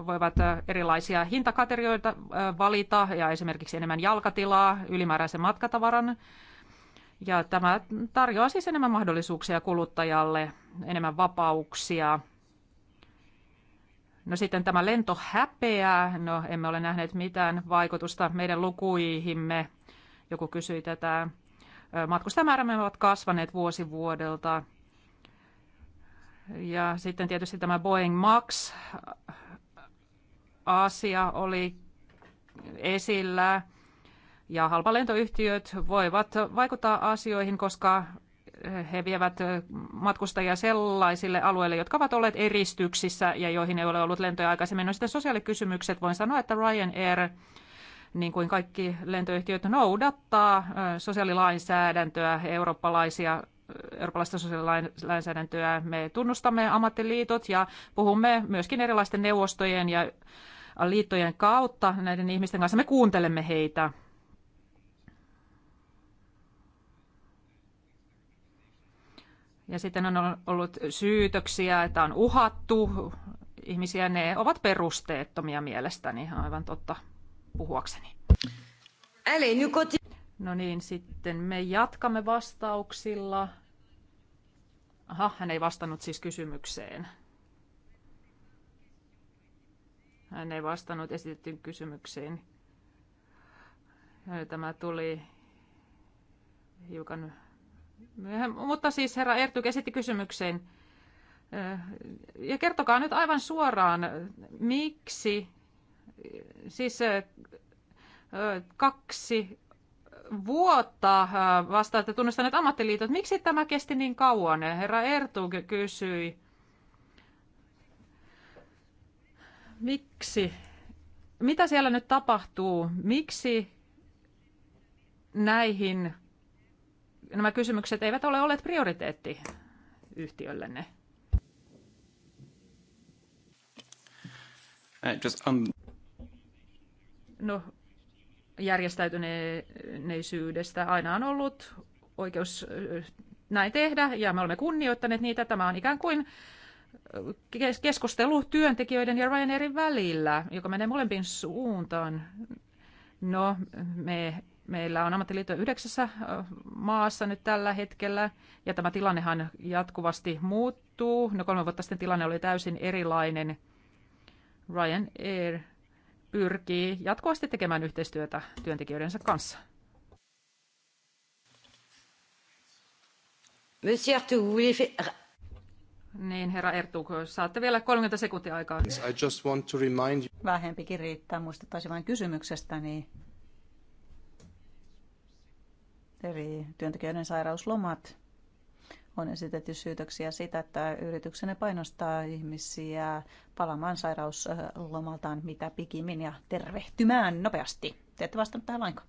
voivat erilaisia hintakaterioita valita ja esimerkiksi enemmän jalkatilaa, ylimääräisen matkatavaran. Ja tämä tarjoaa siis enemmän mahdollisuuksia kuluttajalle, enemmän vapauksia. No sitten tämä lentohäpeä, no emme ole nähneet mitään vaikutusta meidän lukuihimme. Joku kysyi tätä matkustajamäärämme ovat kasvaneet vuosi vuodelta. Ja sitten tietysti tämä Boeing Max asia oli esillä. Ja halpalentoyhtiöt voivat vaikuttaa asioihin, koska he vievät matkustajia sellaisille alueille, jotka ovat olleet eristyksissä ja joihin ei ole ollut lentoja aikaisemmin. No sitten sosiaalikysymykset. Voin sanoa, että Ryanair niin kuin kaikki lentoyhtiöt, noudattaa sosiaalilainsäädäntöä, eurooppalaisia eurooppalaista sosiaalilainsäädäntöä. Me tunnustamme ammattiliitot ja puhumme myöskin erilaisten neuvostojen ja liittojen kautta näiden ihmisten kanssa. Me kuuntelemme heitä. Ja sitten on ollut syytöksiä, että on uhattu ihmisiä. Ne ovat perusteettomia mielestäni, aivan totta puhuakseni. No niin, sitten me jatkamme vastauksilla. Aha, hän ei vastannut siis kysymykseen. Hän ei vastannut esitettyyn kysymykseen. Tämä tuli hiukan myöhemmin, mutta siis herra Ertyk esitti kysymykseen Ja kertokaa nyt aivan suoraan, miksi siis kaksi vuotta vasta, että tunnistaneet ammattiliitot. Miksi tämä kesti niin kauan? Herra Ertu kysyi. Miksi? Mitä siellä nyt tapahtuu? Miksi näihin nämä kysymykset eivät ole olleet prioriteetti yhtiöllenne? Uh, just on No, järjestäytyneisyydestä aina on ollut oikeus äh, näin tehdä, ja me olemme kunnioittaneet niitä. Tämä on ikään kuin äh, keskustelu työntekijöiden ja Ryanairin välillä, joka menee molempiin suuntaan. No, me, meillä on ammattiliitto yhdeksässä äh, maassa nyt tällä hetkellä, ja tämä tilannehan jatkuvasti muuttuu. No kolme vuotta sitten tilanne oli täysin erilainen. Ryan pyrkii jatkuvasti tekemään yhteistyötä työntekijöidensä kanssa. Monsieur Artug, niin, herra Ertug, saatte vielä 30 sekuntia aikaa. I just want to remind you. Vähempikin riittää, muistuttaisin vain kysymyksestäni. Eli työntekijöiden sairauslomat on esitetty syytöksiä siitä, että yrityksenne painostaa ihmisiä palamaan sairauslomaltaan mitä pikimmin ja tervehtymään nopeasti. Te ette vastannut tähän lainkaan.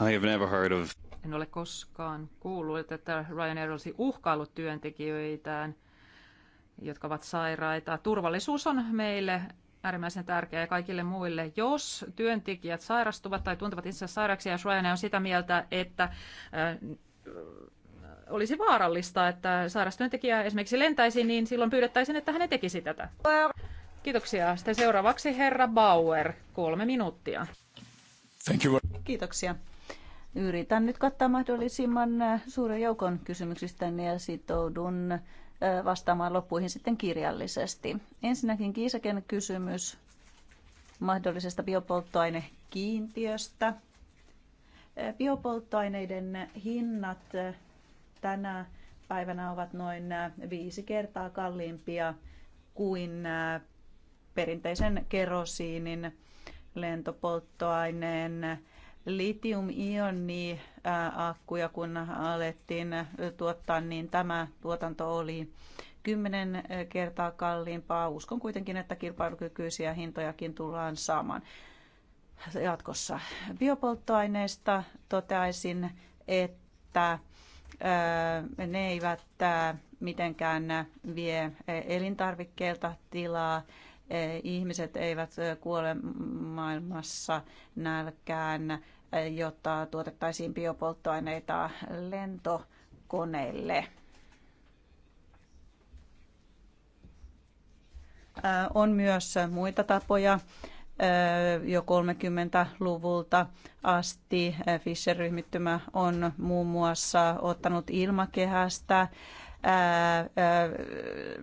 I have never heard of... En ole koskaan kuullut, että Ryanair olisi uhkaillut työntekijöitään, jotka ovat sairaita. Turvallisuus on meille äärimmäisen tärkeää ja kaikille muille. Jos työntekijät sairastuvat tai tuntevat itsensä sairaaksi ja Ryanair on sitä mieltä, että äh, Äh, olisi vaarallista, että sairastyöntekijä esimerkiksi lentäisi, niin silloin pyydettäisiin, että hän tekisi tätä. Kiitoksia. Sitten seuraavaksi herra Bauer, kolme minuuttia. Thank you. Kiitoksia. Yritän nyt kattaa mahdollisimman äh, suuren joukon kysymyksistä ja sitoudun äh, vastaamaan loppuihin sitten kirjallisesti. Ensinnäkin Kiisaken kysymys mahdollisesta biopolttoainekiintiöstä. Biopolttoaineiden hinnat tänä päivänä ovat noin viisi kertaa kalliimpia kuin perinteisen kerosiinin lentopolttoaineen litium-ioni akkuja, kun alettiin tuottaa, niin tämä tuotanto oli kymmenen kertaa kalliimpaa. Uskon kuitenkin, että kilpailukykyisiä hintojakin tullaan saamaan jatkossa. Biopolttoaineista toteaisin, että ne eivät mitenkään vie elintarvikkeelta tilaa. E, ihmiset eivät kuole maailmassa nälkään, e, jotta tuotettaisiin biopolttoaineita lentokoneille. On myös muita tapoja jo 30-luvulta asti. Fischer-ryhmittymä on muun muassa ottanut ilmakehästä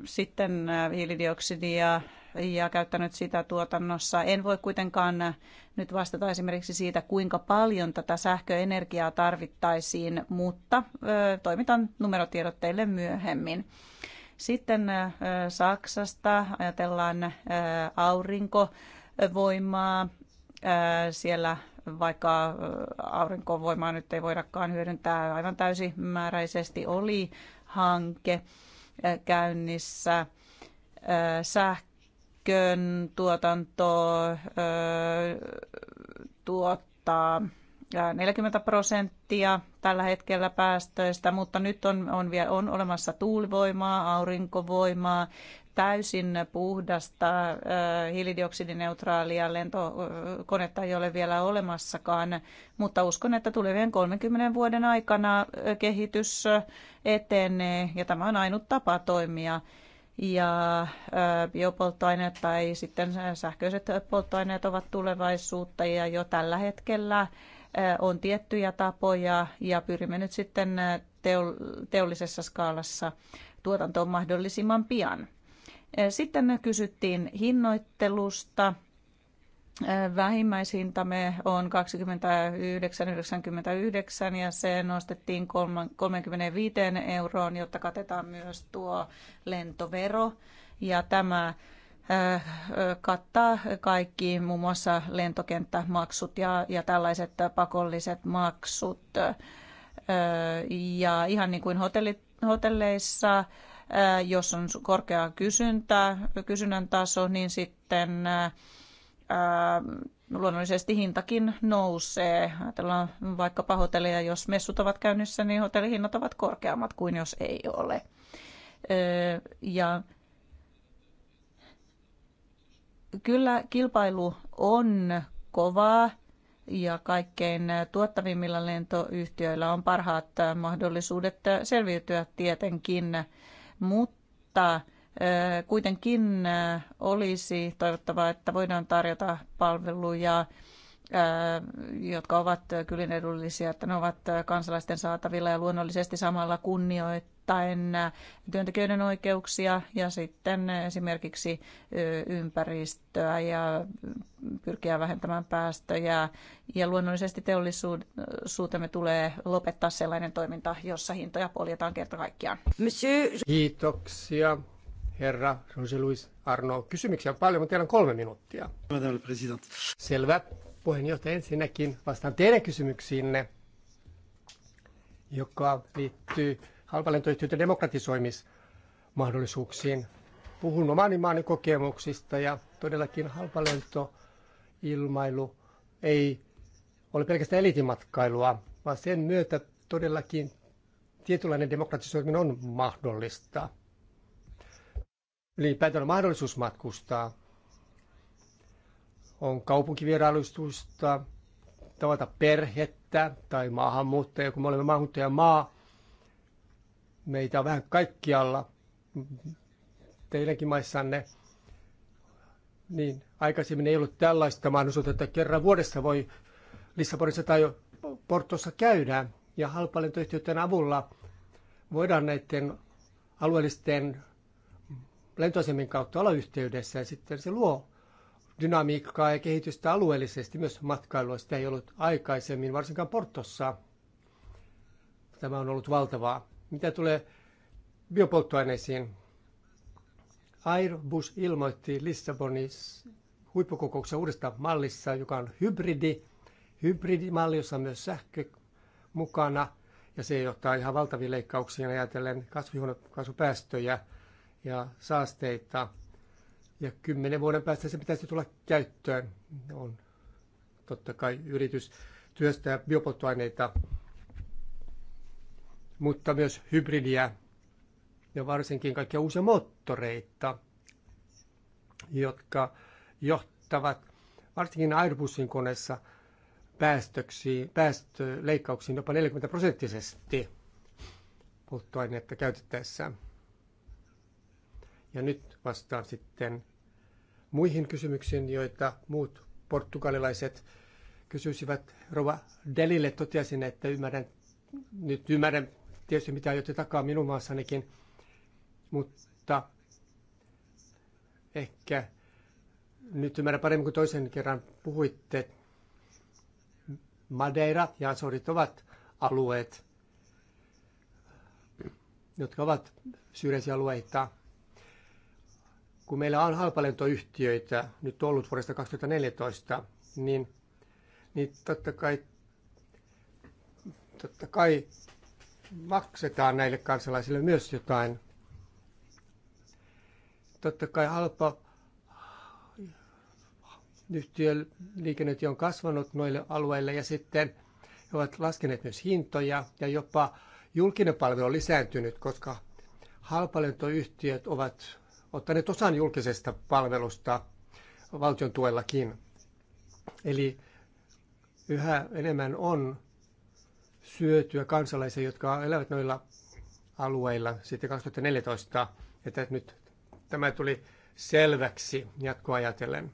sitten hiilidioksidia ja käyttänyt sitä tuotannossa. En voi kuitenkaan nyt vastata esimerkiksi siitä, kuinka paljon tätä sähköenergiaa tarvittaisiin, mutta toimitan numerotiedot teille myöhemmin. Sitten Saksasta ajatellaan aurinko voimaa. Siellä vaikka aurinkovoimaa nyt ei voidakaan hyödyntää aivan täysimääräisesti, oli hanke käynnissä sähkön tuotanto tuottaa 40 prosenttia tällä hetkellä päästöistä, mutta nyt on, on, vielä, on olemassa tuulivoimaa, aurinkovoimaa täysin puhdasta äh, hiilidioksidineutraalia lentokonetta ei ole vielä olemassakaan, mutta uskon, että tulevien 30 vuoden aikana äh, kehitys äh, etenee ja tämä on ainut tapa toimia. Ja biopolttoaineet tai sitten sähköiset polttoaineet ovat tulevaisuutta ja jo tällä hetkellä on tiettyjä tapoja ja pyrimme nyt sitten teollisessa skaalassa tuotantoon mahdollisimman pian. Sitten me kysyttiin hinnoittelusta. Vähimmäishintamme on 29,99 ja se nostettiin 35 euroon, jotta katetaan myös tuo lentovero. Ja tämä kattaa kaikki muun muassa lentokenttämaksut ja, ja tällaiset pakolliset maksut. Ja ihan niin kuin hotelli, hotelleissa Äh, jos on korkea kysyntä, kysynnän taso, niin sitten äh, luonnollisesti hintakin nousee. Ajatellaan vaikkapa hotellia, jos messut ovat käynnissä, niin hotellihinnat ovat korkeammat kuin jos ei ole. Äh, ja kyllä kilpailu on kovaa ja kaikkein tuottavimmilla lentoyhtiöillä on parhaat mahdollisuudet selviytyä tietenkin mutta kuitenkin olisi toivottavaa, että voidaan tarjota palveluja jotka ovat kyllä edullisia, että ne ovat kansalaisten saatavilla ja luonnollisesti samalla kunnioittaen työntekijöiden oikeuksia ja sitten esimerkiksi ympäristöä ja pyrkiä vähentämään päästöjä. Ja luonnollisesti teollisuutemme tulee lopettaa sellainen toiminta, jossa hintoja poljetaan kerta kaikkiaan. Kiitoksia. Herra José Luis Arno, kysymyksiä on paljon, mutta teillä on kolme minuuttia. Madame la Selvä puheenjohtaja, ensinnäkin vastaan teidän kysymyksiinne, joka liittyy halpalentoyhtiöiden demokratisoimismahdollisuuksiin. Puhun omani maani kokemuksista ja todellakin halpalentoilmailu ei ole pelkästään elitimatkailua, vaan sen myötä todellakin tietynlainen demokratisoiminen on mahdollista. Ylipäätään on mahdollisuus matkustaa on kaupunkivierailustusta, tavata perhettä tai maahanmuuttaja, kun me olemme maahanmuuttajamaa. Meitä on vähän kaikkialla teidänkin maissanne. Niin, aikaisemmin ei ollut tällaista mahdollisuutta, että kerran vuodessa voi Lissabonissa tai Portossa käydä. Ja halpalentoyhtiöiden avulla voidaan näiden alueellisten lentoasemien kautta olla yhteydessä ja sitten se luo dynamiikkaa ja kehitystä alueellisesti, myös matkailua. Sitä ei ollut aikaisemmin, varsinkaan Portossa. Tämä on ollut valtavaa. Mitä tulee biopolttoaineisiin? Airbus ilmoitti Lissabonissa huippukokouksessa uudesta mallissa, joka on hybridi. Hybridimalli, jossa on myös sähkö mukana, ja se johtaa ihan valtaviin leikkauksiin ajatellen kasvihuonekaasupäästöjä ja saasteita – ja kymmenen vuoden päästä se pitäisi tulla käyttöön. On totta kai yritys työstää biopolttoaineita, mutta myös hybridiä ja varsinkin kaikkia uusia moottoreita, jotka johtavat varsinkin Airbusin koneessa päästöksiin, päästöleikkauksiin jopa 40 prosenttisesti polttoainetta käytettäessä. Ja nyt vastaan sitten muihin kysymyksiin, joita muut portugalilaiset kysyisivät. Rova Delille totesin, että ymmärrän, nyt ymmärrän tietysti mitä aiotte takaa minun maassanikin, mutta ehkä nyt ymmärrän paremmin kuin toisen kerran puhuitte. Madeira ja Azorit ovat alueet, jotka ovat syrjäisiä alueita – kun meillä on halpalentoyhtiöitä nyt ollut vuodesta 2014, niin, niin totta, kai, totta kai maksetaan näille kansalaisille myös jotain. Totta kai halpa yhtiön on kasvanut noille alueille ja sitten he ovat laskeneet myös hintoja ja jopa julkinen palvelu on lisääntynyt, koska halpalentoyhtiöt ovat ottaneet osan julkisesta palvelusta valtion tuellakin. Eli yhä enemmän on syötyä kansalaisia, jotka elävät noilla alueilla sitten 2014, että nyt tämä tuli selväksi jatkoa ajatellen.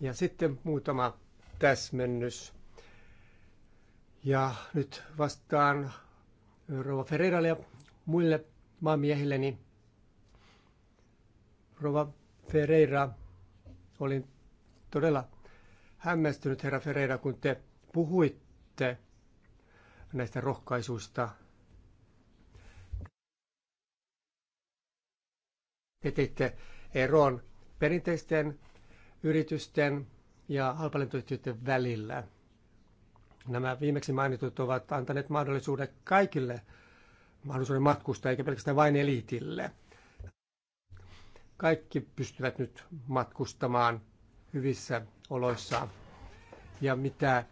Ja sitten muutama täsmennys. Ja nyt vastaan Rova Ferreiralle ja muille maamiehille, niin Rova Ferreira, olin todella hämmästynyt, herra Ferreira, kun te puhuitte näistä rohkaisuista. Te teitte eroon perinteisten yritysten ja halpalentoyhtiöiden välillä. Nämä viimeksi mainitut ovat antaneet mahdollisuuden kaikille mahdollisuuden matkustaa, eikä pelkästään vain eliitille. Kaikki pystyvät nyt matkustamaan hyvissä oloissa. Ja mitä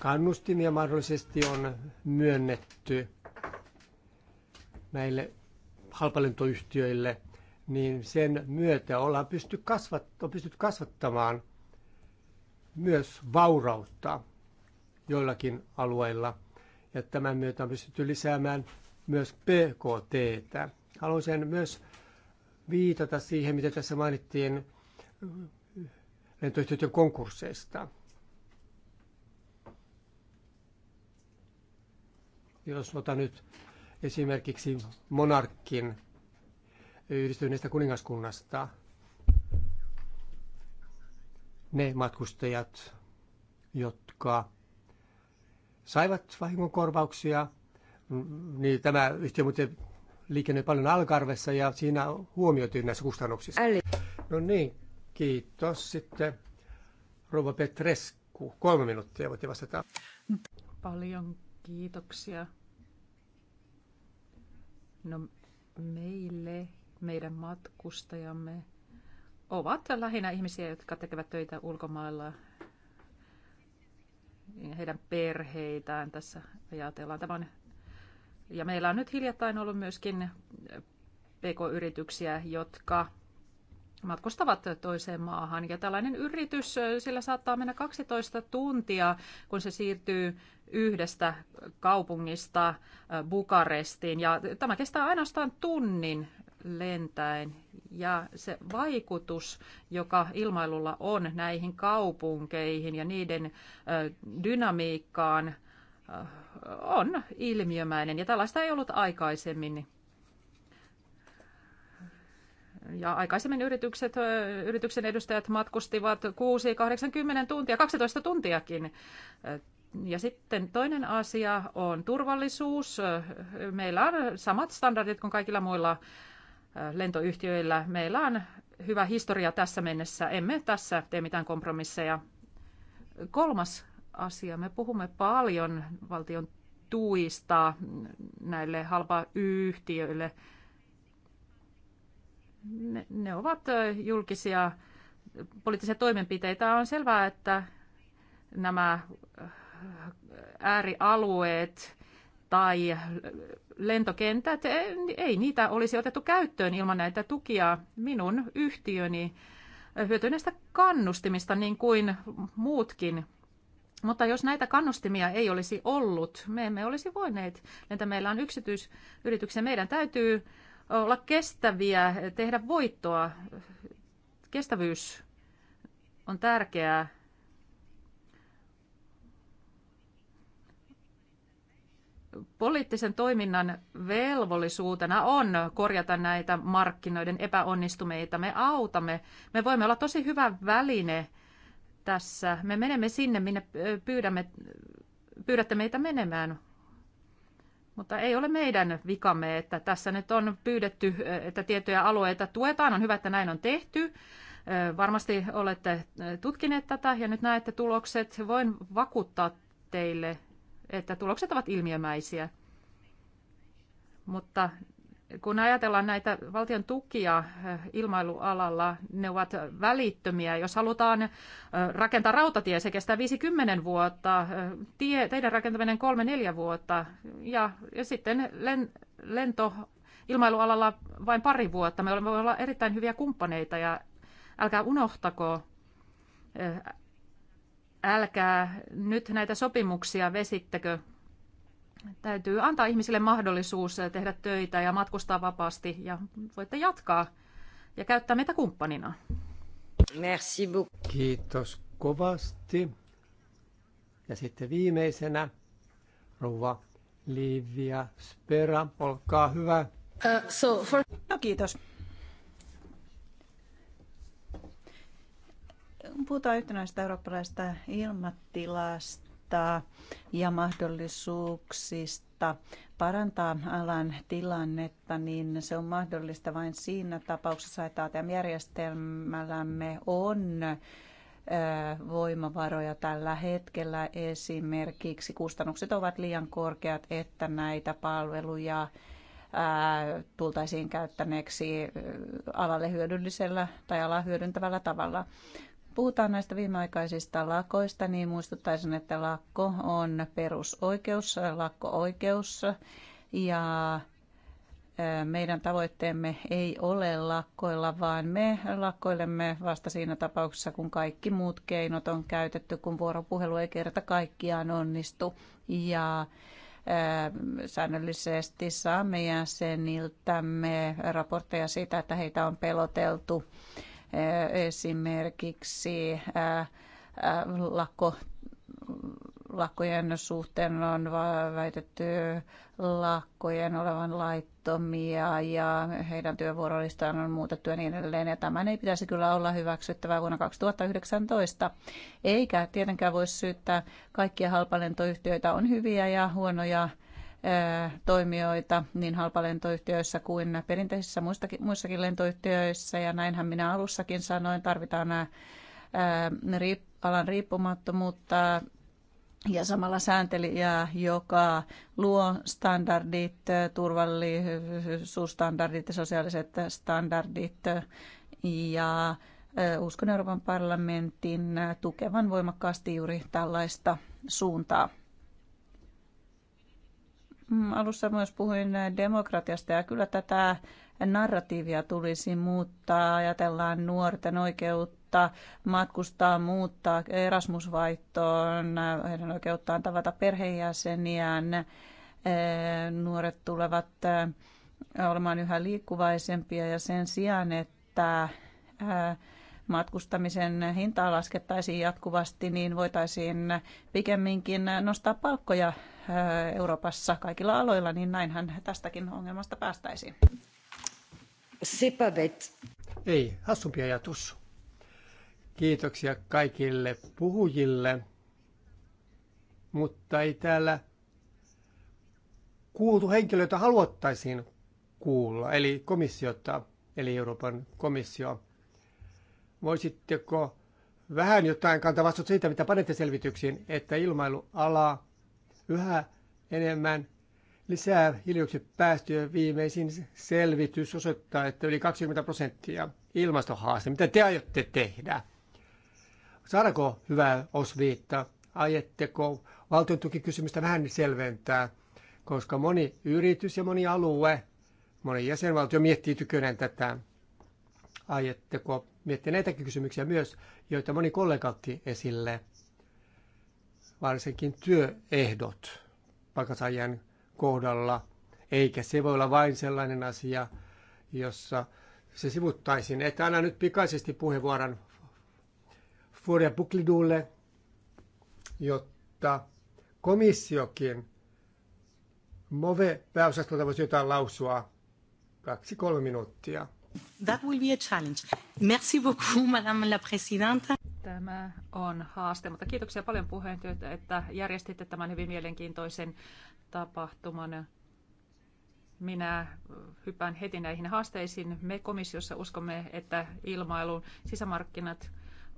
kannustimia mahdollisesti on myönnetty näille halpalentoyhtiöille, niin sen myötä ollaan pysty kasvat, on pystyt kasvattamaan myös vaurautta joillakin alueilla. Ja tämän myötä on pystytty lisäämään myös PKT. Haluaisin myös viitata siihen, mitä tässä mainittiin lentoyhtiöiden konkursseista. Jos otan nyt esimerkiksi monarkin yhdistyneestä kuningaskunnasta, ne matkustajat, jotka saivat vahingonkorvauksia, niin tämä yhtiö muuten liikennöi paljon Algarvessa ja siinä huomioitiin näissä kustannuksissa. Äli. No niin, kiitos. Sitten Rova Petresku, kolme minuuttia voitte vastata. Paljon kiitoksia. No meille, meidän matkustajamme ovat lähinnä ihmisiä, jotka tekevät töitä ulkomailla heidän perheitään tässä ajatellaan. Tämä on ja meillä on nyt hiljattain ollut myöskin eh, pk-yrityksiä, jotka matkustavat toiseen maahan. Ja tällainen yritys, eh, sillä saattaa mennä 12 tuntia, kun se siirtyy yhdestä kaupungista eh, Bukarestiin. Ja tämä kestää ainoastaan tunnin lentäen. Ja se vaikutus, joka ilmailulla on näihin kaupunkeihin ja niiden dynamiikkaan, on ilmiömäinen ja tällaista ei ollut aikaisemmin. Ja aikaisemmin yritykset, yrityksen edustajat matkustivat 6-80 tuntia, 12 tuntiakin. Ja sitten toinen asia on turvallisuus. Meillä on samat standardit kuin kaikilla muilla lentoyhtiöillä. Meillä on hyvä historia tässä mennessä. Emme tässä tee mitään kompromisseja. Kolmas asia. Me puhumme paljon valtion tuista näille halpayhtiöille. Ne, ne ovat julkisia poliittisia toimenpiteitä. On selvää, että nämä äärialueet tai lentokentät, e, ei niitä olisi otettu käyttöön ilman näitä tukia. Minun yhtiöni hyötyy näistä kannustimista niin kuin muutkin mutta jos näitä kannustimia ei olisi ollut, me emme olisi voineet, Entä meillä on yksityisyrityksiä, meidän täytyy olla kestäviä, tehdä voittoa. Kestävyys on tärkeää. Poliittisen toiminnan velvollisuutena on korjata näitä markkinoiden epäonnistumeita. Me autamme, me voimme olla tosi hyvä väline – tässä. Me menemme sinne, minne pyydämme, pyydätte meitä menemään. Mutta ei ole meidän vikamme, että tässä nyt on pyydetty, että tiettyjä alueita tuetaan. On hyvä, että näin on tehty. Varmasti olette tutkineet tätä ja nyt näette tulokset. Voin vakuuttaa teille, että tulokset ovat ilmiömäisiä. Mutta kun ajatellaan näitä valtion tukia eh, ilmailualalla, ne ovat välittömiä. Jos halutaan eh, rakentaa rautatie, se kestää 50 vuotta, eh, tie, teidän rakentaminen 3-4 vuotta ja, ja sitten len, lento ilmailualalla vain pari vuotta. Me voimme olla erittäin hyviä kumppaneita ja älkää unohtako, älkää nyt näitä sopimuksia vesittekö Täytyy antaa ihmisille mahdollisuus tehdä töitä ja matkustaa vapaasti ja voitte jatkaa ja käyttää meitä kumppanina. Merci beaucoup. Kiitos kovasti. Ja sitten viimeisenä rouva Livia Spera, olkaa hyvä. Uh, so for... No kiitos. Puhutaan yhtenäisestä eurooppalaisesta ilmatilasta toimintaa ja mahdollisuuksista parantaa alan tilannetta, niin se on mahdollista vain siinä tapauksessa, että ATM-järjestelmällämme on voimavaroja tällä hetkellä. Esimerkiksi kustannukset ovat liian korkeat, että näitä palveluja tultaisiin käyttäneeksi alalle hyödyllisellä tai alaa hyödyntävällä tavalla puhutaan näistä viimeaikaisista lakoista, niin muistuttaisin, että lakko on perusoikeus, lakko-oikeus ja meidän tavoitteemme ei ole lakkoilla, vaan me lakkoilemme vasta siinä tapauksessa, kun kaikki muut keinot on käytetty, kun vuoropuhelu ei kerta kaikkiaan onnistu. Ja säännöllisesti saamme jäseniltämme raportteja siitä, että heitä on peloteltu Eh, esimerkiksi eh, eh, lakko lakkojen suhteen on väitetty lakkojen olevan laittomia ja heidän työvuorolistaan on muutettu ja niin edelleen. Ja tämän ei pitäisi kyllä olla hyväksyttävää vuonna 2019. Eikä tietenkään voi syyttää kaikkia halpalentoyhtiöitä on hyviä ja huonoja toimijoita niin halpalentoyhtiöissä kuin perinteisissä muissakin lentoyhtiöissä. Ja näinhän minä alussakin sanoin, tarvitaan nämä alan riippumattomuutta ja samalla sääntelijää, joka luo standardit, turvallisuusstandardit ja sosiaaliset standardit. Ja uskon Euroopan parlamentin tukevan voimakkaasti juuri tällaista suuntaa. Mm, alussa myös puhuin demokratiasta ja kyllä tätä narratiivia tulisi muuttaa. Ajatellaan nuorten oikeutta matkustaa, muuttaa Erasmusvaihtoon, heidän oikeuttaan tavata perheenjäseniään. Eh, nuoret tulevat eh, olemaan yhä liikkuvaisempia ja sen sijaan, että eh, matkustamisen hintaa laskettaisiin jatkuvasti, niin voitaisiin pikemminkin nostaa palkkoja Euroopassa kaikilla aloilla, niin näinhän tästäkin ongelmasta päästäisiin. Sipavet. Ei, hassumpi ajatus. Kiitoksia kaikille puhujille, mutta ei täällä kuultu henkilöitä haluattaisiin kuulla, eli komissiota, eli Euroopan komissio. Voisitteko vähän jotain kantaa vastuuta siitä, mitä panette selvityksiin, että ilmailuala yhä enemmän lisää hiilidioksidipäästöjä. Viimeisin selvitys osoittaa, että yli 20 prosenttia ilmastohaaste. Mitä te aiotte tehdä? Saadaanko hyvää osviittaa? Ajetteko valtion tukikysymystä vähän selventää? Koska moni yritys ja moni alue, moni jäsenvaltio miettii tykönään tätä. Aiotteko miettiä näitäkin kysymyksiä myös, joita moni kollega otti esille? varsinkin työehdot palkansaajan kohdalla, eikä se voi olla vain sellainen asia, jossa se sivuttaisiin. Että anna nyt pikaisesti puheenvuoron Furia Buklidulle, jotta komissiokin MOVE-pääosastolta voisi jotain lausua. Kaksi, kolme minuuttia. That will be a challenge. Merci beaucoup, Madame la Présidente. Tämä on haaste, mutta kiitoksia paljon puheenjohtaja, että järjestitte tämän hyvin mielenkiintoisen tapahtuman. Minä hypään heti näihin haasteisiin. Me komissiossa uskomme, että ilmailun sisämarkkinat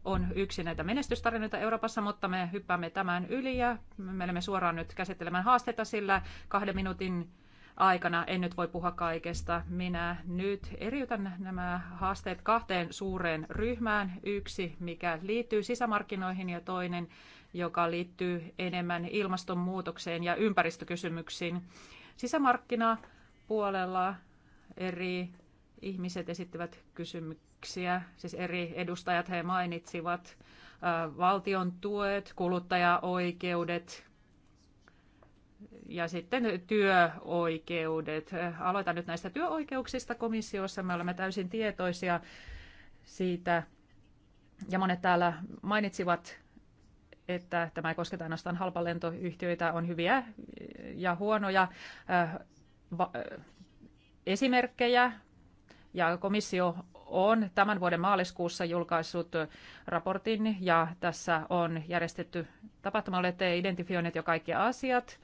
on yksi näitä menestystarinoita Euroopassa, mutta me hyppäämme tämän yli ja menemme suoraan nyt käsittelemään haasteita, sillä kahden minuutin aikana. En nyt voi puhua kaikesta. Minä nyt eriytän nämä haasteet kahteen suureen ryhmään. Yksi, mikä liittyy sisämarkkinoihin ja toinen, joka liittyy enemmän ilmastonmuutokseen ja ympäristökysymyksiin. Sisämarkkinapuolella eri ihmiset esittivät kysymyksiä, siis eri edustajat he mainitsivat valtion tuet, kuluttajaoikeudet, ja sitten työoikeudet. Aloitan nyt näistä työoikeuksista komissiossa. Me olemme täysin tietoisia siitä, ja monet täällä mainitsivat, että tämä ei kosketa ainoastaan halpalentoyhtiöitä, on hyviä ja huonoja äh, äh, esimerkkejä. Ja komissio on tämän vuoden maaliskuussa julkaissut raportin ja tässä on järjestetty tapahtuma. Olette identifioineet jo kaikki asiat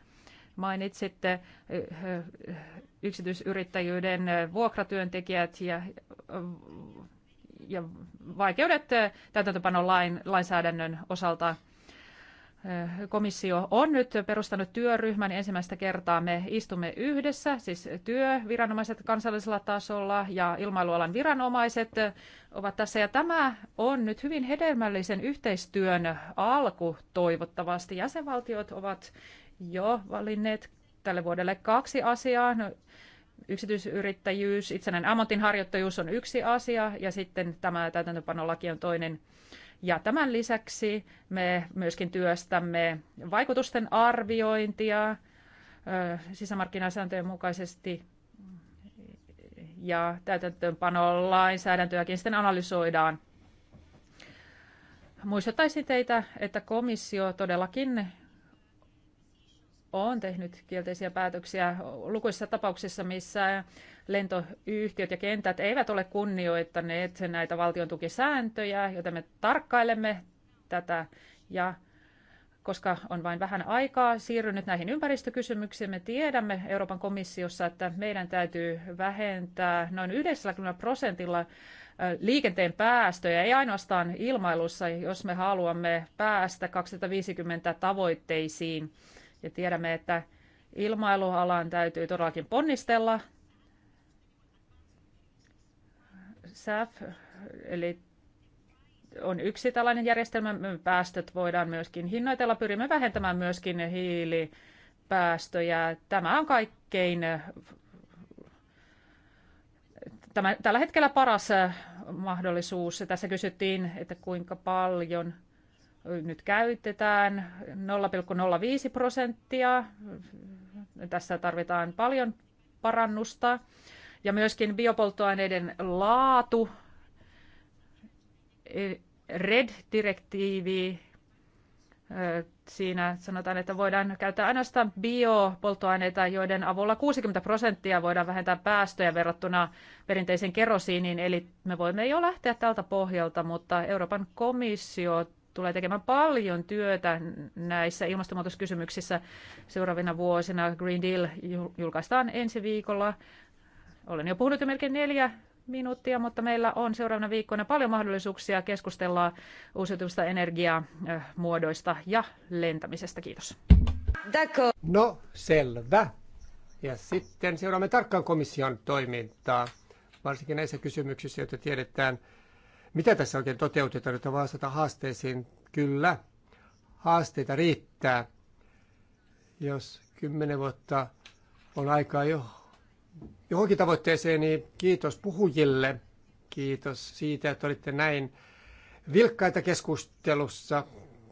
Mainitsitte eh, eh, yksityisyrittäjyyden eh, vuokratyöntekijät ja, ja vaikeudet täytäntöpanon lain, lainsäädännön osalta. Komissio on nyt perustanut työryhmän. Ensimmäistä kertaa me istumme yhdessä, siis työviranomaiset kansallisella tasolla ja ilmailualan viranomaiset ovat tässä. Ja tämä on nyt hyvin hedelmällisen yhteistyön alku toivottavasti. Jäsenvaltiot ovat jo valinneet tälle vuodelle kaksi asiaa. No, yksityisyrittäjyys, itsenäinen ammatinharjoittajuus on yksi asia ja sitten tämä täytäntöpanolaki on toinen. Ja tämän lisäksi me myöskin työstämme vaikutusten arviointia sisämarkkinasääntöjen mukaisesti ja täytäntöönpanon lainsäädäntöäkin sitten analysoidaan. Muistuttaisin teitä, että komissio todellakin on tehnyt kielteisiä päätöksiä lukuisissa tapauksissa, missä lentoyhtiöt ja kentät eivät ole kunnioittaneet näitä valtion tukisääntöjä, joten me tarkkailemme tätä ja koska on vain vähän aikaa siirrynyt näihin ympäristökysymyksiin, me tiedämme Euroopan komissiossa, että meidän täytyy vähentää noin 90 prosentilla liikenteen päästöjä, ei ainoastaan ilmailussa, jos me haluamme päästä 2050 tavoitteisiin ja tiedämme, että ilmailualan täytyy todellakin ponnistella. SAF, eli on yksi tällainen järjestelmä. Päästöt voidaan myöskin hinnoitella. Pyrimme vähentämään myöskin hiilipäästöjä. Tämä on kaikkein tämä, tällä hetkellä paras mahdollisuus. Tässä kysyttiin, että kuinka paljon nyt käytetään 0,05 prosenttia. Tässä tarvitaan paljon parannusta. Ja myöskin biopolttoaineiden laatu, RED-direktiivi, siinä sanotaan, että voidaan käyttää ainoastaan biopolttoaineita, joiden avulla 60 prosenttia voidaan vähentää päästöjä verrattuna perinteiseen kerosiiniin. Eli me voimme jo lähteä tältä pohjalta, mutta Euroopan komissio tulee tekemään paljon työtä näissä ilmastonmuutoskysymyksissä seuraavina vuosina. Green Deal julkaistaan ensi viikolla. Olen jo puhunut jo melkein neljä minuuttia, mutta meillä on seuraavana viikkoina paljon mahdollisuuksia keskustella uusiutuvista energiamuodoista ja lentämisestä. Kiitos. No, selvä. Ja sitten seuraamme tarkkaan komission toimintaa, varsinkin näissä kysymyksissä, joita tiedetään – mitä tässä oikein toteutetaan, että vastata haasteisiin? Kyllä, haasteita riittää. Jos kymmenen vuotta on aikaa jo johonkin tavoitteeseen, niin kiitos puhujille. Kiitos siitä, että olitte näin vilkkaita keskustelussa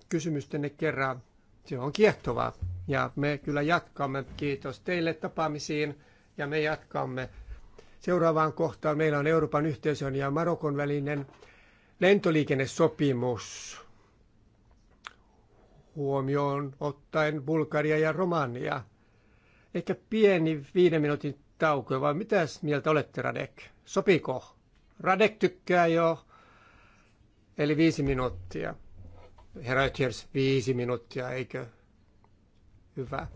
kysymystenne kerran. Se on kiehtovaa ja me kyllä jatkamme. Kiitos teille tapaamisiin ja me jatkamme seuraavaan kohtaan. Meillä on Euroopan yhteisön ja Marokon välinen lentoliikennesopimus huomioon ottaen Bulgaria ja Romania. Ehkä pieni viiden minuutin tauko, vai mitäs mieltä olette Radek? Sopiko? Radek tykkää jo, eli viisi minuuttia. Herra Ötjers, viisi minuuttia, eikö? Hyvä.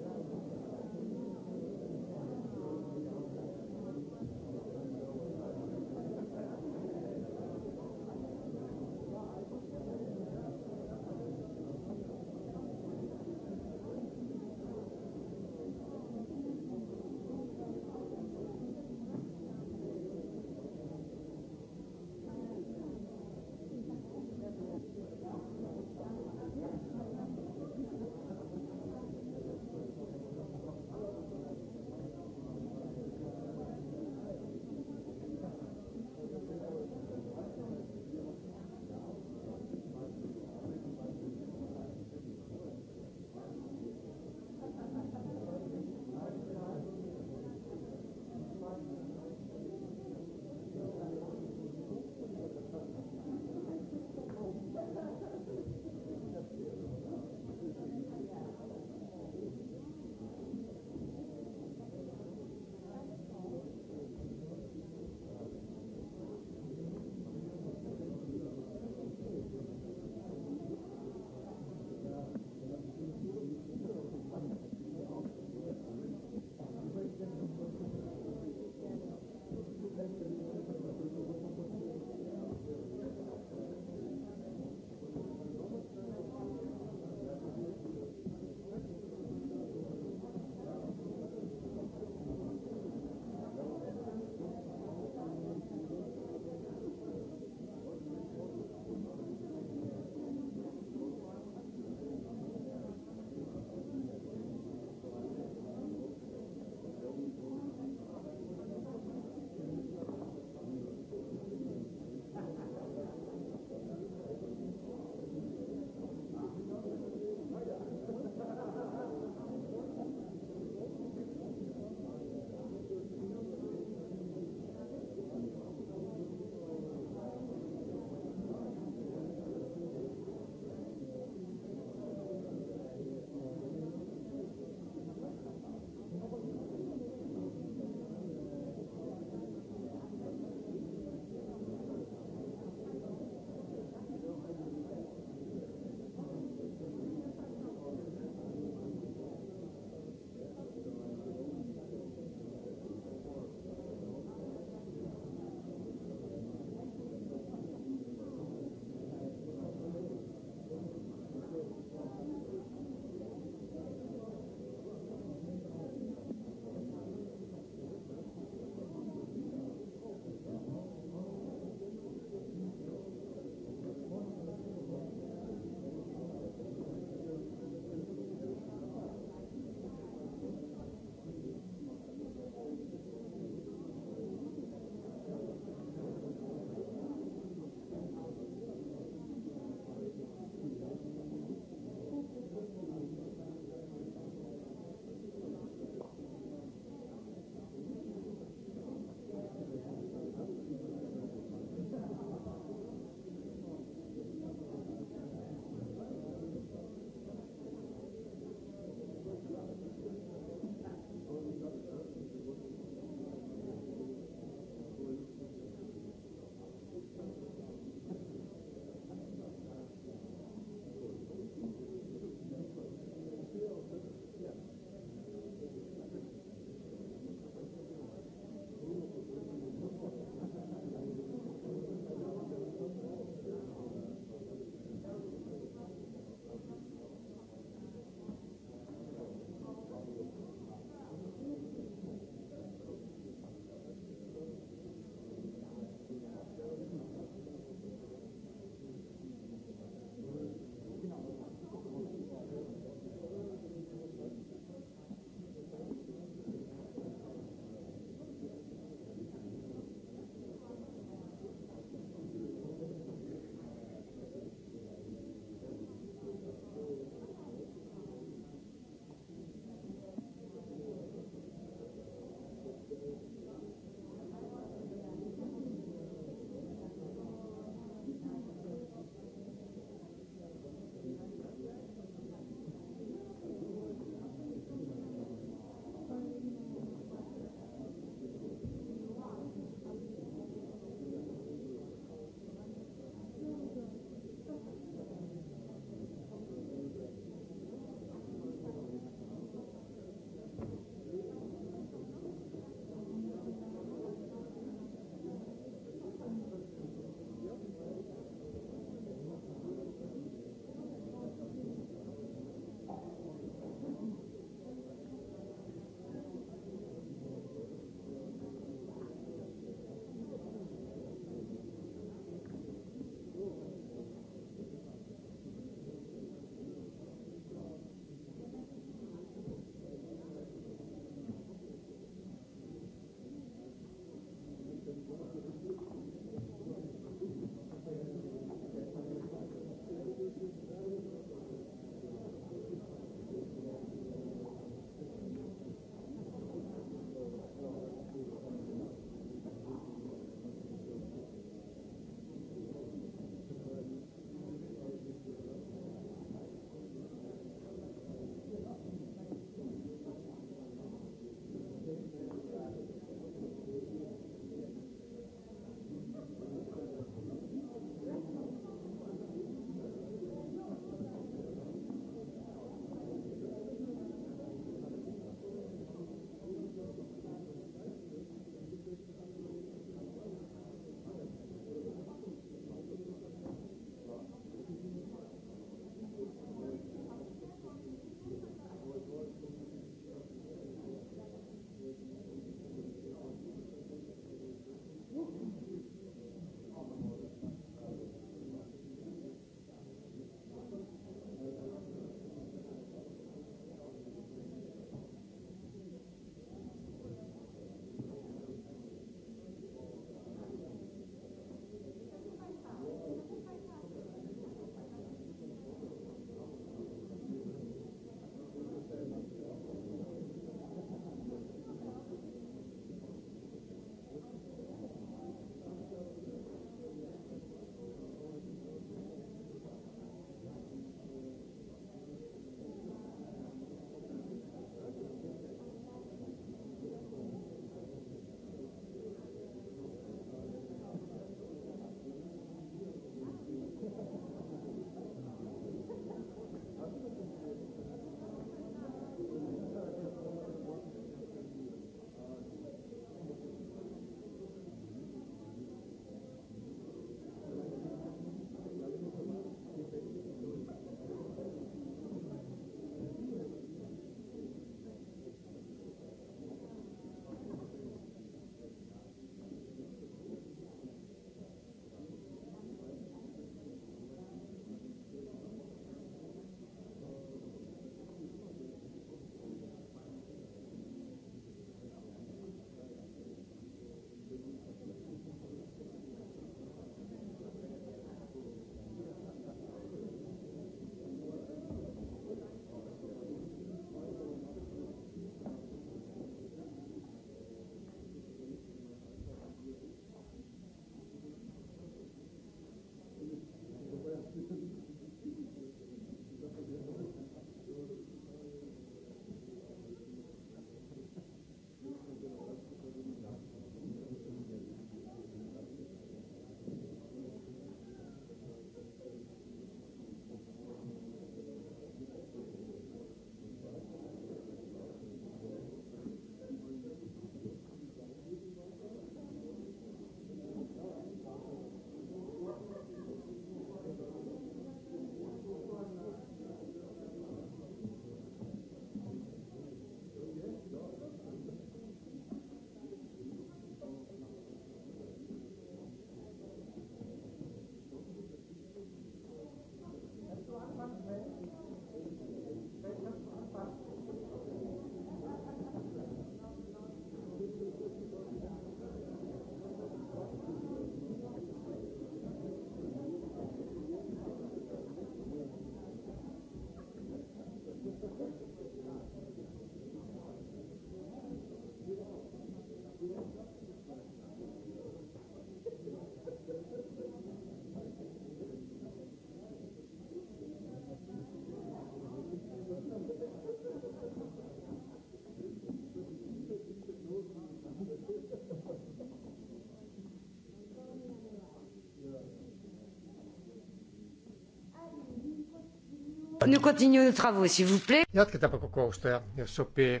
Nous continuons nos travaux, s'il vous plaît. Jatketaanpa kokousta, ja, jos sopii.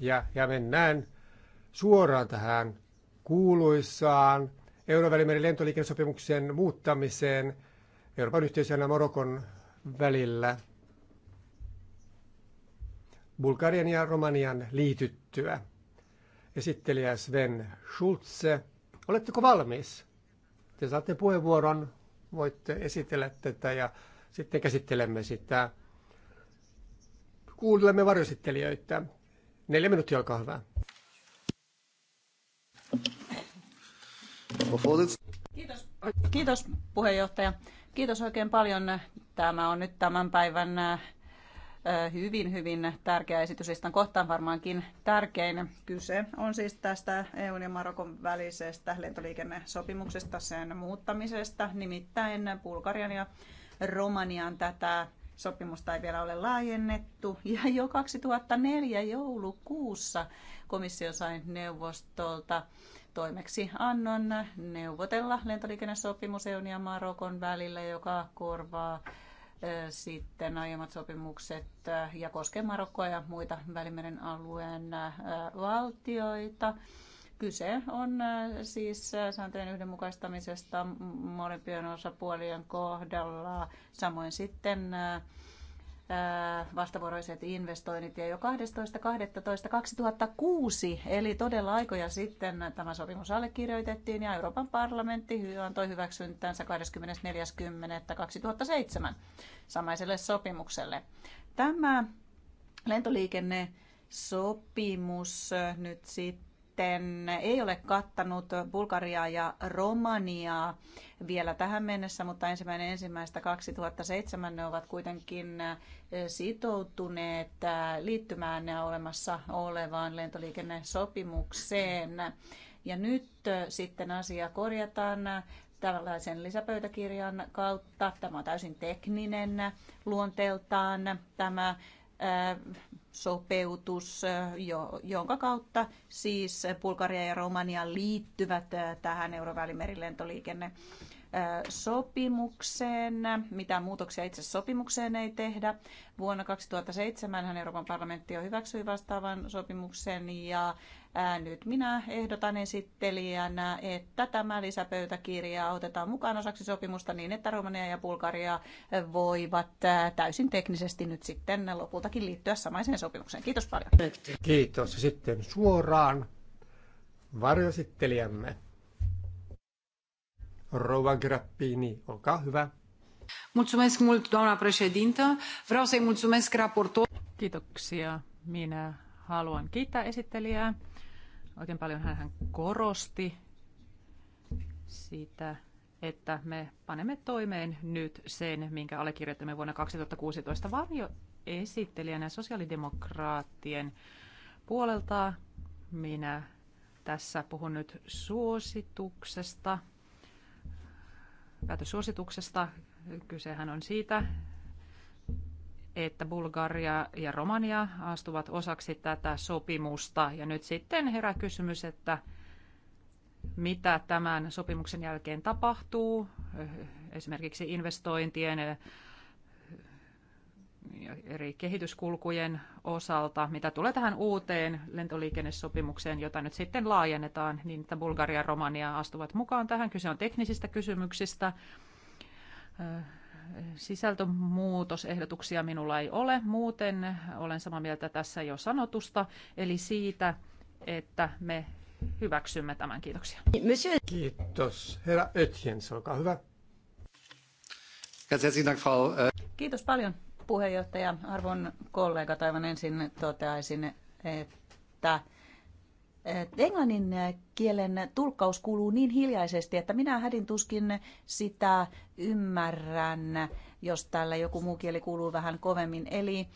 Ja, ja mennään suoraan tähän kuuluisaan Eurovälimeren lentoliikennesopimuksen muuttamiseen Euroopan yhteisön ja Morokon välillä Bulgarian ja Romanian liityttyä. Esittelijä Sven Schulze, oletteko valmis? Te saatte puheenvuoron, voitte esitellä tätä ja sitten käsittelemme sitä. Kuulemme varjosittelijöitä. Neljä minuuttia, olkaa hyvä. Kiitos. Kiitos puheenjohtaja. Kiitos oikein paljon. Tämä on nyt tämän päivän äh, hyvin, hyvin tärkeä esitys. Sitten kohtaan varmaankin tärkein kyse on siis tästä EUn ja Marokon välisestä lentoliikennesopimuksesta, sen muuttamisesta, nimittäin Bulgarian ja Romaniaan tätä sopimusta ei vielä ole laajennettu. Ja jo 2004 joulukuussa komissio sai neuvostolta toimeksi annon neuvotella lentoliikennesopimus EUn ja Marokon välillä, joka korvaa sitten aiemmat sopimukset ja koskee Marokkoa ja muita Välimeren alueen valtioita. Kyse on äh, siis äh, sääntöjen yhdenmukaistamisesta molempien osapuolien kohdalla, samoin sitten äh, vastavuoroiset investoinnit ja jo 12.12.2006, eli todella aikoja sitten tämä sopimus allekirjoitettiin ja Euroopan parlamentti antoi hyväksyntänsä 24.10.2007 samaiselle sopimukselle. Tämä lentoliikenne sopimus nyt sitten sitten ei ole kattanut Bulgariaa ja Romaniaa vielä tähän mennessä, mutta ensimmäinen ensimmäistä 2007 ne ovat kuitenkin sitoutuneet liittymään olemassa olevaan lentoliikennesopimukseen. Ja nyt sitten asia korjataan tällaisen lisäpöytäkirjan kautta. Tämä on täysin tekninen luonteeltaan tämä sopeutus, jonka kautta siis Bulgaria ja Romania liittyvät eh, tähän Eurovälimeren lentoliikenne sopimukseen. mitä muutoksia itse sopimukseen ei tehdä. Vuonna 2007 Euroopan parlamentti jo hyväksyi vastaavan sopimuksen ja nyt minä ehdotan esittelijänä, että tämä lisäpöytäkirja otetaan mukaan osaksi sopimusta niin, että Romania ja Bulgaria voivat täysin teknisesti nyt sitten lopultakin liittyä samaiseen sopimukseen. Kiitos paljon. Kiitos. Sitten suoraan varjoesittelijämme Rova Grappini, olkaa hyvä. Mulțumesc mult, doamna președintă. Vreau să-i mulțumesc raportor. Kiitoksia. Minä haluan kiittää esittelijää. Oikein paljon hän korosti sitä, että me panemme toimeen nyt sen, minkä allekirjoittamme vuonna 2016 esittelijänä sosiaalidemokraattien puolelta. Minä tässä puhun nyt suosituksesta – päätösuosituksesta. Kysehän on siitä, että Bulgaria ja Romania astuvat osaksi tätä sopimusta. Ja nyt sitten herää kysymys, että mitä tämän sopimuksen jälkeen tapahtuu, esimerkiksi investointien eri kehityskulkujen osalta, mitä tulee tähän uuteen lentoliikennesopimukseen, jota nyt sitten laajennetaan, niin että Bulgaria ja Romania astuvat mukaan tähän. Kyse on teknisistä kysymyksistä. Sisältömuutosehdotuksia minulla ei ole. Muuten olen samaa mieltä tässä jo sanotusta, eli siitä, että me hyväksymme tämän. Kiitoksia. Kiitos. Herra Ötjens, olkaa hyvä. Kiitos paljon puheenjohtaja, arvon kollegat, aivan ensin toteaisin, että englannin kielen tulkkaus kuuluu niin hiljaisesti, että minä hädin tuskin sitä ymmärrän, jos täällä joku muu kieli kuuluu vähän kovemmin. Eli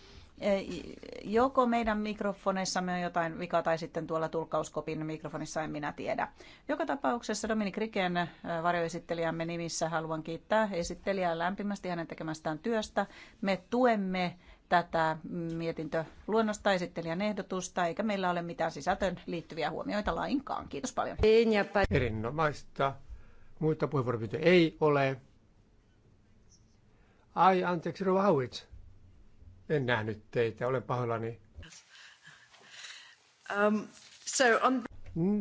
joko meidän mikrofoneissamme on jotain vikaa tai sitten tuolla tulkkauskopin mikrofonissa en minä tiedä. Joka tapauksessa Dominik Riken äh, varjoesittelijämme nimissä haluan kiittää esittelijää lämpimästi hänen tekemästään työstä. Me tuemme tätä mietintöluonnosta esittelijän ehdotusta, eikä meillä ole mitään sisältöön liittyviä huomioita lainkaan. Kiitos paljon. Erinomaista. Muita puheenvuoropyyntöjä ei ole. Ai, anteeksi, Rova Hauits. En nähnyt teitä, olen pahoillani. Um, so on...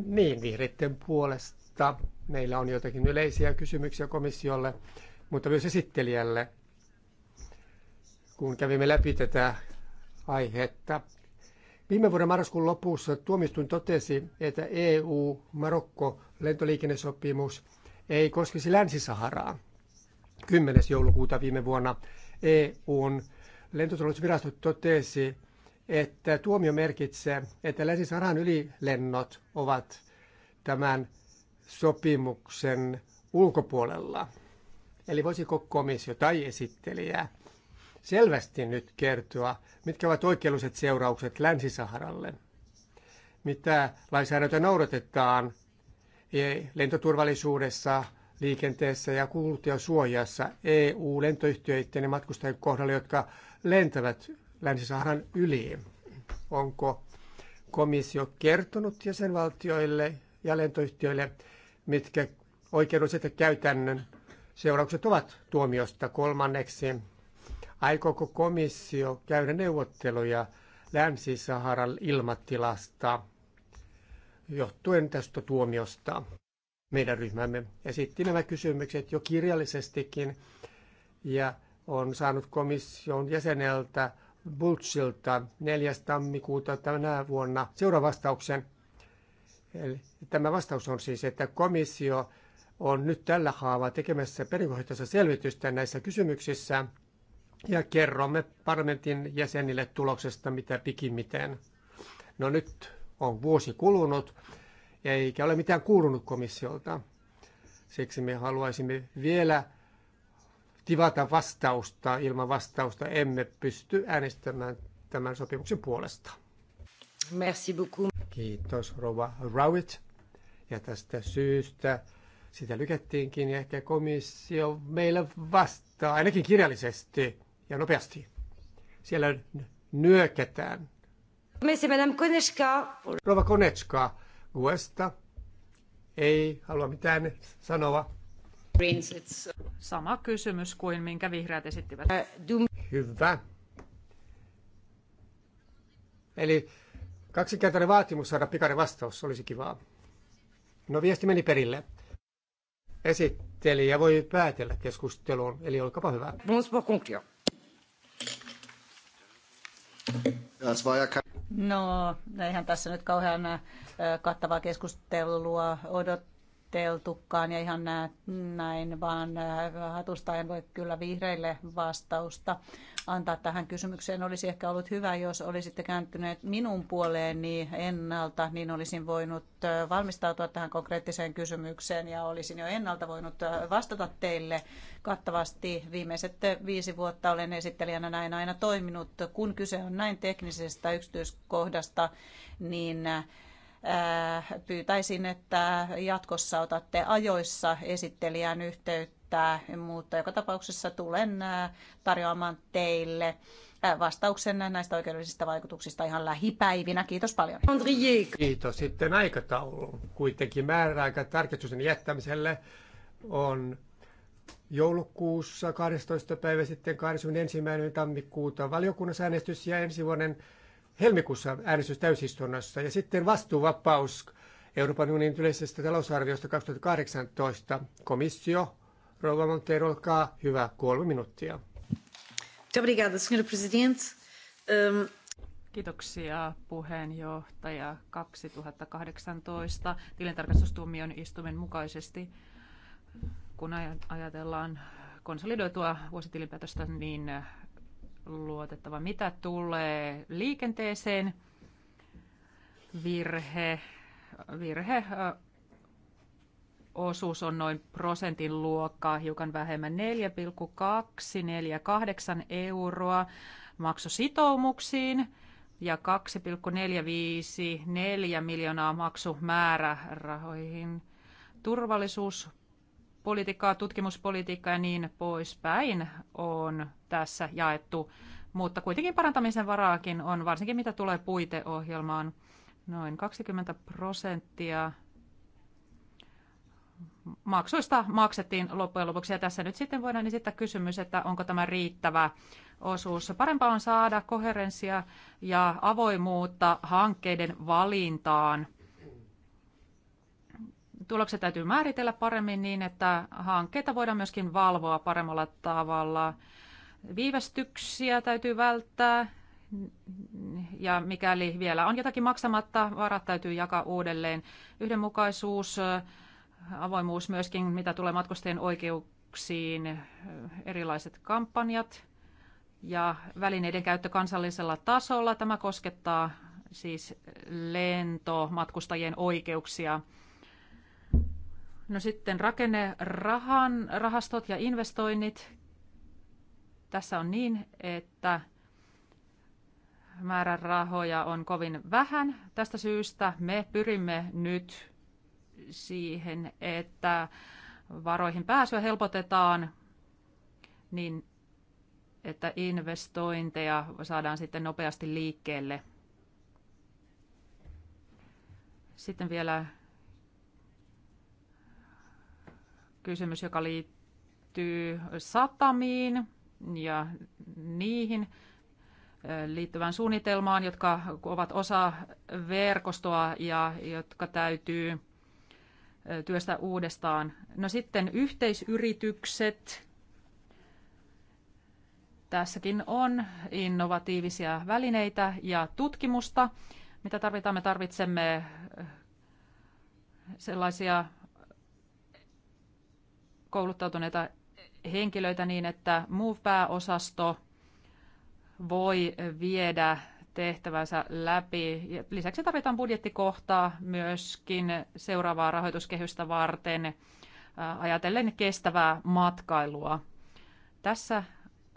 Niin, vihreiden puolesta meillä on jotakin yleisiä kysymyksiä komissiolle, mutta myös esittelijälle. Kun kävimme läpi tätä aihetta, Viime vuoden marraskuun lopussa tuomistuin totesi, että EU-Marokko-lentoliikennesopimus ei koskisi Länsi-Saharaa. 10. joulukuuta viime vuonna EUn lentoturvallisuusvirasto totesi, että tuomio merkitsee, että Länsi-Saharan ylilennot ovat tämän sopimuksen ulkopuolella. Eli voisiko komissio tai esittelijä selvästi nyt kertoa, mitkä ovat oikeelliset seuraukset Länsi-Saharalle? Mitä lainsäädäntöä noudatetaan e- lentoturvallisuudessa, liikenteessä ja kuluttajasuojassa EU-lentoyhtiöiden ja matkustajien kohdalla, jotka lentävät Länsi-Saharan yli. Onko komissio kertonut jäsenvaltioille ja lentoyhtiöille, mitkä oikeudelliset ja käytännön seuraukset ovat tuomiosta kolmanneksi? Aikooko komissio käydä neuvotteluja Länsi-Saharan ilmatilasta johtuen tästä tuomiosta? Meidän ryhmämme esitti nämä kysymykset jo kirjallisestikin ja on saanut komission jäseneltä Bulchilta 4. tammikuuta tänä vuonna seuravastauksen. Eli tämä vastaus on siis, että komissio on nyt tällä haavaa tekemässä perinkohtaista selvitystä näissä kysymyksissä ja kerromme parlamentin jäsenille tuloksesta mitä pikimmiten. No nyt on vuosi kulunut eikä ole mitään kuulunut komissiolta. Siksi me haluaisimme vielä tivata vastausta. Ilman vastausta emme pysty äänestämään tämän sopimuksen puolesta. Merci beaucoup. Kiitos Rova Rowit. Ja tästä syystä sitä lykättiinkin ja ehkä komissio meillä vastaa, ainakin kirjallisesti ja nopeasti. Siellä nyökätään. Merci Madame Konechka. Rova Konechka, Guesta ei halua mitään sanoa. Uh, sama kysymys kuin minkä vihreät esittivät. Uh, hyvä. Eli kaksinkertainen vaatimus saada pikainen vastaus olisi kivaa. No viesti meni perille. Esittelijä voi päätellä keskusteluun, eli olkapa hyvä. No, eihän tässä nyt kauhean äh, kattavaa keskustelua odottaa suunniteltukaan ja ihan näin, vaan äh, hatusta en voi kyllä vihreille vastausta antaa tähän kysymykseen. Olisi ehkä ollut hyvä, jos olisitte kääntyneet minun puoleeni ennalta, niin olisin voinut äh, valmistautua tähän konkreettiseen kysymykseen ja olisin jo ennalta voinut äh, vastata teille kattavasti. Viimeiset viisi vuotta olen esittelijänä näin aina toiminut. Kun kyse on näin teknisestä yksityiskohdasta, niin Äh, pyytäisin, että jatkossa otatte ajoissa esittelijän yhteyttä, mutta joka tapauksessa tulen äh, tarjoamaan teille äh, vastauksen näistä oikeudellisista vaikutuksista ihan lähipäivinä. Kiitos paljon. Kiitos. Sitten aikataulu. Kuitenkin määräaika tarkistuksen jättämiselle on joulukuussa 12. päivä sitten 21. tammikuuta valiokunnassa äänestys ja ensi vuoden helmikuussa äänestys täysistunnossa ja sitten vastuuvapaus Euroopan unionin yleisestä talousarviosta 2018. Komissio, Rova Montero, olkaa hyvä, kolme minuuttia. Um, Kiitoksia puheenjohtaja 2018 tilintarkastustuomion istumen mukaisesti. Kun ajatellaan konsolidoitua vuositilinpäätöstä, niin luotettava. Mitä tulee liikenteeseen? Virhe, virhe osuus on noin prosentin luokkaa, hiukan vähemmän 4,248 euroa maksusitoumuksiin ja 2,454 miljoonaa maksumäärärahoihin. Turvallisuus politiikkaa tutkimuspolitiikkaa ja niin poispäin on tässä jaettu, mutta kuitenkin parantamisen varaakin on, varsinkin mitä tulee puiteohjelmaan, noin 20 prosenttia maksuista maksettiin loppujen lopuksi. Ja tässä nyt sitten voidaan esittää kysymys, että onko tämä riittävä osuus. Parempaa on saada koherenssia ja avoimuutta hankkeiden valintaan – tulokset täytyy määritellä paremmin niin, että hankkeita voidaan myöskin valvoa paremmalla tavalla. Viivästyksiä täytyy välttää ja mikäli vielä on jotakin maksamatta, varat täytyy jakaa uudelleen. Yhdenmukaisuus, avoimuus myöskin, mitä tulee matkustajien oikeuksiin, erilaiset kampanjat ja välineiden käyttö kansallisella tasolla. Tämä koskettaa siis lentomatkustajien oikeuksia. No sitten rakenne rahan, rahastot ja investoinnit. Tässä on niin, että määrärahoja on kovin vähän. Tästä syystä me pyrimme nyt siihen, että varoihin pääsyä helpotetaan niin, että investointeja saadaan sitten nopeasti liikkeelle. Sitten vielä kysymys, joka liittyy satamiin ja niihin liittyvään suunnitelmaan, jotka ovat osa verkostoa ja jotka täytyy työstä uudestaan. No sitten yhteisyritykset. Tässäkin on innovatiivisia välineitä ja tutkimusta. Mitä tarvitaan? Me tarvitsemme sellaisia kouluttautuneita henkilöitä niin, että muu pääosasto voi viedä tehtävänsä läpi. Lisäksi tarvitaan budjettikohtaa myöskin seuraavaa rahoituskehystä varten äh, ajatellen kestävää matkailua. Tässä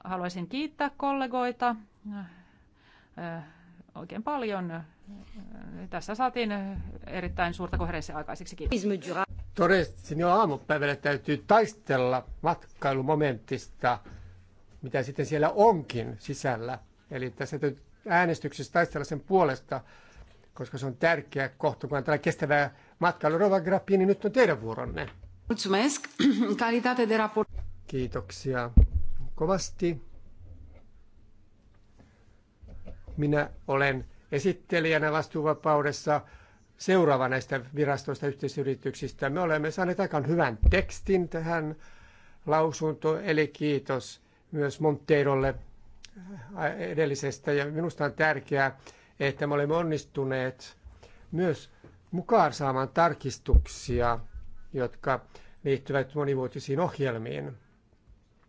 haluaisin kiittää kollegoita äh, oikein paljon. Äh, tässä saatiin erittäin suurta koherenssia aikaiseksi. Kiitos. Todellisesti jo aamupäivällä täytyy taistella matkailumomentista, mitä sitten siellä onkin sisällä. Eli tässä täytyy äänestyksessä taistella sen puolesta, koska se on tärkeä kohta, kun on kestävää matkailu. Rova Grappini, nyt on teidän vuoronne. *clears throat* Kiitoksia kovasti. Minä olen esittelijänä vastuuvapaudessa seuraava näistä virastoista yhteisyrityksistä. Me olemme saaneet aika hyvän tekstin tähän lausuntoon, eli kiitos myös Monteirolle äh, edellisestä. Ja minusta on tärkeää, että me olemme onnistuneet myös mukaan saamaan tarkistuksia, jotka liittyvät monivuotisiin ohjelmiin.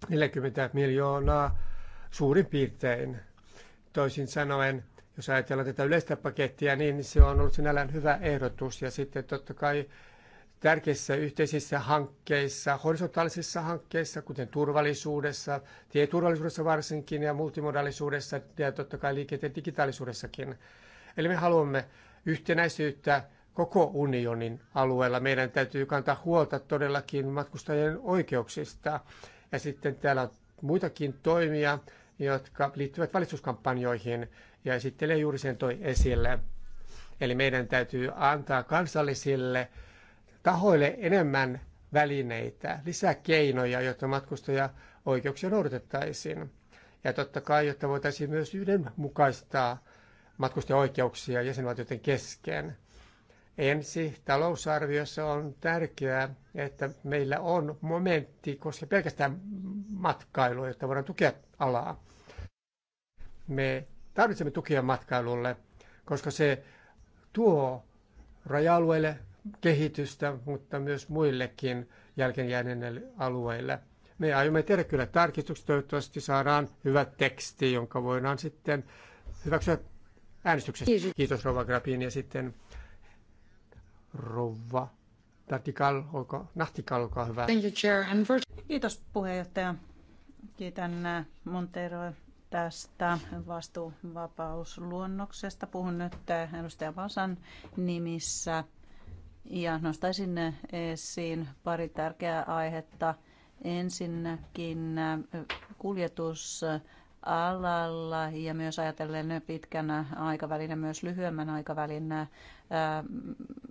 40 miljoonaa suurin piirtein. Toisin sanoen jos ajatellaan tätä yleistä pakettia, niin se on ollut sinällään hyvä ehdotus. Ja sitten totta kai tärkeissä yhteisissä hankkeissa, horisontaalisissa hankkeissa, kuten turvallisuudessa, tieturvallisuudessa varsinkin ja multimodaalisuudessa ja totta kai liikenteen digitaalisuudessakin. Eli me haluamme yhtenäisyyttä koko unionin alueella. Meidän täytyy kantaa huolta todellakin matkustajien oikeuksista. Ja sitten täällä on muitakin toimia, jotka liittyvät valistuskampanjoihin ja esittelee juuri sen toi esille. Eli meidän täytyy antaa kansallisille tahoille enemmän välineitä, lisää keinoja, jotta matkustaja oikeuksia noudatettaisiin. Ja totta kai, jotta voitaisiin myös yhdenmukaistaa matkustajaoikeuksia jäsenvaltioiden kesken. Ensi talousarviossa on tärkeää, että meillä on momentti koska pelkästään matkailu, jotta voidaan tukea alaa. Me tarvitsemme tukea matkailulle, koska se tuo raja alueille kehitystä, mutta myös muillekin jälkeenjääneille alueille. Me aiomme tehdä kyllä tarkistukset, toivottavasti saadaan hyvä teksti, jonka voidaan sitten hyväksyä äänestyksessä. Kiitos Rova Grapin ja sitten Rouva Datikal, olko, Nahtikal, olkaa hyvä. Thank you, Chair. And first... Kiitos puheenjohtaja. Kiitän äh, Montero tästä vastuuvapausluonnoksesta. Puhun nyt äh, edustaja Vasan nimissä ja nostaisin äh, esiin pari tärkeää aihetta. Ensinnäkin kuljetusalalla ja myös ajatellen pitkänä aikavälinä, myös lyhyemmän aikavälinä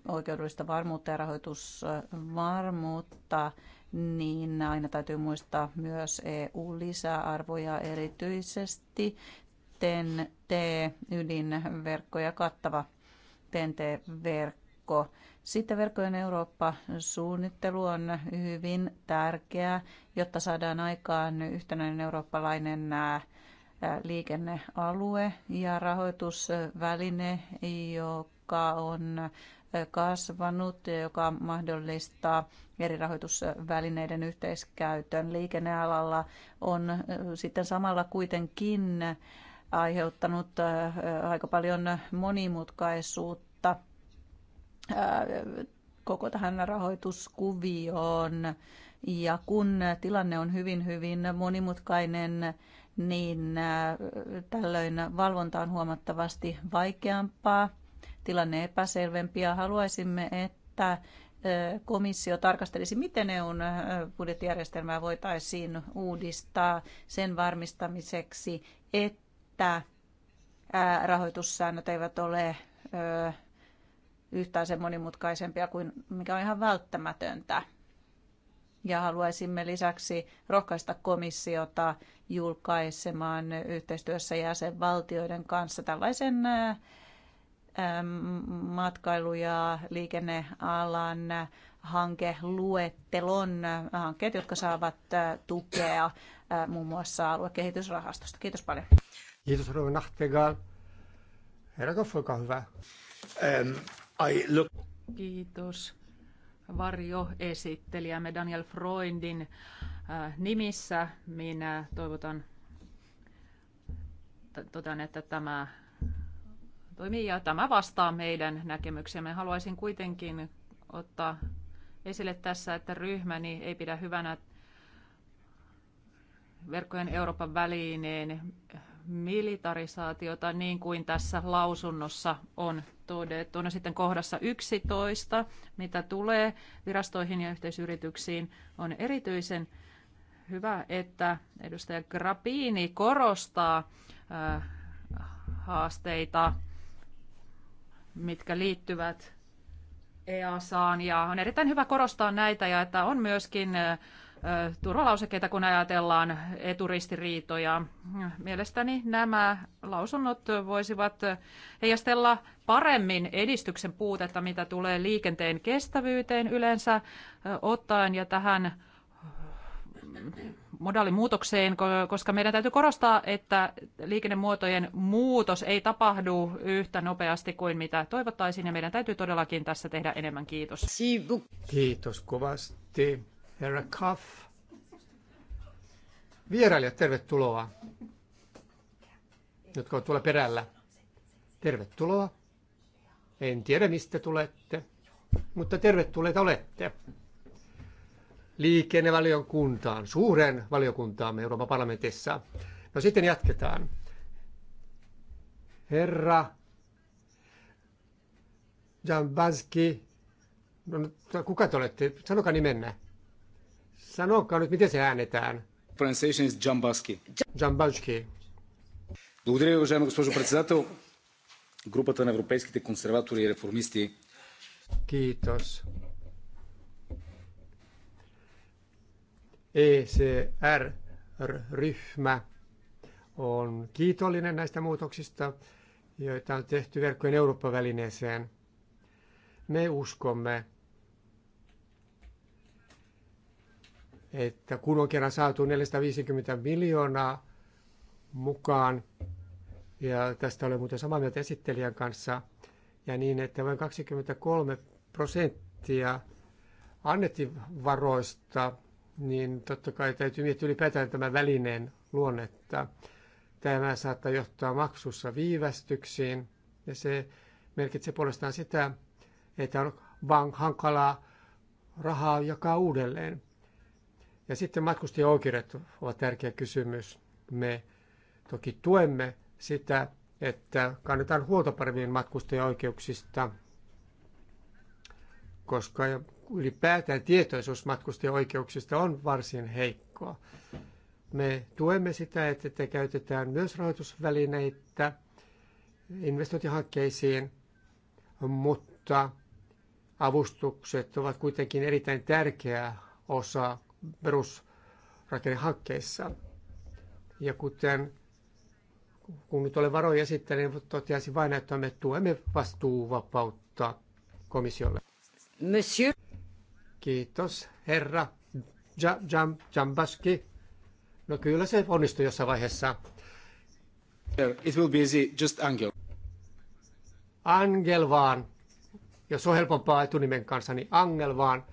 oikeudellista varmuutta ja rahoitusvarmuutta, niin aina täytyy muistaa myös EU-lisäarvoja erityisesti ten ydinverkkoja ydinverkko ja kattava TEN-T-verkko. Sitten verkkojen Eurooppa-suunnittelu on hyvin tärkeää, jotta saadaan aikaan yhtenäinen eurooppalainen liikennealue ja rahoitusväline, joka joka on kasvanut ja joka mahdollistaa eri rahoitusvälineiden yhteiskäytön liikennealalla, on sitten samalla kuitenkin aiheuttanut aika paljon monimutkaisuutta koko tähän rahoituskuvioon. Ja kun tilanne on hyvin, hyvin monimutkainen, niin tällöin valvonta on huomattavasti vaikeampaa tilanne epäselvempi ja haluaisimme, että komissio tarkastelisi, miten EUn budjettijärjestelmää voitaisiin uudistaa sen varmistamiseksi, että rahoitussäännöt eivät ole yhtään sen monimutkaisempia kuin mikä on ihan välttämätöntä. Ja haluaisimme lisäksi rohkaista komissiota julkaisemaan yhteistyössä jäsenvaltioiden kanssa tällaisen Ähm, matkailu- ja liikennealan hankeluettelon äh, hankkeet, jotka saavat äh, tukea äh, muun muassa aluekehitysrahastosta. Kiitos paljon. Kiitos Rova Nahtegal. Herra Koff, olkaa hyvä. Um, I look... Kiitos varjoesittelijämme Daniel Freundin nimissä. Minä toivotan, totean, että tämä toimii ja tämä vastaa meidän näkemyksemme. Haluaisin kuitenkin ottaa esille tässä, että ryhmäni ei pidä hyvänä verkkojen Euroopan välineen militarisaatiota, niin kuin tässä lausunnossa on todettu. No sitten kohdassa 11, mitä tulee virastoihin ja yhteisyrityksiin, on erityisen hyvä, että edustaja Grappini korostaa haasteita mitkä liittyvät EASAan. Ja on erittäin hyvä korostaa näitä ja että on myöskin turvalausekkeita, kun ajatellaan eturistiriitoja. Mielestäni nämä lausunnot voisivat heijastella paremmin edistyksen puutetta, mitä tulee liikenteen kestävyyteen yleensä ottaen ja tähän modaalimuutokseen, koska meidän täytyy korostaa, että liikennemuotojen muutos ei tapahdu yhtä nopeasti kuin mitä toivottaisiin, ja meidän täytyy todellakin tässä tehdä enemmän. Kiitos. Kiitos kovasti, herra Kaff. Vierailijat, tervetuloa, jotka ovat tuolla perällä. Tervetuloa. En tiedä, mistä tulette, mutta tervetulleita olette liikennevaliokuntaan, suuren valiokuntaan Euroopan parlamentissa. No sitten jatketaan. Herra Jambanski, no, kuka te olette? Sanokaa nimenä. Sanokaa nyt, miten se äänetään. Pronunciation is Jambaski. Jambaski. Благодаря уважаема госпожо председател. Групата на европейските консерватори и реформисти. Kiitos. ECR-ryhmä on kiitollinen näistä muutoksista, joita on tehty verkkojen Eurooppa-välineeseen. Me uskomme, että kun on kerran saatu 450 miljoonaa mukaan, ja tästä olen muuten samaa mieltä esittelijän kanssa, ja niin, että vain 23 prosenttia annettiin varoista niin totta kai täytyy miettiä ylipäätään tämän välineen luonnetta. Tämä saattaa johtaa maksussa viivästyksiin ja se merkitsee puolestaan sitä, että on vaan hankalaa rahaa jakaa uudelleen. Ja sitten matkustajaoikeudet ovat tärkeä kysymys. Me toki tuemme sitä, että kannetaan huolta paremmin matkustajaoikeuksista, koska ylipäätään tietoisuus matkustajaoikeuksista on varsin heikkoa. Me tuemme sitä, että te käytetään myös rahoitusvälineitä investointihankkeisiin, mutta avustukset ovat kuitenkin erittäin tärkeä osa perusrakennehankkeissa. Ja kuten kun nyt olen varoja sitten niin toteaisin vain, että me tuemme vastuuvapautta komissiolle. Monsieur. Kiitos, herra Jambaski. No kyllä se onnistui jossain vaiheessa. It will be easy, just Angel. Angel vaan. Jos on helpompaa etunimen kanssa, niin Angel vaan.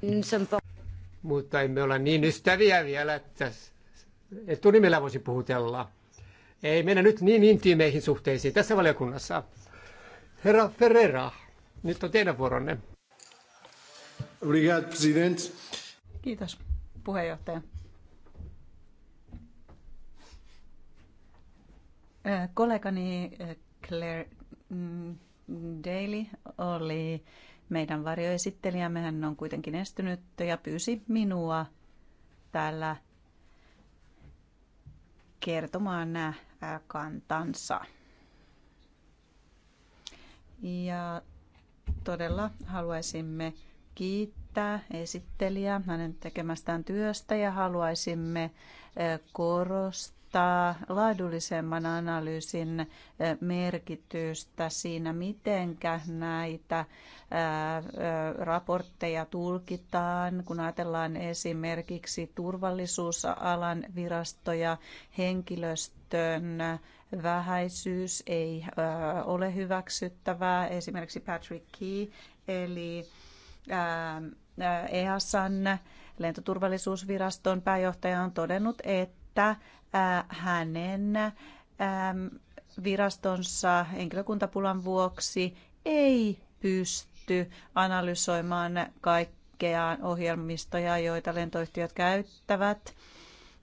Mutta emme ole niin ystäviä vielä, että etunimellä voisi puhutella. Ei mennä nyt niin intiimeihin suhteisiin tässä valiokunnassa. Herra Ferrera, nyt on teidän vuoronne. Obrigado, presidente. Kiitos, puheenjohtaja. Äh, kollegani äh, Claire mm, Daly oli meidän varjoesittelijämme. Hän on kuitenkin estynyt ja pyysi minua täällä kertomaan nämä äh, kantansa. Ja todella haluaisimme kiittää esittelijää hänen tekemästään työstä ja haluaisimme eh, korostaa laadullisemman analyysin eh, merkitystä siinä, miten näitä eh, raportteja tulkitaan, kun ajatellaan esimerkiksi turvallisuusalan virastoja, henkilöstön vähäisyys ei ole hyväksyttävää. Esimerkiksi Patrick Key, eli Ähm, äh, EASan lentoturvallisuusviraston pääjohtaja on todennut, että äh, hänen ähm, virastonsa henkilökuntapulan vuoksi ei pysty analysoimaan kaikkea ohjelmistoja, joita lentoyhtiöt käyttävät.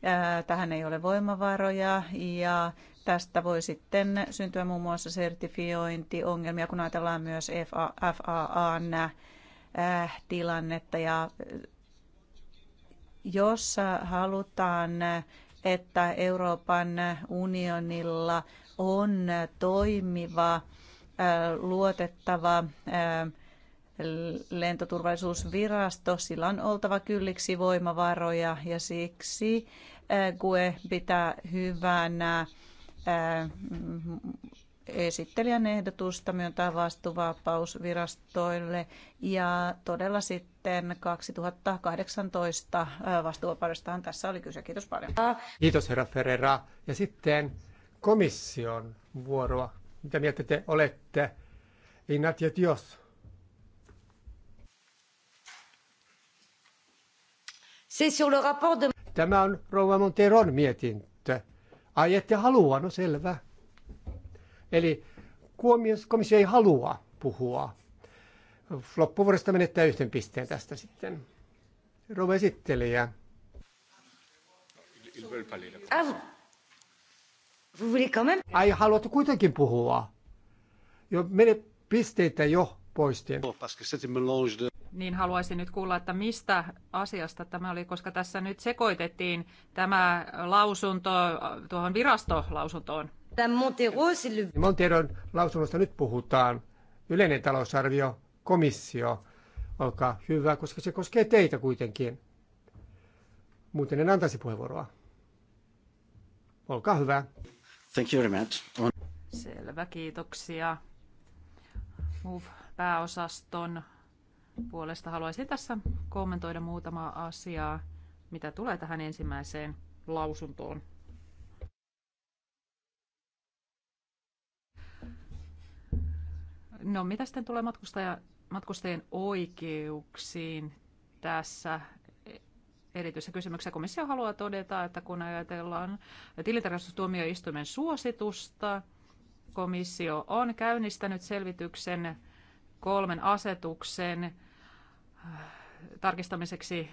Äh, tähän ei ole voimavaroja ja tästä voi sitten syntyä muun muassa sertifiointiongelmia, kun ajatellaan myös FAAn tilannetta ja jos halutaan, että Euroopan unionilla on toimiva, luotettava lentoturvallisuusvirasto, sillä on oltava kylliksi voimavaroja ja siksi GUE pitää hyvänä esittelijän ehdotusta myöntää vastuvapaus virastoille ja todella sitten 2018 vastuvapaudestahan tässä oli kyse. Kiitos paljon. Kiitos herra Ferreira. Ja sitten komission vuoroa. Mitä mieltä te olette? ja Dios. Tämä on rouva Monteron mietintö. Ai ette halua, no selvä. Eli komissio ei halua puhua. Loppuvuodesta menettää yhden pisteen tästä sitten. Rouva esittelijä. Ah, Ai, haluatte kuitenkin puhua? Jo mene pisteitä jo poistien. Oh, niin haluaisin nyt kuulla, että mistä asiasta tämä oli, koska tässä nyt sekoitettiin tämä lausunto tuohon virastolausuntoon. Monteron niin lausunnosta nyt puhutaan. Yleinen talousarvio, komissio. Olkaa hyvä, koska se koskee teitä kuitenkin. Muuten en antaisi puheenvuoroa. Olkaa hyvä. Thank you very much. On... Selvä, kiitoksia. MOVE-pääosaston puolesta haluaisin tässä kommentoida muutamaa asiaa, mitä tulee tähän ensimmäiseen lausuntoon No mitä sitten tulee matkustaja, matkustajien oikeuksiin tässä erityisessä kysymyksessä? Komissio haluaa todeta, että kun ajatellaan tilintarkastustuomioistuimen suositusta, komissio on käynnistänyt selvityksen kolmen asetuksen äh, tarkistamiseksi.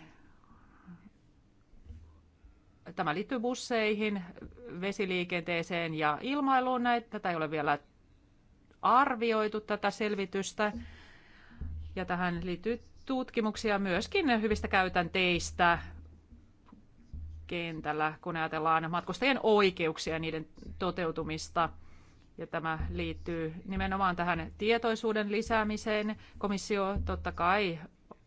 Tämä liittyy busseihin, vesiliikenteeseen ja ilmailuun. Näitä tätä ei ole vielä arvioitu tätä selvitystä ja tähän liittyy tutkimuksia myöskin hyvistä käytänteistä kentällä, kun ajatellaan matkustajien oikeuksia ja niiden toteutumista. Ja tämä liittyy nimenomaan tähän tietoisuuden lisäämiseen. Komissio totta kai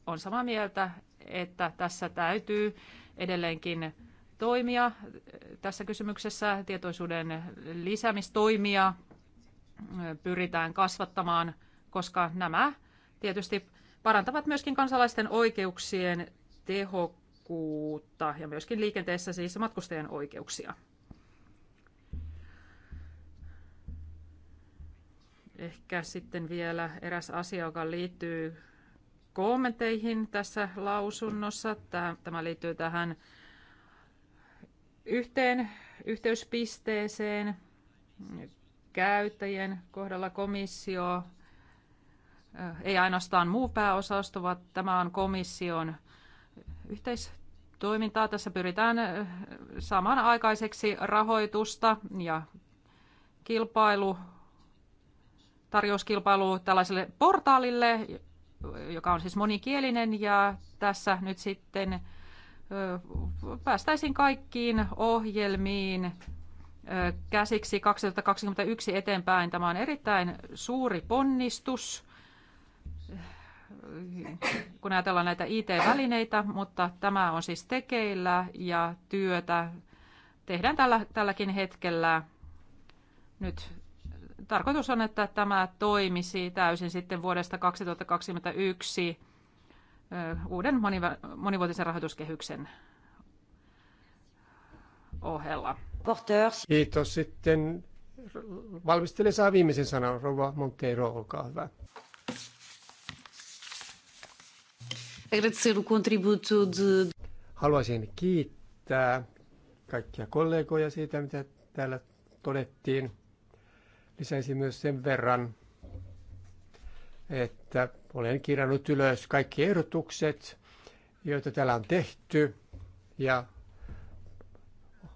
on samaa mieltä, että tässä täytyy edelleenkin toimia tässä kysymyksessä, tietoisuuden lisäämistoimia pyritään kasvattamaan, koska nämä tietysti parantavat myöskin kansalaisten oikeuksien tehokkuutta ja myöskin liikenteessä siis matkustajien oikeuksia. Ehkä sitten vielä eräs asia, joka liittyy kommenteihin tässä lausunnossa. Tämä liittyy tähän yhteen yhteyspisteeseen, käyttäjien kohdalla komissio, eh, ei ainoastaan muu pääosasto, vaan tämä on komission yhteistoimintaa. Tässä pyritään eh, saamaan aikaiseksi rahoitusta ja kilpailu, tarjouskilpailu tällaiselle portaalille, joka on siis monikielinen ja tässä nyt sitten eh, päästäisiin kaikkiin ohjelmiin käsiksi 2021 eteenpäin. Tämä on erittäin suuri ponnistus, kun ajatellaan näitä IT-välineitä, mutta tämä on siis tekeillä ja työtä tehdään tällä, tälläkin hetkellä. Nyt tarkoitus on, että tämä toimisi täysin sitten vuodesta 2021 uuden monivuotisen rahoituskehyksen ohella. Kiitos. Sitten valmistele saa viimeisen sanan. Rova Monteiro, olkaa hyvä. Haluaisin kiittää kaikkia kollegoja siitä, mitä täällä todettiin. Lisäisin myös sen verran, että olen kirjannut ylös kaikki ehdotukset, joita täällä on tehty, ja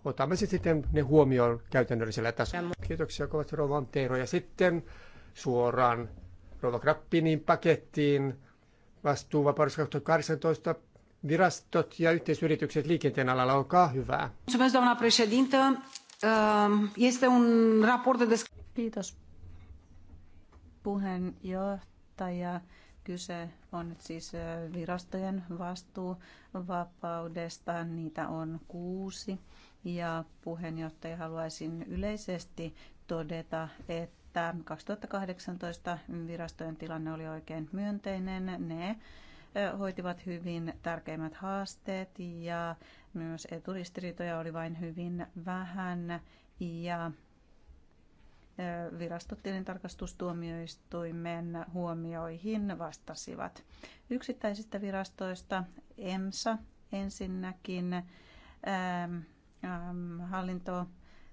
otamme sitten ne huomioon käytännöllisellä tasolla. Kiitoksia kovasti Rova Antero. Ja sitten suoraan Rova Krappinin pakettiin vastuuvapaudessa 2018 virastot ja yhteisyritykset liikenteen alalla. Olkaa hyvää. Ehm, Kiitos puheenjohtaja. Kyse on nyt siis eh, virastojen vastuuvapaudesta. Niitä on kuusi. Ja puheenjohtaja haluaisin yleisesti todeta, että 2018 virastojen tilanne oli oikein myönteinen. Ne hoitivat hyvin tärkeimmät haasteet ja myös eturistiriitoja oli vain hyvin vähän ja virastotilintarkastustuomioistuimen huomioihin vastasivat. Yksittäisistä virastoista EMSA ensinnäkin ähm, Ähm, hallintoa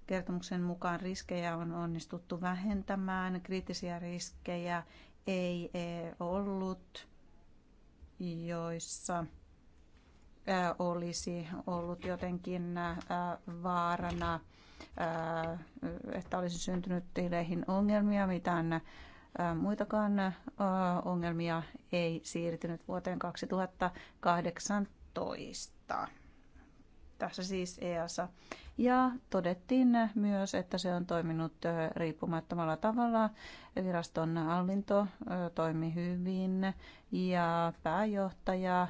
kertomuksen mukaan riskejä on onnistuttu vähentämään, kriittisiä riskejä ei eh, ollut, joissa eh, olisi ollut jotenkin eh, vaarana, että olisi syntynyt tileihin ongelmia, mitään muitakaan ongelmia ei siirtynyt vuoteen 2018 tässä siis EASA. Ja todettiin myös, että se on toiminut riippumattomalla tavalla. Viraston hallinto toimi hyvin ja pääjohtaja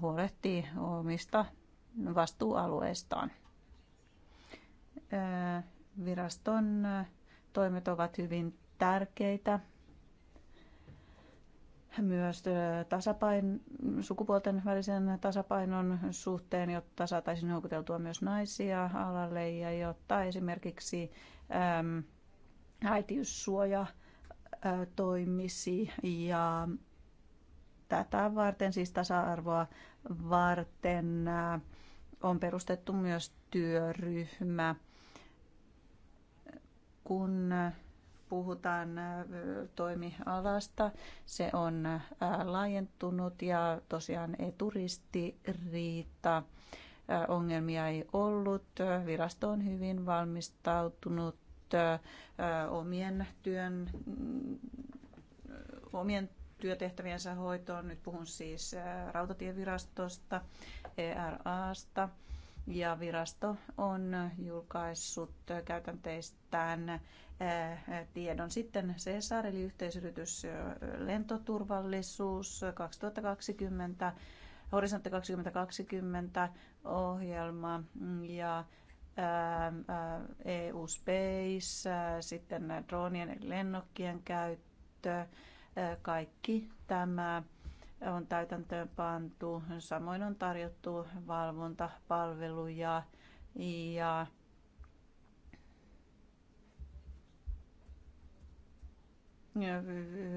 huolehti omista vastuualueistaan. Viraston toimet ovat hyvin tärkeitä myös tasapain, sukupuolten välisen tasapainon suhteen, jotta saataisiin houkuteltua myös naisia alalle ja jotta esimerkiksi äm, äitiyssuoja toimisi ja tätä varten, siis tasa-arvoa varten on perustettu myös työryhmä, kun puhutaan toimialasta. Se on laajentunut ja tosiaan ei turistiriita. Ongelmia ei ollut. Virasto on hyvin valmistautunut omien työn mm, omien työtehtäviensä hoitoon. Nyt puhun siis rautatievirastosta, ERAsta ja virasto on julkaissut käytänteistään eh, tiedon. Sitten CSR eli yhteisyritys eh, lentoturvallisuus 2020, Horisontti 2020 ohjelma ja EU eh, e Space, sitten dronien eli lennokkien käyttö, kaikki tämä on täytäntöön pantu. Samoin on tarjottu valvontapalveluja ja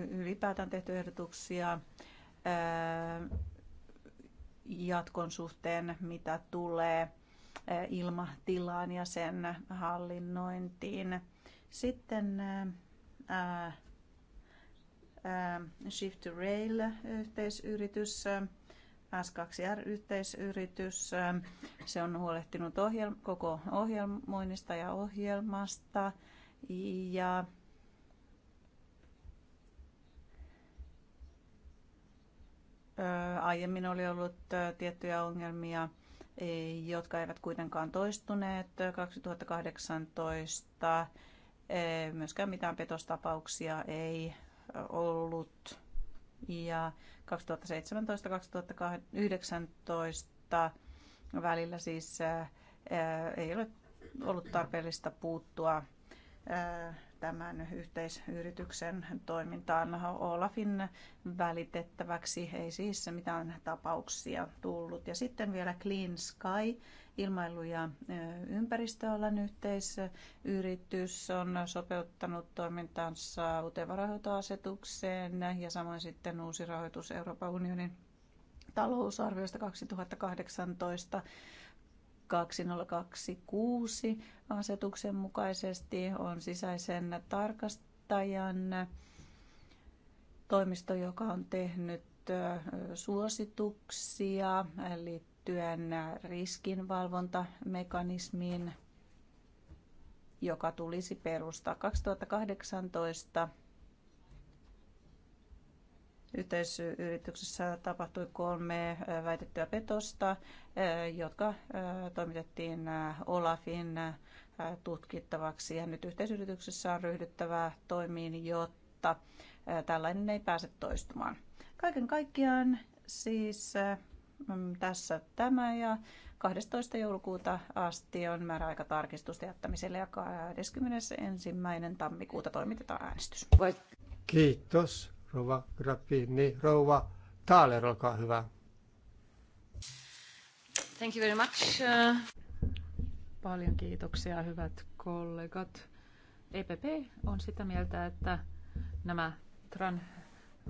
ylipäätään tehty ehdotuksia jatkon suhteen, mitä tulee ilmatilaan ja sen hallinnointiin. Sitten Shift to Rail-yhteisyritys, S2R-yhteisyritys. Se on huolehtinut ohjel- koko ohjelmoinnista ja ohjelmasta. Ja aiemmin oli ollut tiettyjä ongelmia, e, jotka eivät kuitenkaan toistuneet 2018. E, myöskään mitään petostapauksia ei ollut ja 2017-2019 välillä siis ei ole ollut tarpeellista puuttua tämän yhteisyrityksen toimintaan Olafin välitettäväksi. Ei siis mitään tapauksia tullut. Ja sitten vielä Clean Sky ilmailu- ja ympäristöalan yhteisyritys on sopeuttanut toimintansa uuteen ja samoin sitten uusi rahoitus Euroopan unionin talousarviosta 2018 2026 asetuksen mukaisesti on sisäisen tarkastajan toimisto, joka on tehnyt suosituksia liittyen liittyen riskinvalvontamekanismiin, joka tulisi perustaa 2018 Yhteisyrityksessä tapahtui kolme väitettyä petosta, jotka toimitettiin Olafin tutkittavaksi. Ja nyt yhteisyrityksessä on ryhdyttävä toimiin, jotta tällainen ei pääse toistumaan. Kaiken kaikkiaan siis Mm, tässä tämä ja 12. joulukuuta asti on määräaika tarkistusta jättämiselle ja 21. tammikuuta toimitetaan äänestys. Kiitos, rouva Grappini. Niin, rouva Taaler, olkaa hyvä. Thank you very much. Uh- Paljon kiitoksia, hyvät kollegat. EPP on sitä mieltä, että nämä TRAN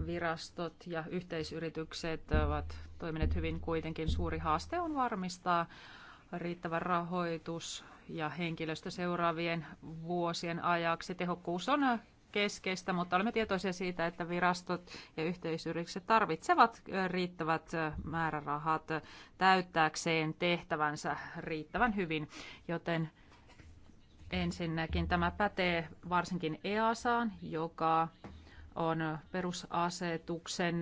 virastot ja yhteisyritykset ovat toimineet hyvin kuitenkin. Suuri haaste on varmistaa riittävä rahoitus ja henkilöstö seuraavien vuosien ajaksi. Tehokkuus on keskeistä, mutta olemme tietoisia siitä, että virastot ja yhteisyritykset tarvitsevat riittävät määrärahat täyttääkseen tehtävänsä riittävän hyvin, joten ensinnäkin tämä pätee varsinkin EASAan, joka on perusasetuksen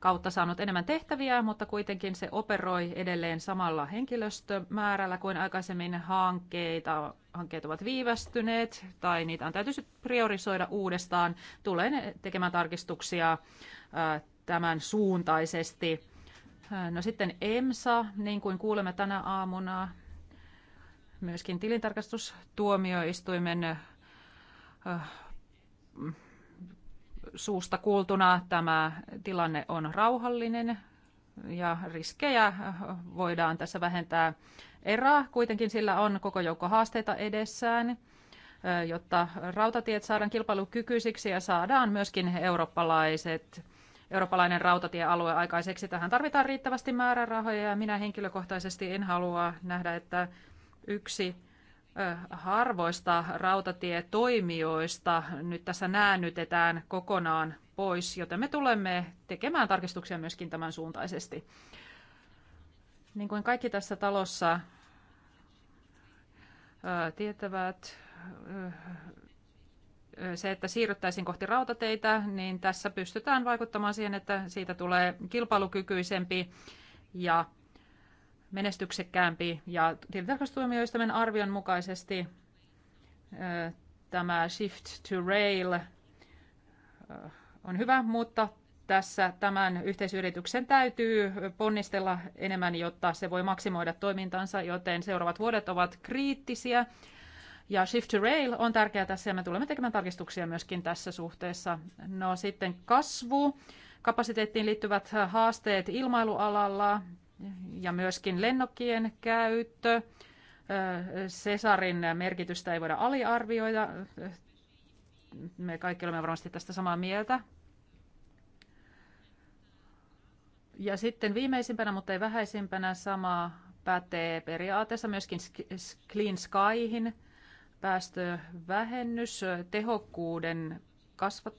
kautta saanut enemmän tehtäviä, mutta kuitenkin se operoi edelleen samalla henkilöstömäärällä kuin aikaisemmin hankkeita. Hankkeet ovat viivästyneet tai niitä on täytyy priorisoida uudestaan. Tulee tekemään tarkistuksia tämän suuntaisesti. No sitten EMSA, niin kuin kuulemme tänä aamuna, myöskin tilintarkastustuomioistuimen suusta kuultuna tämä tilanne on rauhallinen ja riskejä voidaan tässä vähentää erää. Kuitenkin sillä on koko joukko haasteita edessään, jotta rautatiet saadaan kilpailukykyisiksi ja saadaan myöskin eurooppalaiset eurooppalainen rautatiealue aikaiseksi. Tähän tarvitaan riittävästi määrärahoja ja minä henkilökohtaisesti en halua nähdä, että yksi harvoista rautatietoimijoista nyt tässä näännytetään kokonaan pois, joten me tulemme tekemään tarkistuksia myöskin tämän suuntaisesti. Niin kuin kaikki tässä talossa tietävät, se, että siirryttäisiin kohti rautateitä, niin tässä pystytään vaikuttamaan siihen, että siitä tulee kilpailukykyisempi ja menestyksekkäämpi ja tilintarkastustuomioistuimen arvion mukaisesti tämä Shift to Rail on hyvä, mutta tässä tämän yhteisyrityksen täytyy ponnistella enemmän, jotta se voi maksimoida toimintansa, joten seuraavat vuodet ovat kriittisiä. Ja Shift to Rail on tärkeää tässä ja me tulemme tekemään tarkistuksia myöskin tässä suhteessa. No sitten kasvu, kapasiteettiin liittyvät haasteet ilmailualalla ja myöskin lennokkien käyttö. Cesarin merkitystä ei voida aliarvioida. Me kaikki olemme varmasti tästä samaa mieltä. Ja sitten viimeisimpänä, mutta ei vähäisimpänä, sama pätee periaatteessa myöskin Clean Skyhin päästövähennys tehokkuuden kasvat,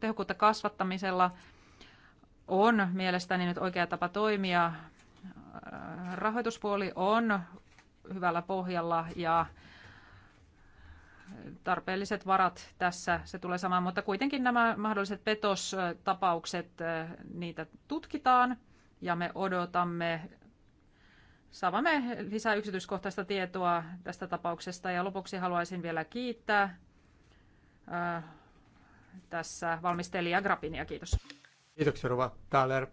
tehokkuutta kasvattamisella on mielestäni nyt oikea tapa toimia rahoituspuoli on hyvällä pohjalla ja tarpeelliset varat tässä se tulee samaan, mutta kuitenkin nämä mahdolliset petostapaukset, niitä tutkitaan ja me odotamme saavamme lisää yksityiskohtaista tietoa tästä tapauksesta ja lopuksi haluaisin vielä kiittää tässä valmistelija Grapinia. Kiitos. Kiitoksia Rova Thaler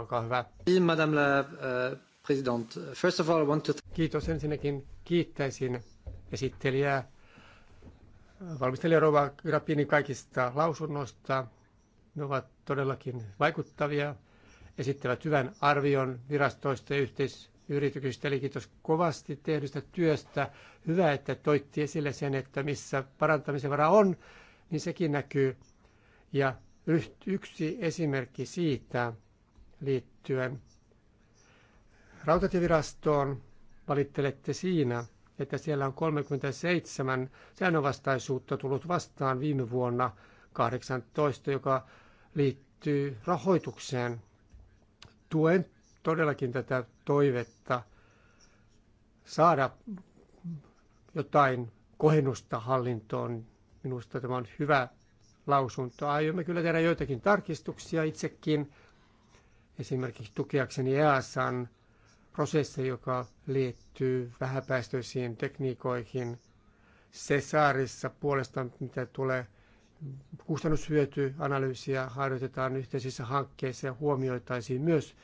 olkaa hyvä. Madame la euh, President, first of all, I want to... Kiitos ensinnäkin. Kiittäisin esittelijää, valmistelija Rova Grappini kaikista lausunnoista. Ne ovat todellakin vaikuttavia, esittävät hyvän arvion virastoista ja yhteisyrityksistä. Eli kiitos kovasti tehdystä työstä. Hyvä, että toitti esille sen, että missä parantamisen varaa on, niin sekin näkyy. Ja Yksi esimerkki siitä liittyen rautatievirastoon valittelette siinä, että siellä on 37 säännönvastaisuutta tullut vastaan viime vuonna 18, joka liittyy rahoitukseen. Tuen todellakin tätä toivetta saada jotain kohennusta hallintoon. Minusta tämä on hyvä lausuntoa. Aiomme kyllä tehdä joitakin tarkistuksia itsekin, esimerkiksi tukeakseni EASan prosessi, joka liittyy vähäpäästöisiin tekniikoihin. Cesarissa puolestaan, mitä tulee kustannushyötyanalyysiä harjoitetaan yhteisissä hankkeissa ja huomioitaisiin myös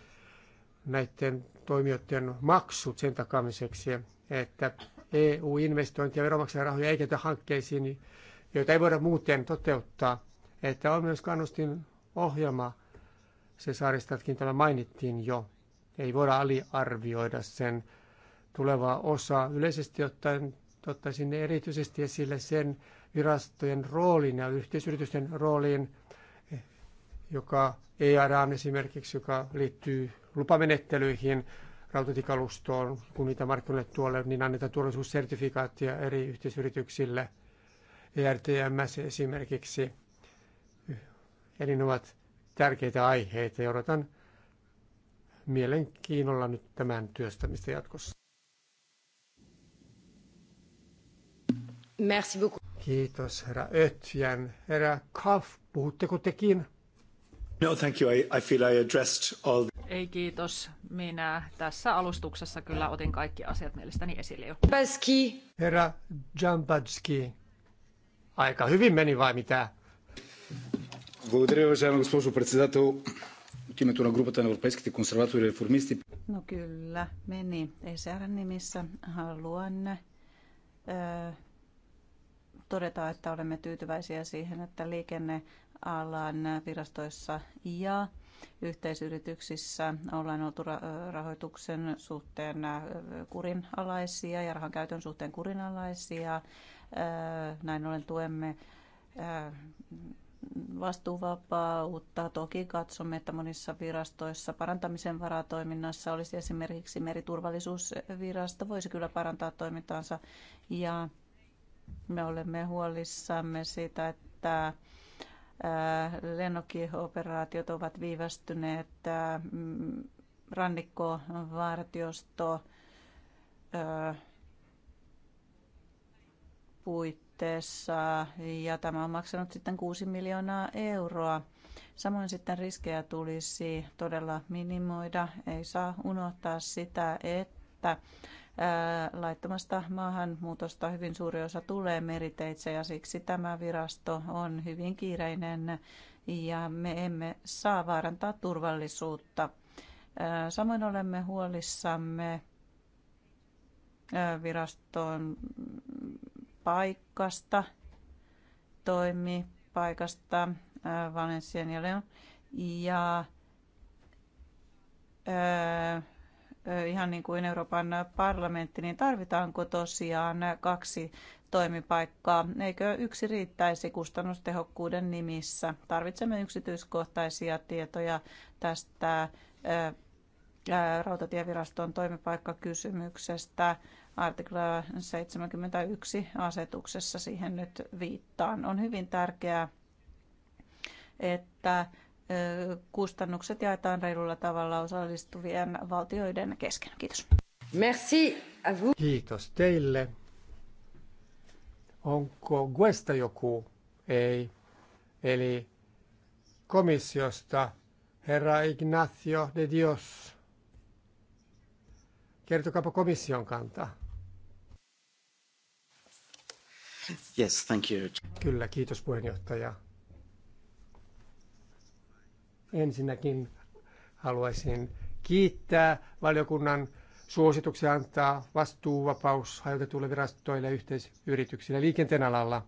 näiden toimijoiden maksut sen takamiseksi, että EU-investointia ja veronmaksajarahoja ei käytä hankkeisiin, joita ei voida muuten toteuttaa, että on myös kannustin ohjelma, se saaristatkin tämä mainittiin jo. Ei voida aliarvioida sen tulevaa osaa. Yleisesti ottaen ottaisin erityisesti esille sen virastojen roolin ja yhteisyritysten roolin, joka ERA esimerkiksi, joka liittyy lupamenettelyihin, rautatiekalustoon, kun niitä markkinoille tuolle, niin annetaan turvallisuussertifikaattia eri yhteisyrityksille – ERTMS esimerkiksi. Eli ne ovat tärkeitä aiheita ja odotan mielenkiinnolla nyt tämän työstämistä jatkossa. Merci beaucoup. Kiitos, herra Ötjän. Herra Kaff, puhutteko tekin? No, thank you. I, I feel I addressed all... Ei kiitos. Minä tässä alustuksessa kyllä otin kaikki asiat mielestäni esille jo. Herra Jambatski. Aika hyvin meni vai mitä? Благодаря, уважаема госпожо председател. От името на групата на европейските консерватори и реформисти. No kyllä, meni. ECRn nimissä haluan э, todeta, että olemme tyytyväisiä siihen, että liikennealan virastoissa ja yhteisyrityksissä ollaan oltu rahoituksen suhteen äh, kurinalaisia ja rahan käytön suhteen kurinalaisia. Äh, näin ollen tuemme äh, vastuuvapautta. Toki katsomme, että monissa virastoissa parantamisen varatoiminnassa olisi esimerkiksi meriturvallisuusvirasto voisi kyllä parantaa toimintaansa ja me olemme huolissamme siitä, että Äh, lennokkioperaatiot ovat viivästyneet, äh, rannikkovartiosto äh, puitteissa ja tämä on maksanut sitten 6 miljoonaa euroa. Samoin sitten riskejä tulisi todella minimoida. Ei saa unohtaa sitä, että laittomasta maahanmuutosta hyvin suuri osa tulee meriteitse ja siksi tämä virasto on hyvin kiireinen ja me emme saa vaarantaa turvallisuutta. Samoin olemme huolissamme viraston paikasta, toimipaikasta Valenssian ja Leon. Ja ihan niin kuin Euroopan parlamentti, niin tarvitaanko tosiaan kaksi toimipaikkaa? Eikö yksi riittäisi kustannustehokkuuden nimissä? Tarvitsemme yksityiskohtaisia tietoja tästä rautatieviraston toimipaikkakysymyksestä. Artikla 71 asetuksessa siihen nyt viittaan. On hyvin tärkeää, että kustannukset jaetaan reilulla tavalla osallistuvien valtioiden kesken. Kiitos. Merci à vous. Kiitos teille. Onko Guesta joku? Ei. Eli komissiosta herra Ignacio de Dios. Kertokaapa komission kanta. Yes, thank you. Kyllä, kiitos puheenjohtaja. Ensinnäkin haluaisin kiittää valiokunnan suosituksia antaa vastuuvapaus hajotetuille virastoille ja yhteisyrityksille liikenteen alalla.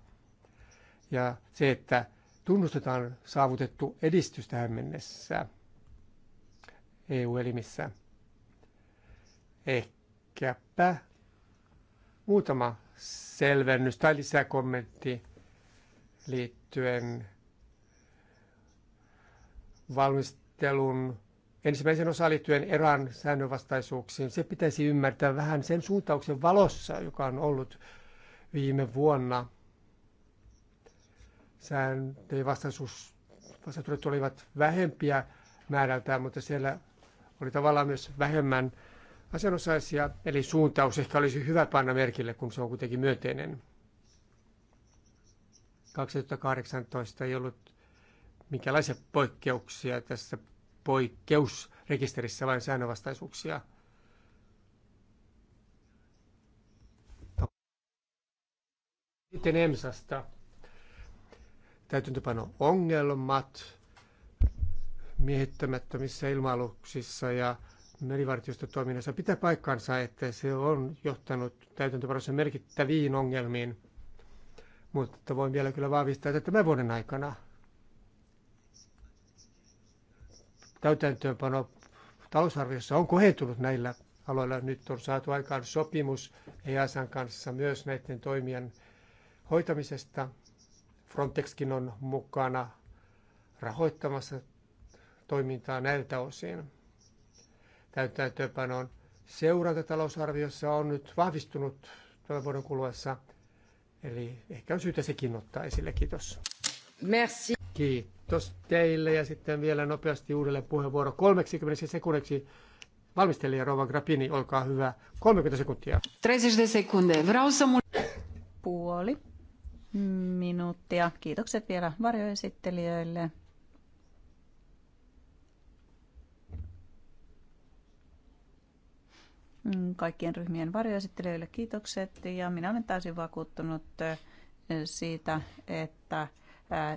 Ja se, että tunnustetaan saavutettu edistys tähän mennessä EU-elimissä. Ehkäpä muutama selvennys tai lisäkommentti liittyen valmistelun ensimmäisen osa liittyen erään säännönvastaisuuksiin. Se pitäisi ymmärtää vähän sen suuntauksen valossa, joka on ollut viime vuonna. Säännönvastaisuudet olivat vähempiä määrältään, mutta siellä oli tavallaan myös vähemmän asianosaisia, eli suuntaus ehkä olisi hyvä panna merkille, kun se on kuitenkin myönteinen. 2018 ei ollut minkälaisia poikkeuksia tässä poikkeusrekisterissä vai säännönvastaisuuksia. Sitten EMSasta täytäntöpano ongelmat miehittämättömissä ilma-aluksissa ja merivartiosta toiminnassa pitää paikkansa, että se on johtanut täytäntöpanossa merkittäviin ongelmiin, mutta voin vielä kyllä vahvistaa, että tämän vuoden aikana täytäntöönpano talousarviossa on kohentunut näillä aloilla. Nyt on saatu aikaan sopimus EASan kanssa myös näiden toimien hoitamisesta. Frontexkin on mukana rahoittamassa toimintaa näiltä osin. Täytäntöönpanon seuranta talousarviossa on nyt vahvistunut tämän vuoden kuluessa. Eli ehkä on syytä sekin ottaa esille. Kiitos. Merci. Kiitos teille ja sitten vielä nopeasti uudelleen puheenvuoro 30 sekunniksi. Valmistelija Rova Grappini, olkaa hyvä. 30 sekuntia. 30 sekuntia. Vreau mun... Puoli minuuttia. Kiitokset vielä varjoesittelijöille. Mm, kaikkien ryhmien varjoesittelijöille kiitokset ja minä olen täysin vakuuttunut eh, siitä, että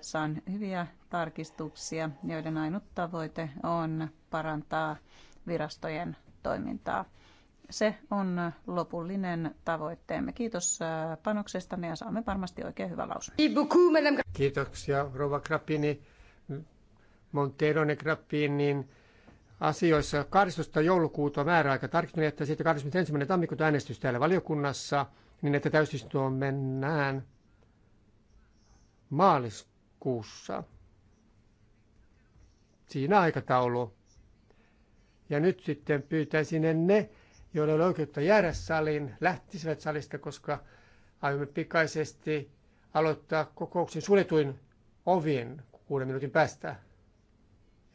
saan hyviä tarkistuksia, joiden ainut tavoite on parantaa virastojen toimintaa. Se on lopullinen tavoitteemme. Kiitos panoksestanne ja saamme varmasti oikein hyvä lausun. Kiitoksia Rova Krapini. Monteron ja asioissa 12. joulukuuta määräaika tarkistunut, että sitten 21. tammikuuta äänestys täällä valiokunnassa, niin että täysistuntoon mennään maaliskuussa. Siinä aikataulu. Ja nyt sitten pyytäisin ne, joilla oli oikeutta jäädä saliin, lähtisivät salista, koska aiomme pikaisesti aloittaa kokouksen suljetuin ovien kuuden minuutin päästä.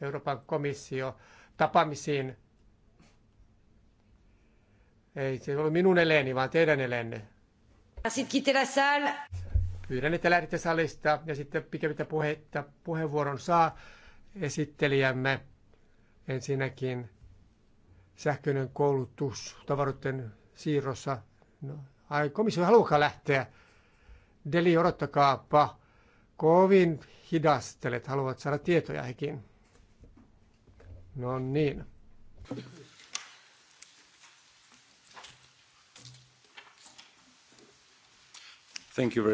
Euroopan komissio tapaamisiin. Ei se ole minun eleeni, vaan teidän eleenne. Merci de quitter la salle. Pyydän, että lähdette salista ja sitten pikemmittä puhetta, puheenvuoron saa esittelijämme. Ensinnäkin sähköinen koulutus tavaroiden siirrossa. No, ai, komissio haluakaan lähteä. Deli, odottakaapa. Kovin hidastelet, haluat saada tietoja hekin. No niin. Thank you very